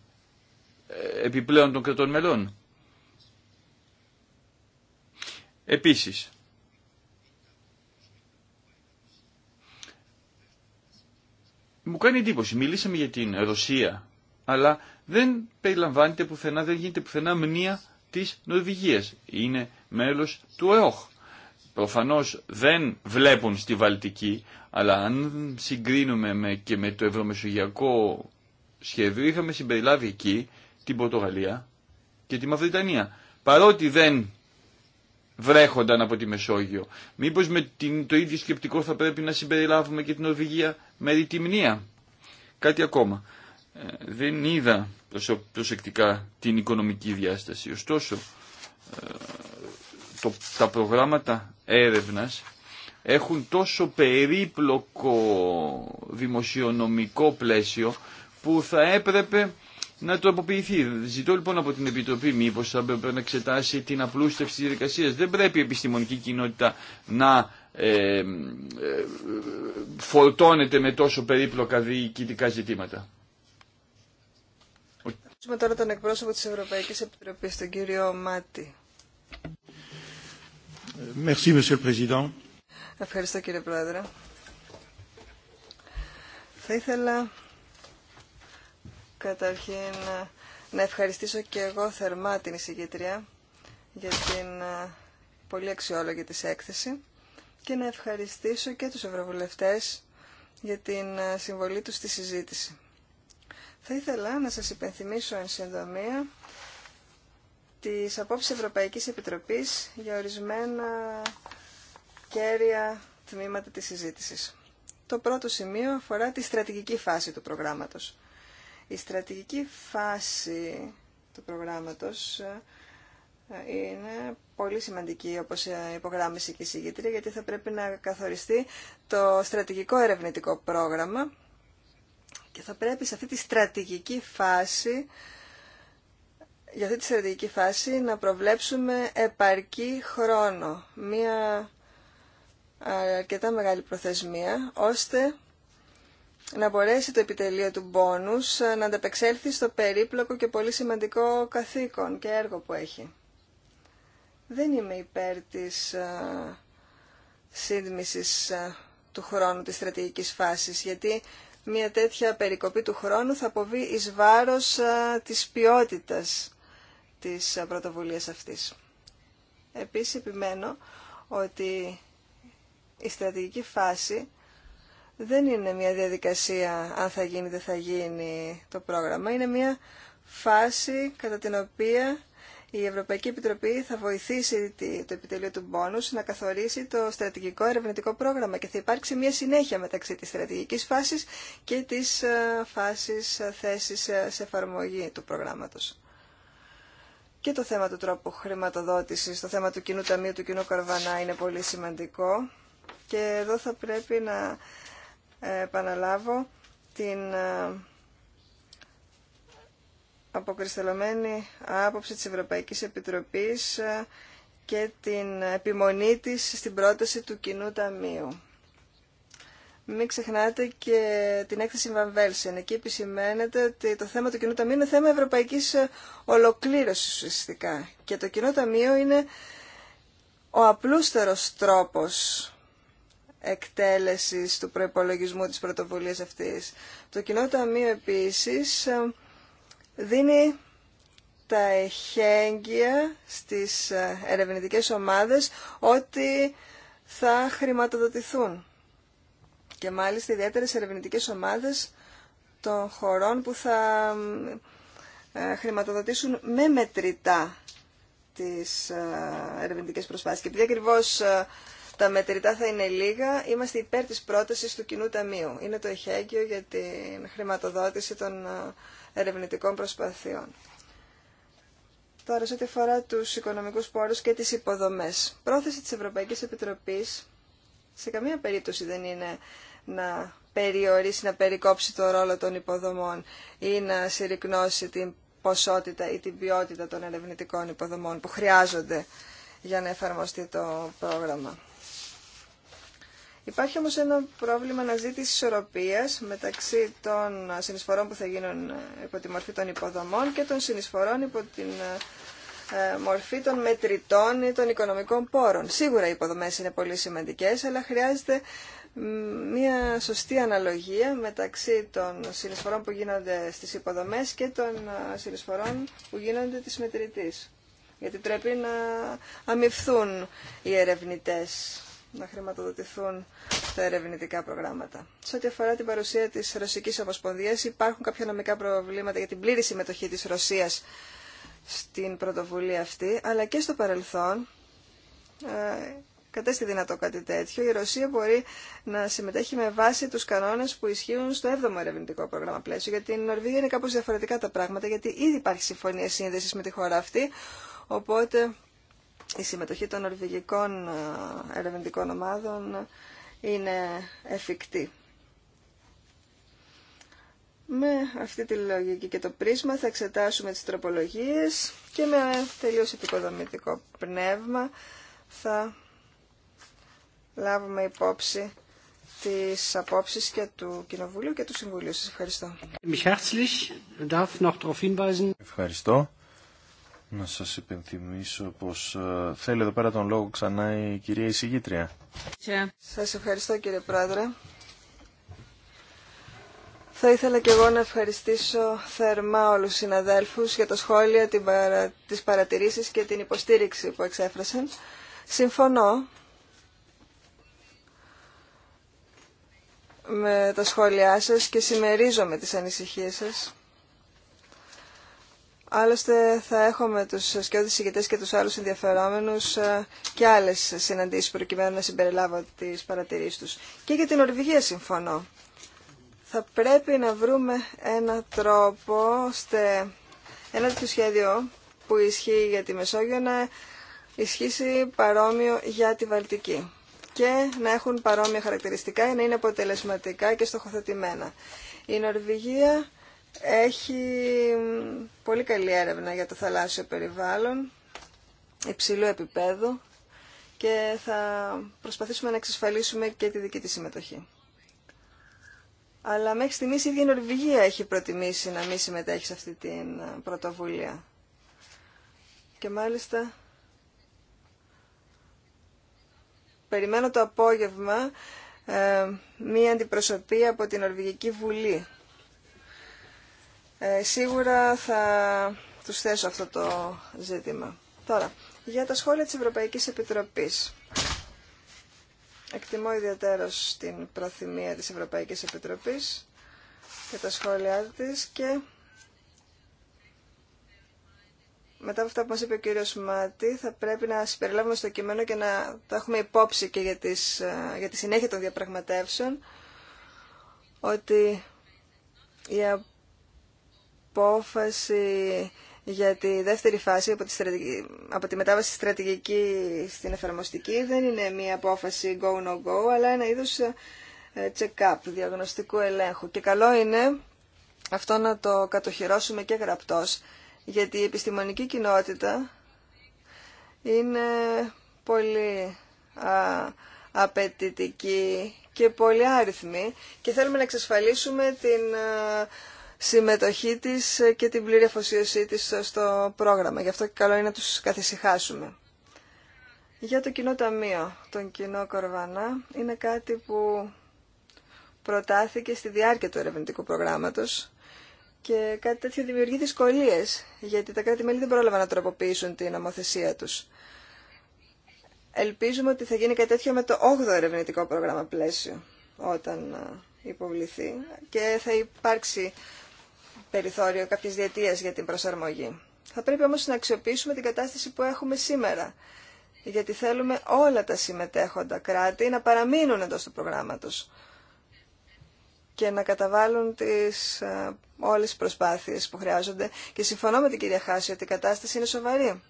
επιπλέον των κρατών μελών. Επίσης, μου κάνει εντύπωση, μιλήσαμε για την Ρωσία, αλλά δεν περιλαμβάνεται πουθενά, δεν γίνεται πουθενά μνήμα της Νορβηγίας. Είναι μέλος του ΕΟΧ. Προφανώς δεν βλέπουν στη Βαλτική, αλλά αν συγκρίνουμε και με το ευρωμεσογειακό σχέδιο, είχαμε συμπεριλάβει εκεί την Πορτογαλία και τη Μαυριτανία. Παρότι δεν βρέχονταν από τη Μεσόγειο. Μήπως με το ίδιο σκεπτικό θα πρέπει να συμπεριλάβουμε και την Νορβηγία με ρητιμνία. Κάτι ακόμα. Ε, δεν είδα προσεκτικά την οικονομική διάσταση. Ωστόσο, ε, τα προγράμματα έρευνας έχουν τόσο περίπλοκο δημοσιονομικό πλαίσιο που θα έπρεπε να τροποποιηθεί. Ζητώ λοιπόν από την Επιτροπή μήπω θα έπρεπε να εξετάσει την απλούστευση της διαδικασίας. Δεν πρέπει η επιστημονική κοινότητα να ε, ε φορτώνεται με τόσο περίπλοκα διοικητικά ζητήματα. Ευχαριστούμε τώρα τον εκπρόσωπο της Ευρωπαϊκής Επιτροπής, τον κύριο Μάτι. Ευχαριστώ κύριε Πρόεδρε. Θα ήθελα καταρχήν να ευχαριστήσω και εγώ θερμά την εισηγήτρια για την πολύ αξιόλογη της έκθεση και να ευχαριστήσω και τους ευρωβουλευτές για την συμβολή τους στη συζήτηση. Θα ήθελα να σας υπενθυμίσω εν συνδομία τις απόψεις Ευρωπαϊκής Επιτροπής για ορισμένα κέρια τμήματα της συζήτησης. Το πρώτο σημείο αφορά τη στρατηγική φάση του προγράμματος. Η στρατηγική φάση του προγράμματος ε, είναι πολύ σημαντική όπως ε, υπογράμμισε και η συγγήτρια γιατί θα πρέπει να καθοριστεί το στρατηγικό ερευνητικό πρόγραμμα και θα πρέπει σε αυτή τη στρατηγική φάση για αυτή τη στρατηγική φάση να προβλέψουμε επαρκή χρόνο, μία αρκετά μεγάλη προθεσμία, ώστε να μπορέσει το επιτελείο του μπόνους να ανταπεξέλθει στο περίπλοκο και πολύ σημαντικό καθήκον και έργο που έχει. Δεν είμαι υπέρ της σύντμησης του χρόνου της στρατηγικής φάσης, γιατί μια τέτοια περικοπή του χρόνου θα αποβεί εις βάρος της ποιότητας της πρωτοβουλίας αυτής. Επίσης επιμένω ότι η στρατηγική φάση δεν είναι μια διαδικασία αν θα γίνει δεν θα γίνει το πρόγραμμα. Είναι μια φάση κατά την οποία η Ευρωπαϊκή Επιτροπή θα βοηθήσει το επιτελείο του Μπόνους να καθορίσει το στρατηγικό ερευνητικό πρόγραμμα και θα υπάρξει μια συνέχεια μεταξύ της στρατηγικής φάσης και της ε, φάσης ε, θέσης ε, σε εφαρμογή του προγράμματος. Και το θέμα του τρόπου χρηματοδότησης, το θέμα του κοινού ταμείου του κοινού Καρβανά είναι πολύ σημαντικό και εδώ θα πρέπει να επαναλάβω την αποκρισταλωμένη άποψη της Ευρωπαϊκής Επιτροπής ε, και την επιμονή της στην πρόταση του Κοινού Ταμείου. Μην ξεχνάτε και την έκθεση Βαμβέλσεν. Εκεί επισημαίνεται ότι το θέμα του Κοινού Ταμείου είναι θέμα ευρωπαϊκής ε, ολοκλήρωσης ουσιαστικά. Και το Κοινό Ταμείο είναι ο απλούστερος τρόπος εκτέλεσης του προϋπολογισμού της πρωτοβουλίας αυτής. Το Κοινό Ταμείο επίσης ε, δίνει τα εχέγγυα στις ε, ερευνητικές ομάδες ότι θα χρηματοδοτηθούν. Και μάλιστα ιδιαίτερε ερευνητικές ομάδες των χωρών που θα ε, χρηματοδοτήσουν με μετρητά τις ε, ερευνητικές προσπάθειες. Και επειδή τα μετρητά θα είναι λίγα. Είμαστε υπέρ της πρότασης του κοινού ταμείου. Είναι το εχέγγυο για την χρηματοδότηση των ε, ερευνητικών προσπαθειών. Τώρα, σε ό,τι αφορά τους οικονομικούς πόρους και τις υποδομές. Πρόθεση της Ευρωπαϊκής Επιτροπής σε καμία περίπτωση δεν είναι να περιορίσει, να περικόψει το ρόλο των υποδομών ή να συρρυκνώσει την ποσότητα ή την ποιότητα των ερευνητικών υποδομών που χρειάζονται για να εφαρμοστεί το πρόγραμμα. Υπάρχει όμως ένα πρόβλημα αναζήτησης ισορροπίας μεταξύ των συνεισφορών που θα γίνουν υπό τη μορφή των υποδομών και των συνεισφορών υπό την ε, μορφή των μετρητών ή των οικονομικών πόρων. Σίγουρα οι υποδομές είναι πολύ σημαντικές, αλλά χρειάζεται μια σωστή αναλογία μεταξύ των συνεισφορών που γίνονται στις υποδομές και των ε, συνεισφορών που γίνονται της μετρητής. Γιατί πρέπει να αμυφθούν οι ερευνητές να χρηματοδοτηθούν τα ερευνητικά προγράμματα. Σε ό,τι αφορά την παρουσία της Ρωσικής Ομοσπονδίας υπάρχουν κάποια νομικά προβλήματα για την πλήρη συμμετοχή της Ρωσίας στην πρωτοβουλία αυτή, αλλά και στο παρελθόν ε, κατέστη δυνατό κάτι τέτοιο. Η Ρωσία μπορεί να συμμετέχει με βάση του κανόνε που ισχύουν στο 7ο ερευνητικό πρόγραμμα πλαίσιο. γιατί την Νορβηγία είναι κάπω διαφορετικά τα πράγματα, γιατί ήδη υπάρχει συμφωνία σύνδεση με τη χώρα αυτή. Οπότε η συμμετοχή των νορβηγικών ε, ερευνητικών ομάδων είναι εφικτή. Με αυτή τη λογική και το πρίσμα θα εξετάσουμε τις τροπολογίες και με τελείως επικοδομητικό πνεύμα θα λάβουμε υπόψη τις απόψεις και του Κοινοβουλίου και του Συμβουλίου. Σας ευχαριστώ. Ευχαριστώ. Να σας υπενθυμίσω πως ε, θέλει εδώ πέρα τον λόγο ξανά η κυρία εισηγήτρια. Yeah. Σας ευχαριστώ κύριε Πρόεδρε. Θα ήθελα και εγώ να ευχαριστήσω θερμά όλους τους συναδέλφους για τα σχόλια, την παρα... τις παρατηρήσεις και την υποστήριξη που εξέφρασαν. Συμφωνώ με τα σχόλιά σας και συμμερίζομαι τις ανησυχίες σας. Άλλωστε θα έχουμε τους σκιώδεις ηγετές και τους άλλους ενδιαφερόμενους ε, και άλλες συναντήσεις προκειμένου να συμπεριλάβω τις παρατηρήσεις τους. Και για την Ορβηγία συμφωνώ. Θα πρέπει να βρούμε ένα τρόπο ώστε ένα τέτοιο σχέδιο που ισχύει για τη Μεσόγειο να ισχύσει παρόμοιο για τη Βαλτική και να έχουν παρόμοια χαρακτηριστικά ή να είναι αποτελεσματικά και στοχοθετημένα. Η Νορβηγία έχει πολύ καλή έρευνα για το θαλάσσιο περιβάλλον, υψηλού επίπεδου και θα προσπαθήσουμε να εξασφαλίσουμε και τη δική της συμμετοχή. Αλλά μέχρι στιγμής η ίδια η Νορβηγία έχει προτιμήσει να μην συμμετέχει σε αυτή την ε, πρωτοβουλία. Και μάλιστα περιμένω το απόγευμα ε, μία αντιπροσωπή από την Νορβηγική Βουλή ε, σίγουρα θα τους θέσω αυτό το ζήτημα. Τώρα, για τα σχόλια της Ευρωπαϊκής Επιτροπής. Εκτιμώ ιδιαίτερος την προθυμία της Ευρωπαϊκής Επιτροπής και τα σχόλιά της και μετά από αυτά που μας είπε ο κύριος Μάτι θα πρέπει να συμπεριλάβουμε στο κείμενο και να τα έχουμε υπόψη και για, τις, ε, για τη συνέχεια των διαπραγματεύσεων ότι η απόφαση για τη δεύτερη φάση από τη, από τη μετάβαση στρατηγική στην εφαρμοστική δεν είναι μία απόφαση go-no-go, no go, ένα είδους ε, check-up, διαγνωστικού ελέγχου. Και καλό είναι αυτό να το κατοχυρώσουμε και γραπτός, γιατί η επιστημονική κοινότητα είναι πολύ απαιτητική και πολύ άριθμη και θέλουμε να εξασφαλίσουμε την συμμετοχή της και την πλήρη αφοσίωσή της στο πρόγραμμα. Γι' αυτό καλό είναι να τους καθησυχάσουμε. Για το κοινό ταμείο, τον κοινό κορβανά, είναι κάτι που προτάθηκε στη διάρκεια του ερευνητικού προγράμματος και κάτι τέτοιο δημιουργεί δυσκολίες, γιατί τα κράτη-μέλη δεν πρόλαβαν να τροποποιήσουν την ομοθεσία τους. Ελπίζουμε ότι θα γίνει κάτι τέτοιο με το 8ο ερευνητικό πρόγραμμα πλαίσιο, όταν ε, υποβληθεί και θα υπάρξει περιθώριο κάποιε διετία για την προσαρμογή. Θα πρέπει όμω να αξιοποιήσουμε την κατάσταση που έχουμε σήμερα, γιατί θέλουμε όλα τα συμμετέχοντα κράτη να παραμείνουν εντός του προγράμματο. και να καταβάλουν τις, ε, όλες τις προσπάθειες που χρειάζονται. Και συμφωνώ με την κυρία Χάση ότι η κατάσταση είναι σοβαρή.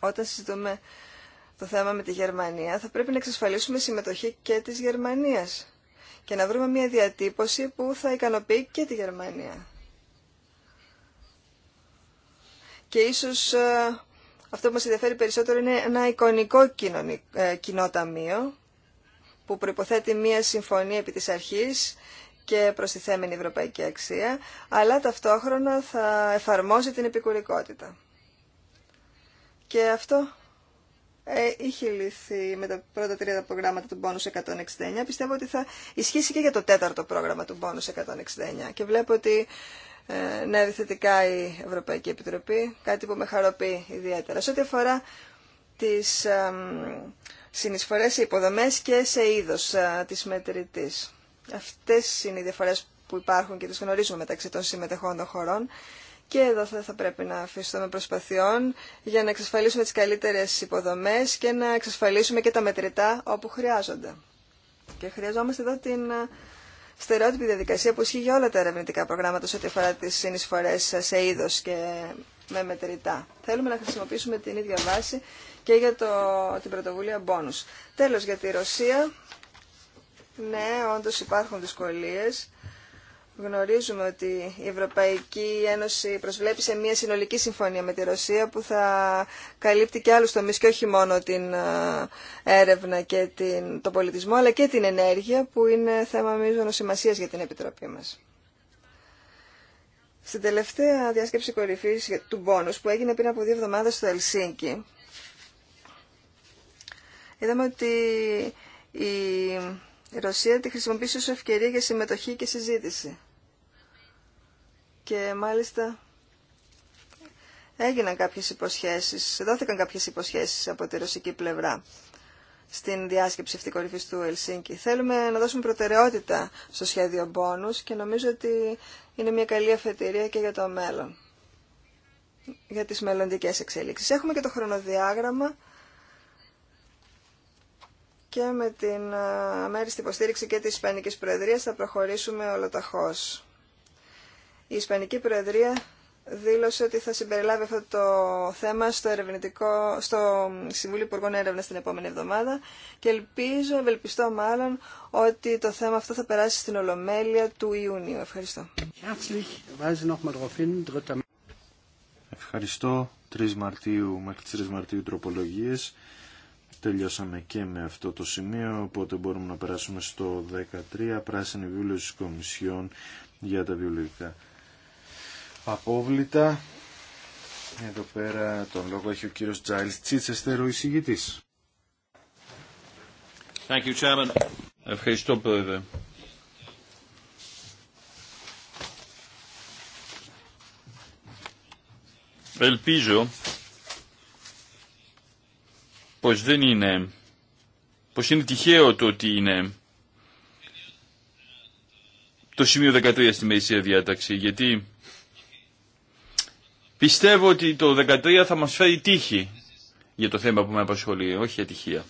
Όταν συζητούμε το θέμα με τη Γερμανία, θα πρέπει να εξασφαλίσουμε συμμετοχή και της Γερμανίας και να βρούμε μια διατύπωση που θα ικανοποιεί και τη Γερμανία. και ίσως ε, αυτό που μας ενδιαφέρει περισσότερο είναι ένα εικονικό ε, κοινό, ταμείο που προϋποθέτει μία συμφωνία επί της αρχής και προστιθέμενη ευρωπαϊκή αξία, αλλά ταυτόχρονα θα εφαρμόζει την επικουρικότητα. Και αυτό ε, είχε λυθεί με τα πρώτα τρία προγράμματα του Bonus 169. Πιστεύω ότι θα ισχύσει και για το τέταρτο πρόγραμμα του Bonus 169. Και βλέπω ότι ε, ναι, θετικά η Ευρωπαϊκή Επιτροπή, κάτι που με χαροποιεί ιδιαίτερα. Σε ό,τι αφορά τις συνεισφορές σε υποδομές και σε είδος ε, της μετρητής. Αυτές είναι οι διαφορές που υπάρχουν και τις γνωρίζουμε μεταξύ των συμμετεχόντων χωρών και εδώ θα, θα πρέπει να αφήσουμε προσπαθειών για να εξασφαλίσουμε τις καλύτερες υποδομές και να εξασφαλίσουμε και τα μετρητά όπου χρειάζονται. Και χρειαζόμαστε εδώ την ε, στερεότυπη διαδικασία που ισχύει για όλα τα ερευνητικά προγράμματα σε ό,τι αφορά τι συνεισφορέ σε είδο και με μετρητά. Θέλουμε να χρησιμοποιήσουμε την ίδια βάση και για το, την πρωτοβουλία bonus. Τέλος, για τη Ρωσία, ναι, όντως υπάρχουν δυσκολίες, Γνωρίζουμε ότι η Ευρωπαϊκή Ένωση προσβλέπει σε μια συνολική συμφωνία με τη Ρωσία που θα καλύπτει και άλλους τομείς και όχι μόνο την ε, έρευνα και την, τον πολιτισμό αλλά και την ενέργεια που είναι θέμα μείζωνος σημασίας για την Επιτροπή μας. Στην τελευταία διάσκεψη κορυφής του Μπόνους που έγινε πριν από δύο εβδομάδες στο Ελσίνκι είδαμε ότι η Ρωσία τη χρησιμοποιήσει ως ευκαιρία για συμμετοχή και συζήτηση. Και μάλιστα έγιναν κάποιες υποσχέσεις, δόθηκαν κάποιες υποσχέσεις από τη ρωσική πλευρά στην διάσκεψη αυτή κορυφής του Ελσίνκη. Θέλουμε να δώσουμε προτεραιότητα στο σχέδιο μπόνους και νομίζω ότι είναι μια καλή αφετηρία και για το μέλλον, για τις μελλοντικές εξέλιξεις. Έχουμε και το χρονοδιάγραμμα και με την αμέριστη υποστήριξη και της Ισπανικής Προεδρίας θα προχωρήσουμε ολοταχώς. Η Ισπανική Προεδρία δήλωσε ότι θα συμπεριλάβει αυτό το θέμα στο, ερευνητικό, στο Συμβούλιο Υπουργών Έρευνα την επόμενη εβδομάδα και ελπίζω, ευελπιστώ μάλλον, ότι το θέμα αυτό θα περάσει στην Ολομέλεια του Ιούνιου. Ευχαριστώ. Ευχαριστώ. 3 Μαρτίου μέχρι τις 3 Μαρτίου τροπολογίες. Τελειώσαμε και με αυτό το σημείο, οπότε μπορούμε να περάσουμε στο 13 πράσινη βίβλιο της Κομισιόν για τα βιολογικά απόβλητα. Εδώ πέρα τον λόγο έχει ο κύριος Τζάιλς Τσίτσεστερ, ο εισηγητής. Ευχαριστώ, Πρόεδρε. Ελπίζω πως δεν είναι, πως είναι τυχαίο το ότι είναι το σημείο 13 στη Μέση Διάταξη, γιατί Πιστεύω ότι το 13 θα μας φέρει τύχη για το θέμα που με απασχολεί, όχι ατυχία.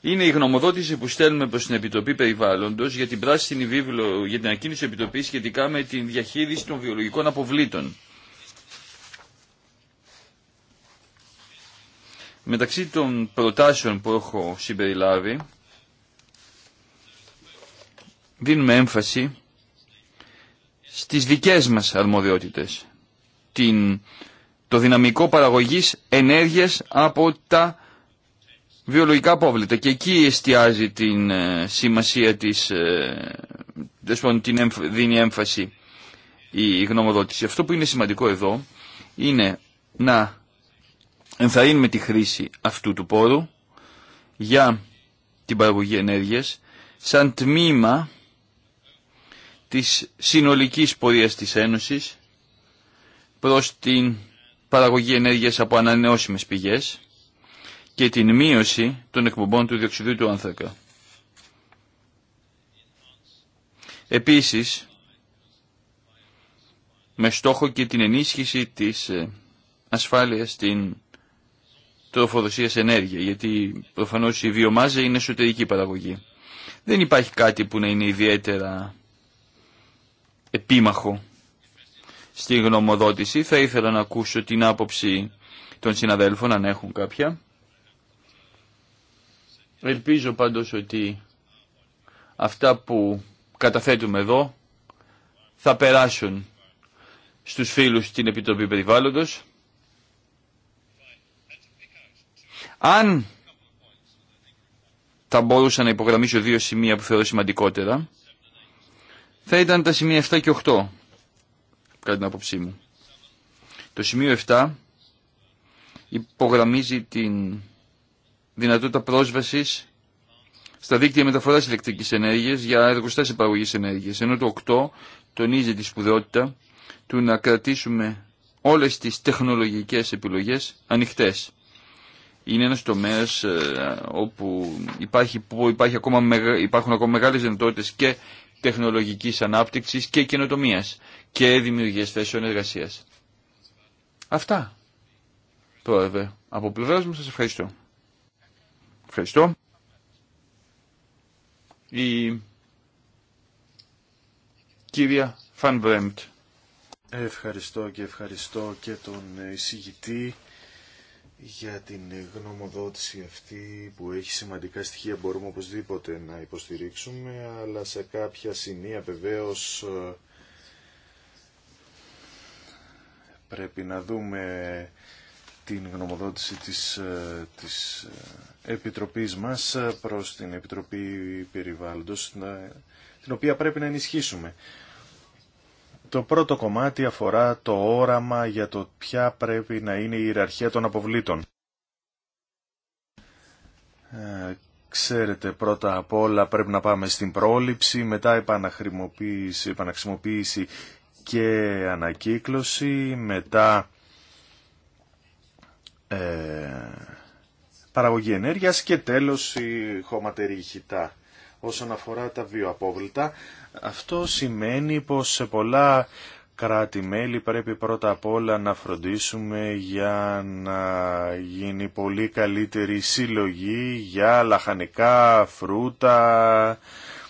Είναι η γνωμοδότηση που στέλνουμε προς την Επιτροπή Περιβάλλοντος για την πράσινη βίβλο, για την ακίνηση Επιτροπής σχετικά με την διαχείριση των βιολογικών αποβλήτων. Μεταξύ των προτάσεων που έχω συμπεριλάβει, δίνουμε έμφαση στις δικές μας αρμοδιότητες την, το δυναμικό παραγωγής ενέργειας από τα βιολογικά απόβλητα. Και εκεί εστιάζει την ε, σημασία της, ε, την δίνει έμφαση η γνωμοδότηση. Αυτό που είναι σημαντικό εδώ είναι να ενθαρρύνουμε τη χρήση αυτού του πόρου για την παραγωγή ενέργειας σαν τμήμα της συνολικής πορείας της Ένωσης προς την παραγωγή ενέργειας από ανανεώσιμες πηγές και την μείωση των εκπομπών του διοξιδίου του άνθρακα. Επίσης, με στόχο και την ενίσχυση της ε, ασφάλειας στην τροφοδοσία ενέργεια, γιατί προφανώς η βιομάζα είναι εσωτερική παραγωγή. Δεν υπάρχει κάτι που να είναι ιδιαίτερα επίμαχο στη γνωμοδότηση. Θα ήθελα να ακούσω την άποψη των συναδέλφων, αν έχουν κάποια. Ελπίζω πάντως ότι αυτά που καταθέτουμε εδώ θα περάσουν στους φίλους στην Επιτροπή Περιβάλλοντος. Αν θα μπορούσα να υπογραμμίσω δύο σημεία που θεωρώ σημαντικότερα, θα ήταν τα σημεία 7 και 8 κατά την Το σημείο 7 υπογραμμίζει την δυνατότητα πρόσβασης στα δίκτυα μεταφοράς ηλεκτρικής ενέργειας για εργοστάσια παραγωγής ενέργειας, ενώ το 8 τονίζει τη σπουδαιότητα του να κρατήσουμε όλες τις τεχνολογικές επιλογές ανοιχτές. Είναι ένας τομέας ε, όπου υπάρχει, που υπάρχει ακόμα υπάρχουν ακόμα μεγάλες δυνατότητες και τεχνολογικής ανάπτυξης και καινοτομίας και δημιουργίας θέσεων εργασίας. Αυτά, πρόεδρε. Από πλευράς μου σας ευχαριστώ. Ευχαριστώ. Η κυρία Φαν Βρέμπτ. Ευχαριστώ και ευχαριστώ και τον εισηγητή για την γνωμοδότηση αυτή που έχει σημαντικά στοιχεία μπορούμε οπωσδήποτε να υποστηρίξουμε αλλά σε κάποια σημεία βεβαίω ε, πρέπει να δούμε την γνωμοδότηση της, ε, της ε, Επιτροπής μας προς την Επιτροπή Περιβάλλοντος την οποία πρέπει να ενισχύσουμε. Το πρώτο κομμάτι αφορά το όραμα για το ποια πρέπει να είναι η ιεραρχία των αποβλήτων. Ε, ξέρετε, πρώτα απ' όλα πρέπει να πάμε στην πρόληψη, μετά επαναχρημοποίηση, επαναξιμοποίηση και ανακύκλωση, μετά ε, παραγωγή ενέργειας και τέλος η χωματερή όσον αφορά τα βιοαπόβλητα. Αυτό σημαίνει πως σε πολλά κράτη-μέλη πρέπει πρώτα απ' όλα να φροντίσουμε για να γίνει πολύ καλύτερη συλλογή για λαχανικά, φρούτα,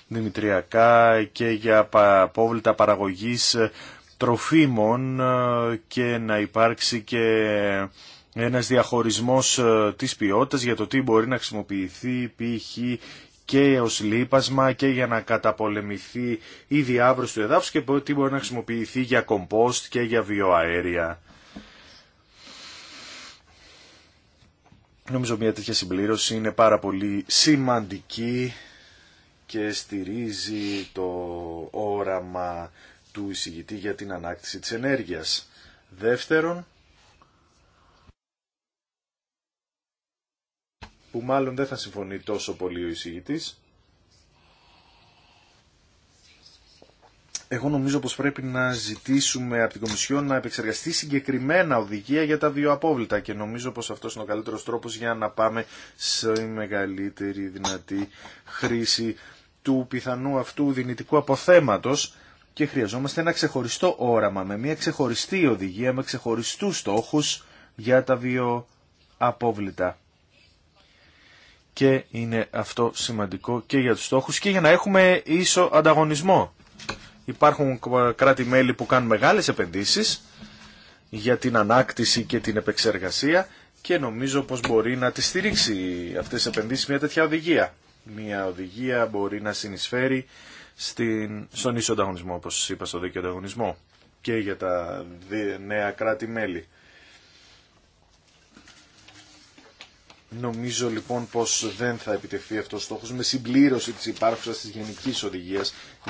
δημητριακά και για απόβλητα παραγωγής τροφίμων ε, και να υπάρξει και ένας διαχωρισμός ε, της ποιότητας για το τι μπορεί να χρησιμοποιηθεί π.χ και ω λείπασμα και για να καταπολεμηθεί η διάβρωση του εδάφους και τι μπορεί να χρησιμοποιηθεί για κομπόστ και για βιοαέρια. Νομίζω μια τέτοια συμπλήρωση είναι πάρα πολύ σημαντική και στηρίζει το όραμα του εισηγητή για την ανάκτηση της ενέργειας. Δεύτερον, που μάλλον δεν θα συμφωνεί τόσο πολύ ο εισηγητής. Εγώ νομίζω πως πρέπει να ζητήσουμε από την Κομισιό να επεξεργαστεί συγκεκριμένα οδηγία για τα απόβλητα και νομίζω πως αυτός είναι ο καλύτερος τρόπος για να πάμε σε μεγαλύτερη δυνατή χρήση του πιθανού αυτού δυνητικού αποθέματος και χρειαζόμαστε ένα ξεχωριστό όραμα με μια ξεχωριστή οδηγία, με ξεχωριστούς στόχους για τα απόβλητα και είναι αυτό σημαντικό και για τους στόχους και για να έχουμε ίσο ανταγωνισμό. Υπάρχουν κράτη-μέλη που κάνουν μεγάλες επενδύσεις για την ανάκτηση και την επεξεργασία και νομίζω πως μπορεί να τη στηρίξει αυτές τις επενδύσεις μια τέτοια οδηγία. Μια οδηγία μπορεί να συνεισφέρει στην, στον ίσο ανταγωνισμό, όπως είπα, στο δίκαιο ανταγωνισμό και για τα νέα κράτη-μέλη. Νομίζω λοιπόν πω δεν θα επιτευχθεί αυτό ο στόχο με συμπλήρωση τη υπάρχουσας τη γενική οδηγία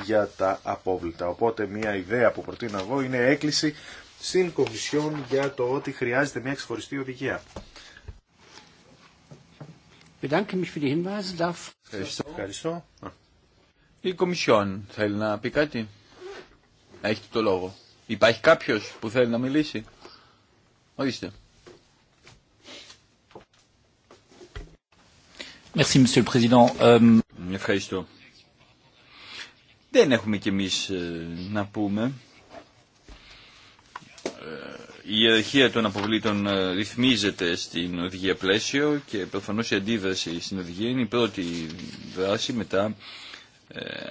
για τα απόβλητα. Οπότε μια ιδέα που προτείνω εγώ είναι έκκληση στην Κομισιόν για το ότι χρειάζεται μια ξεχωριστή οδηγία. Ευχαριστώ. Η Κομισιόν θέλει να πει κάτι. Έχετε το λόγο. Υπάρχει κάποιο που θέλει να μιλήσει. Ορίστε. Ευχαριστώ. Δεν έχουμε κι εμείς ε, να πούμε. Ε, η ιεραρχία των αποβλήτων ε, ρυθμίζεται στην οδηγία πλαίσιο και προφανώς η αντίδραση στην οδηγία είναι η πρώτη δράση, μετά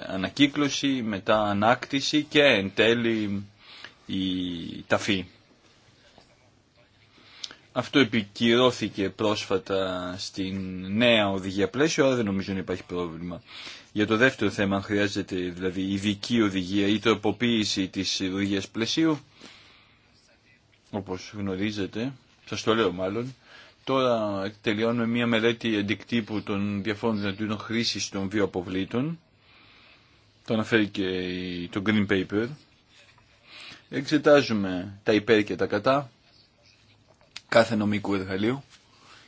ανακύκλωση, μετά ανάκτηση και εν τέλει η ταφή. Αυτό επικυρώθηκε πρόσφατα στην νέα οδηγία πλαίσιο, αλλά δεν νομίζω να υπάρχει πρόβλημα. Για το δεύτερο θέμα, αν χρειάζεται δηλαδή ειδική οδηγία ή τροποποίηση της οδηγίας πλαισίου, όπως γνωρίζετε, σας το λέω μάλλον, τώρα τελειώνουμε μια μελέτη αντικτύπου των διαφόρων δυνατήτων χρήσης των βιοαποβλήτων, το αναφέρει και το Green Paper, εξετάζουμε τα υπέρ και τα κατά, κάθε νομικού εργαλείου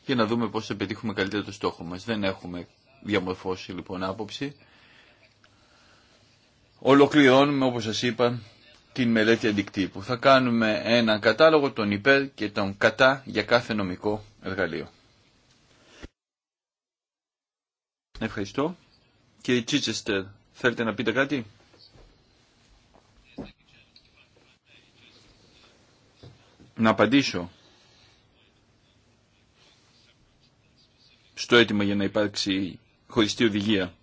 για να δούμε πώς θα πετύχουμε καλύτερα το στόχο μας. Δεν έχουμε διαμορφώσει λοιπόν άποψη. Ολοκληρώνουμε όπως σας είπα την μελέτη αντικτύπου. Θα κάνουμε ένα κατάλογο των υπέρ και των κατά για κάθε νομικό εργαλείο. Ευχαριστώ. Κύριε Τσίτσεστερ, θέλετε να πείτε κάτι? Να απαντήσω στο αίτημα για να υπάρξει χωριστή οδηγία.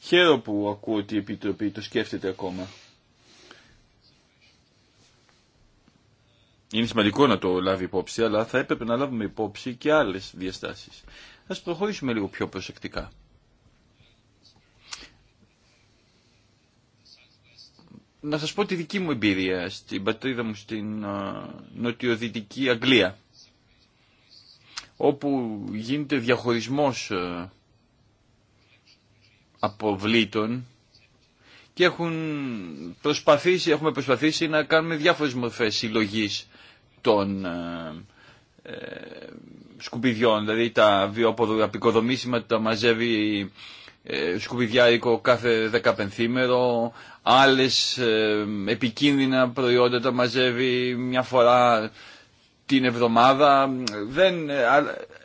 Χαίρο που ακούω ότι η Επιτροπή το σκέφτεται ακόμα. Είναι σημαντικό να το λάβει υπόψη, αλλά θα έπρεπε να λάβουμε υπόψη και άλλες διαστάσεις. Ας προχωρήσουμε λίγο πιο προσεκτικά. Να σας πω τη δική μου εμπειρία στην πατρίδα μου στην νοτιοδυτική Αγγλία όπου γίνεται διαχωρισμός ε, αποβλήτων και έχουν προσπαθήσει, έχουμε προσπαθήσει να κάνουμε διάφορες μορφές συλλογή των ε, ε, σκουπιδιών, δηλαδή τα βιοαποδομήσιμα τα μαζεύει ε, σκουπιδιάρικο κάθε δεκαπενθήμερο, άλλες ε, επικίνδυνα προϊόντα τα μαζεύει μια φορά την εβδομάδα. Δεν,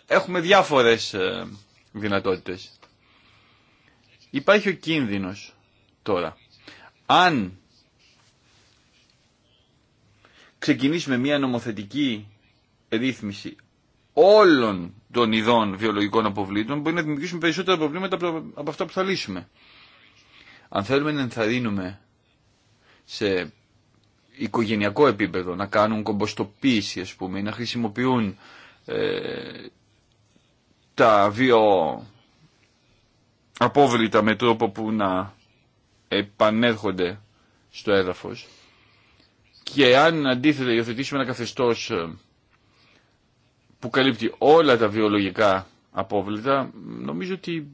έχουμε διάφορες ε, δυνατότητες. Υπάρχει ο κίνδυνος τώρα. Αν ξεκινήσουμε μια νομοθετική ρύθμιση όλων των ειδών βιολογικών αποβλήτων μπορεί να δημιουργήσουμε περισσότερα προβλήματα από αυτά που θα λύσουμε. Αν θέλουμε να ενθαρρύνουμε σε οικογενειακό επίπεδο, να κάνουν κομποστοποίηση ας πούμε, να χρησιμοποιούν ε, τα βιο απόβλητα με τρόπο που να επανέρχονται στο έδαφος και αν αντίθετα υιοθετήσουμε ένα καθεστώς ε, που καλύπτει όλα τα βιολογικά απόβλητα, νομίζω ότι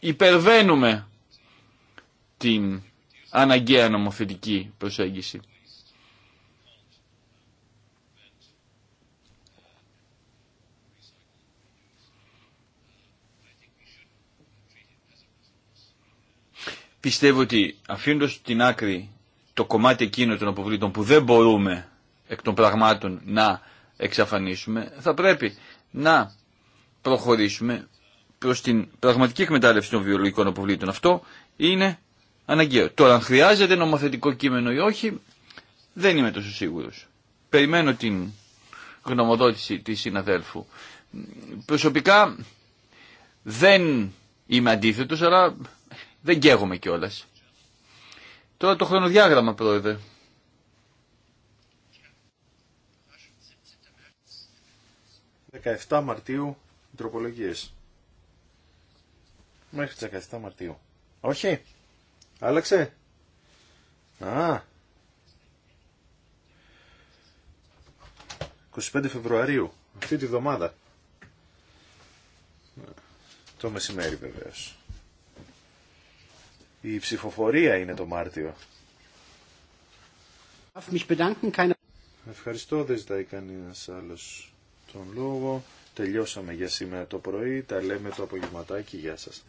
υπερβαίνουμε την αναγκαία νομοθετική προσέγγιση. Πιστεύω ότι αφήνοντα την άκρη το κομμάτι εκείνο των αποβλήτων που δεν μπορούμε εκ των πραγμάτων να εξαφανίσουμε, θα πρέπει να προχωρήσουμε προς την πραγματική εκμετάλλευση των βιολογικών αποβλήτων. Αυτό είναι αναγκαίο. Τώρα αν χρειάζεται νομοθετικό κείμενο ή όχι δεν είμαι τόσο σίγουρο. Περιμένω την γνωμοδότηση τη συναδέλφου. Προσωπικά δεν είμαι αντίθετο, αλλά δεν καίγομαι κιόλα. Τώρα το χρονοδιάγραμμα πρόεδρε. 17 Μαρτίου τροπολογίες. Μέχρι τι 17 Μαρτίου. Όχι. Άλλαξε. Α. 25 Φεβρουαρίου. Αυτή τη βδομάδα. Το μεσημέρι βεβαίως. Η ψηφοφορία είναι το Μάρτιο. Ευχαριστώ, δεν ζητάει κανένα άλλο τον λόγο. Τελειώσαμε για σήμερα το πρωί. Τα λέμε το απογευματάκι. Γεια σας.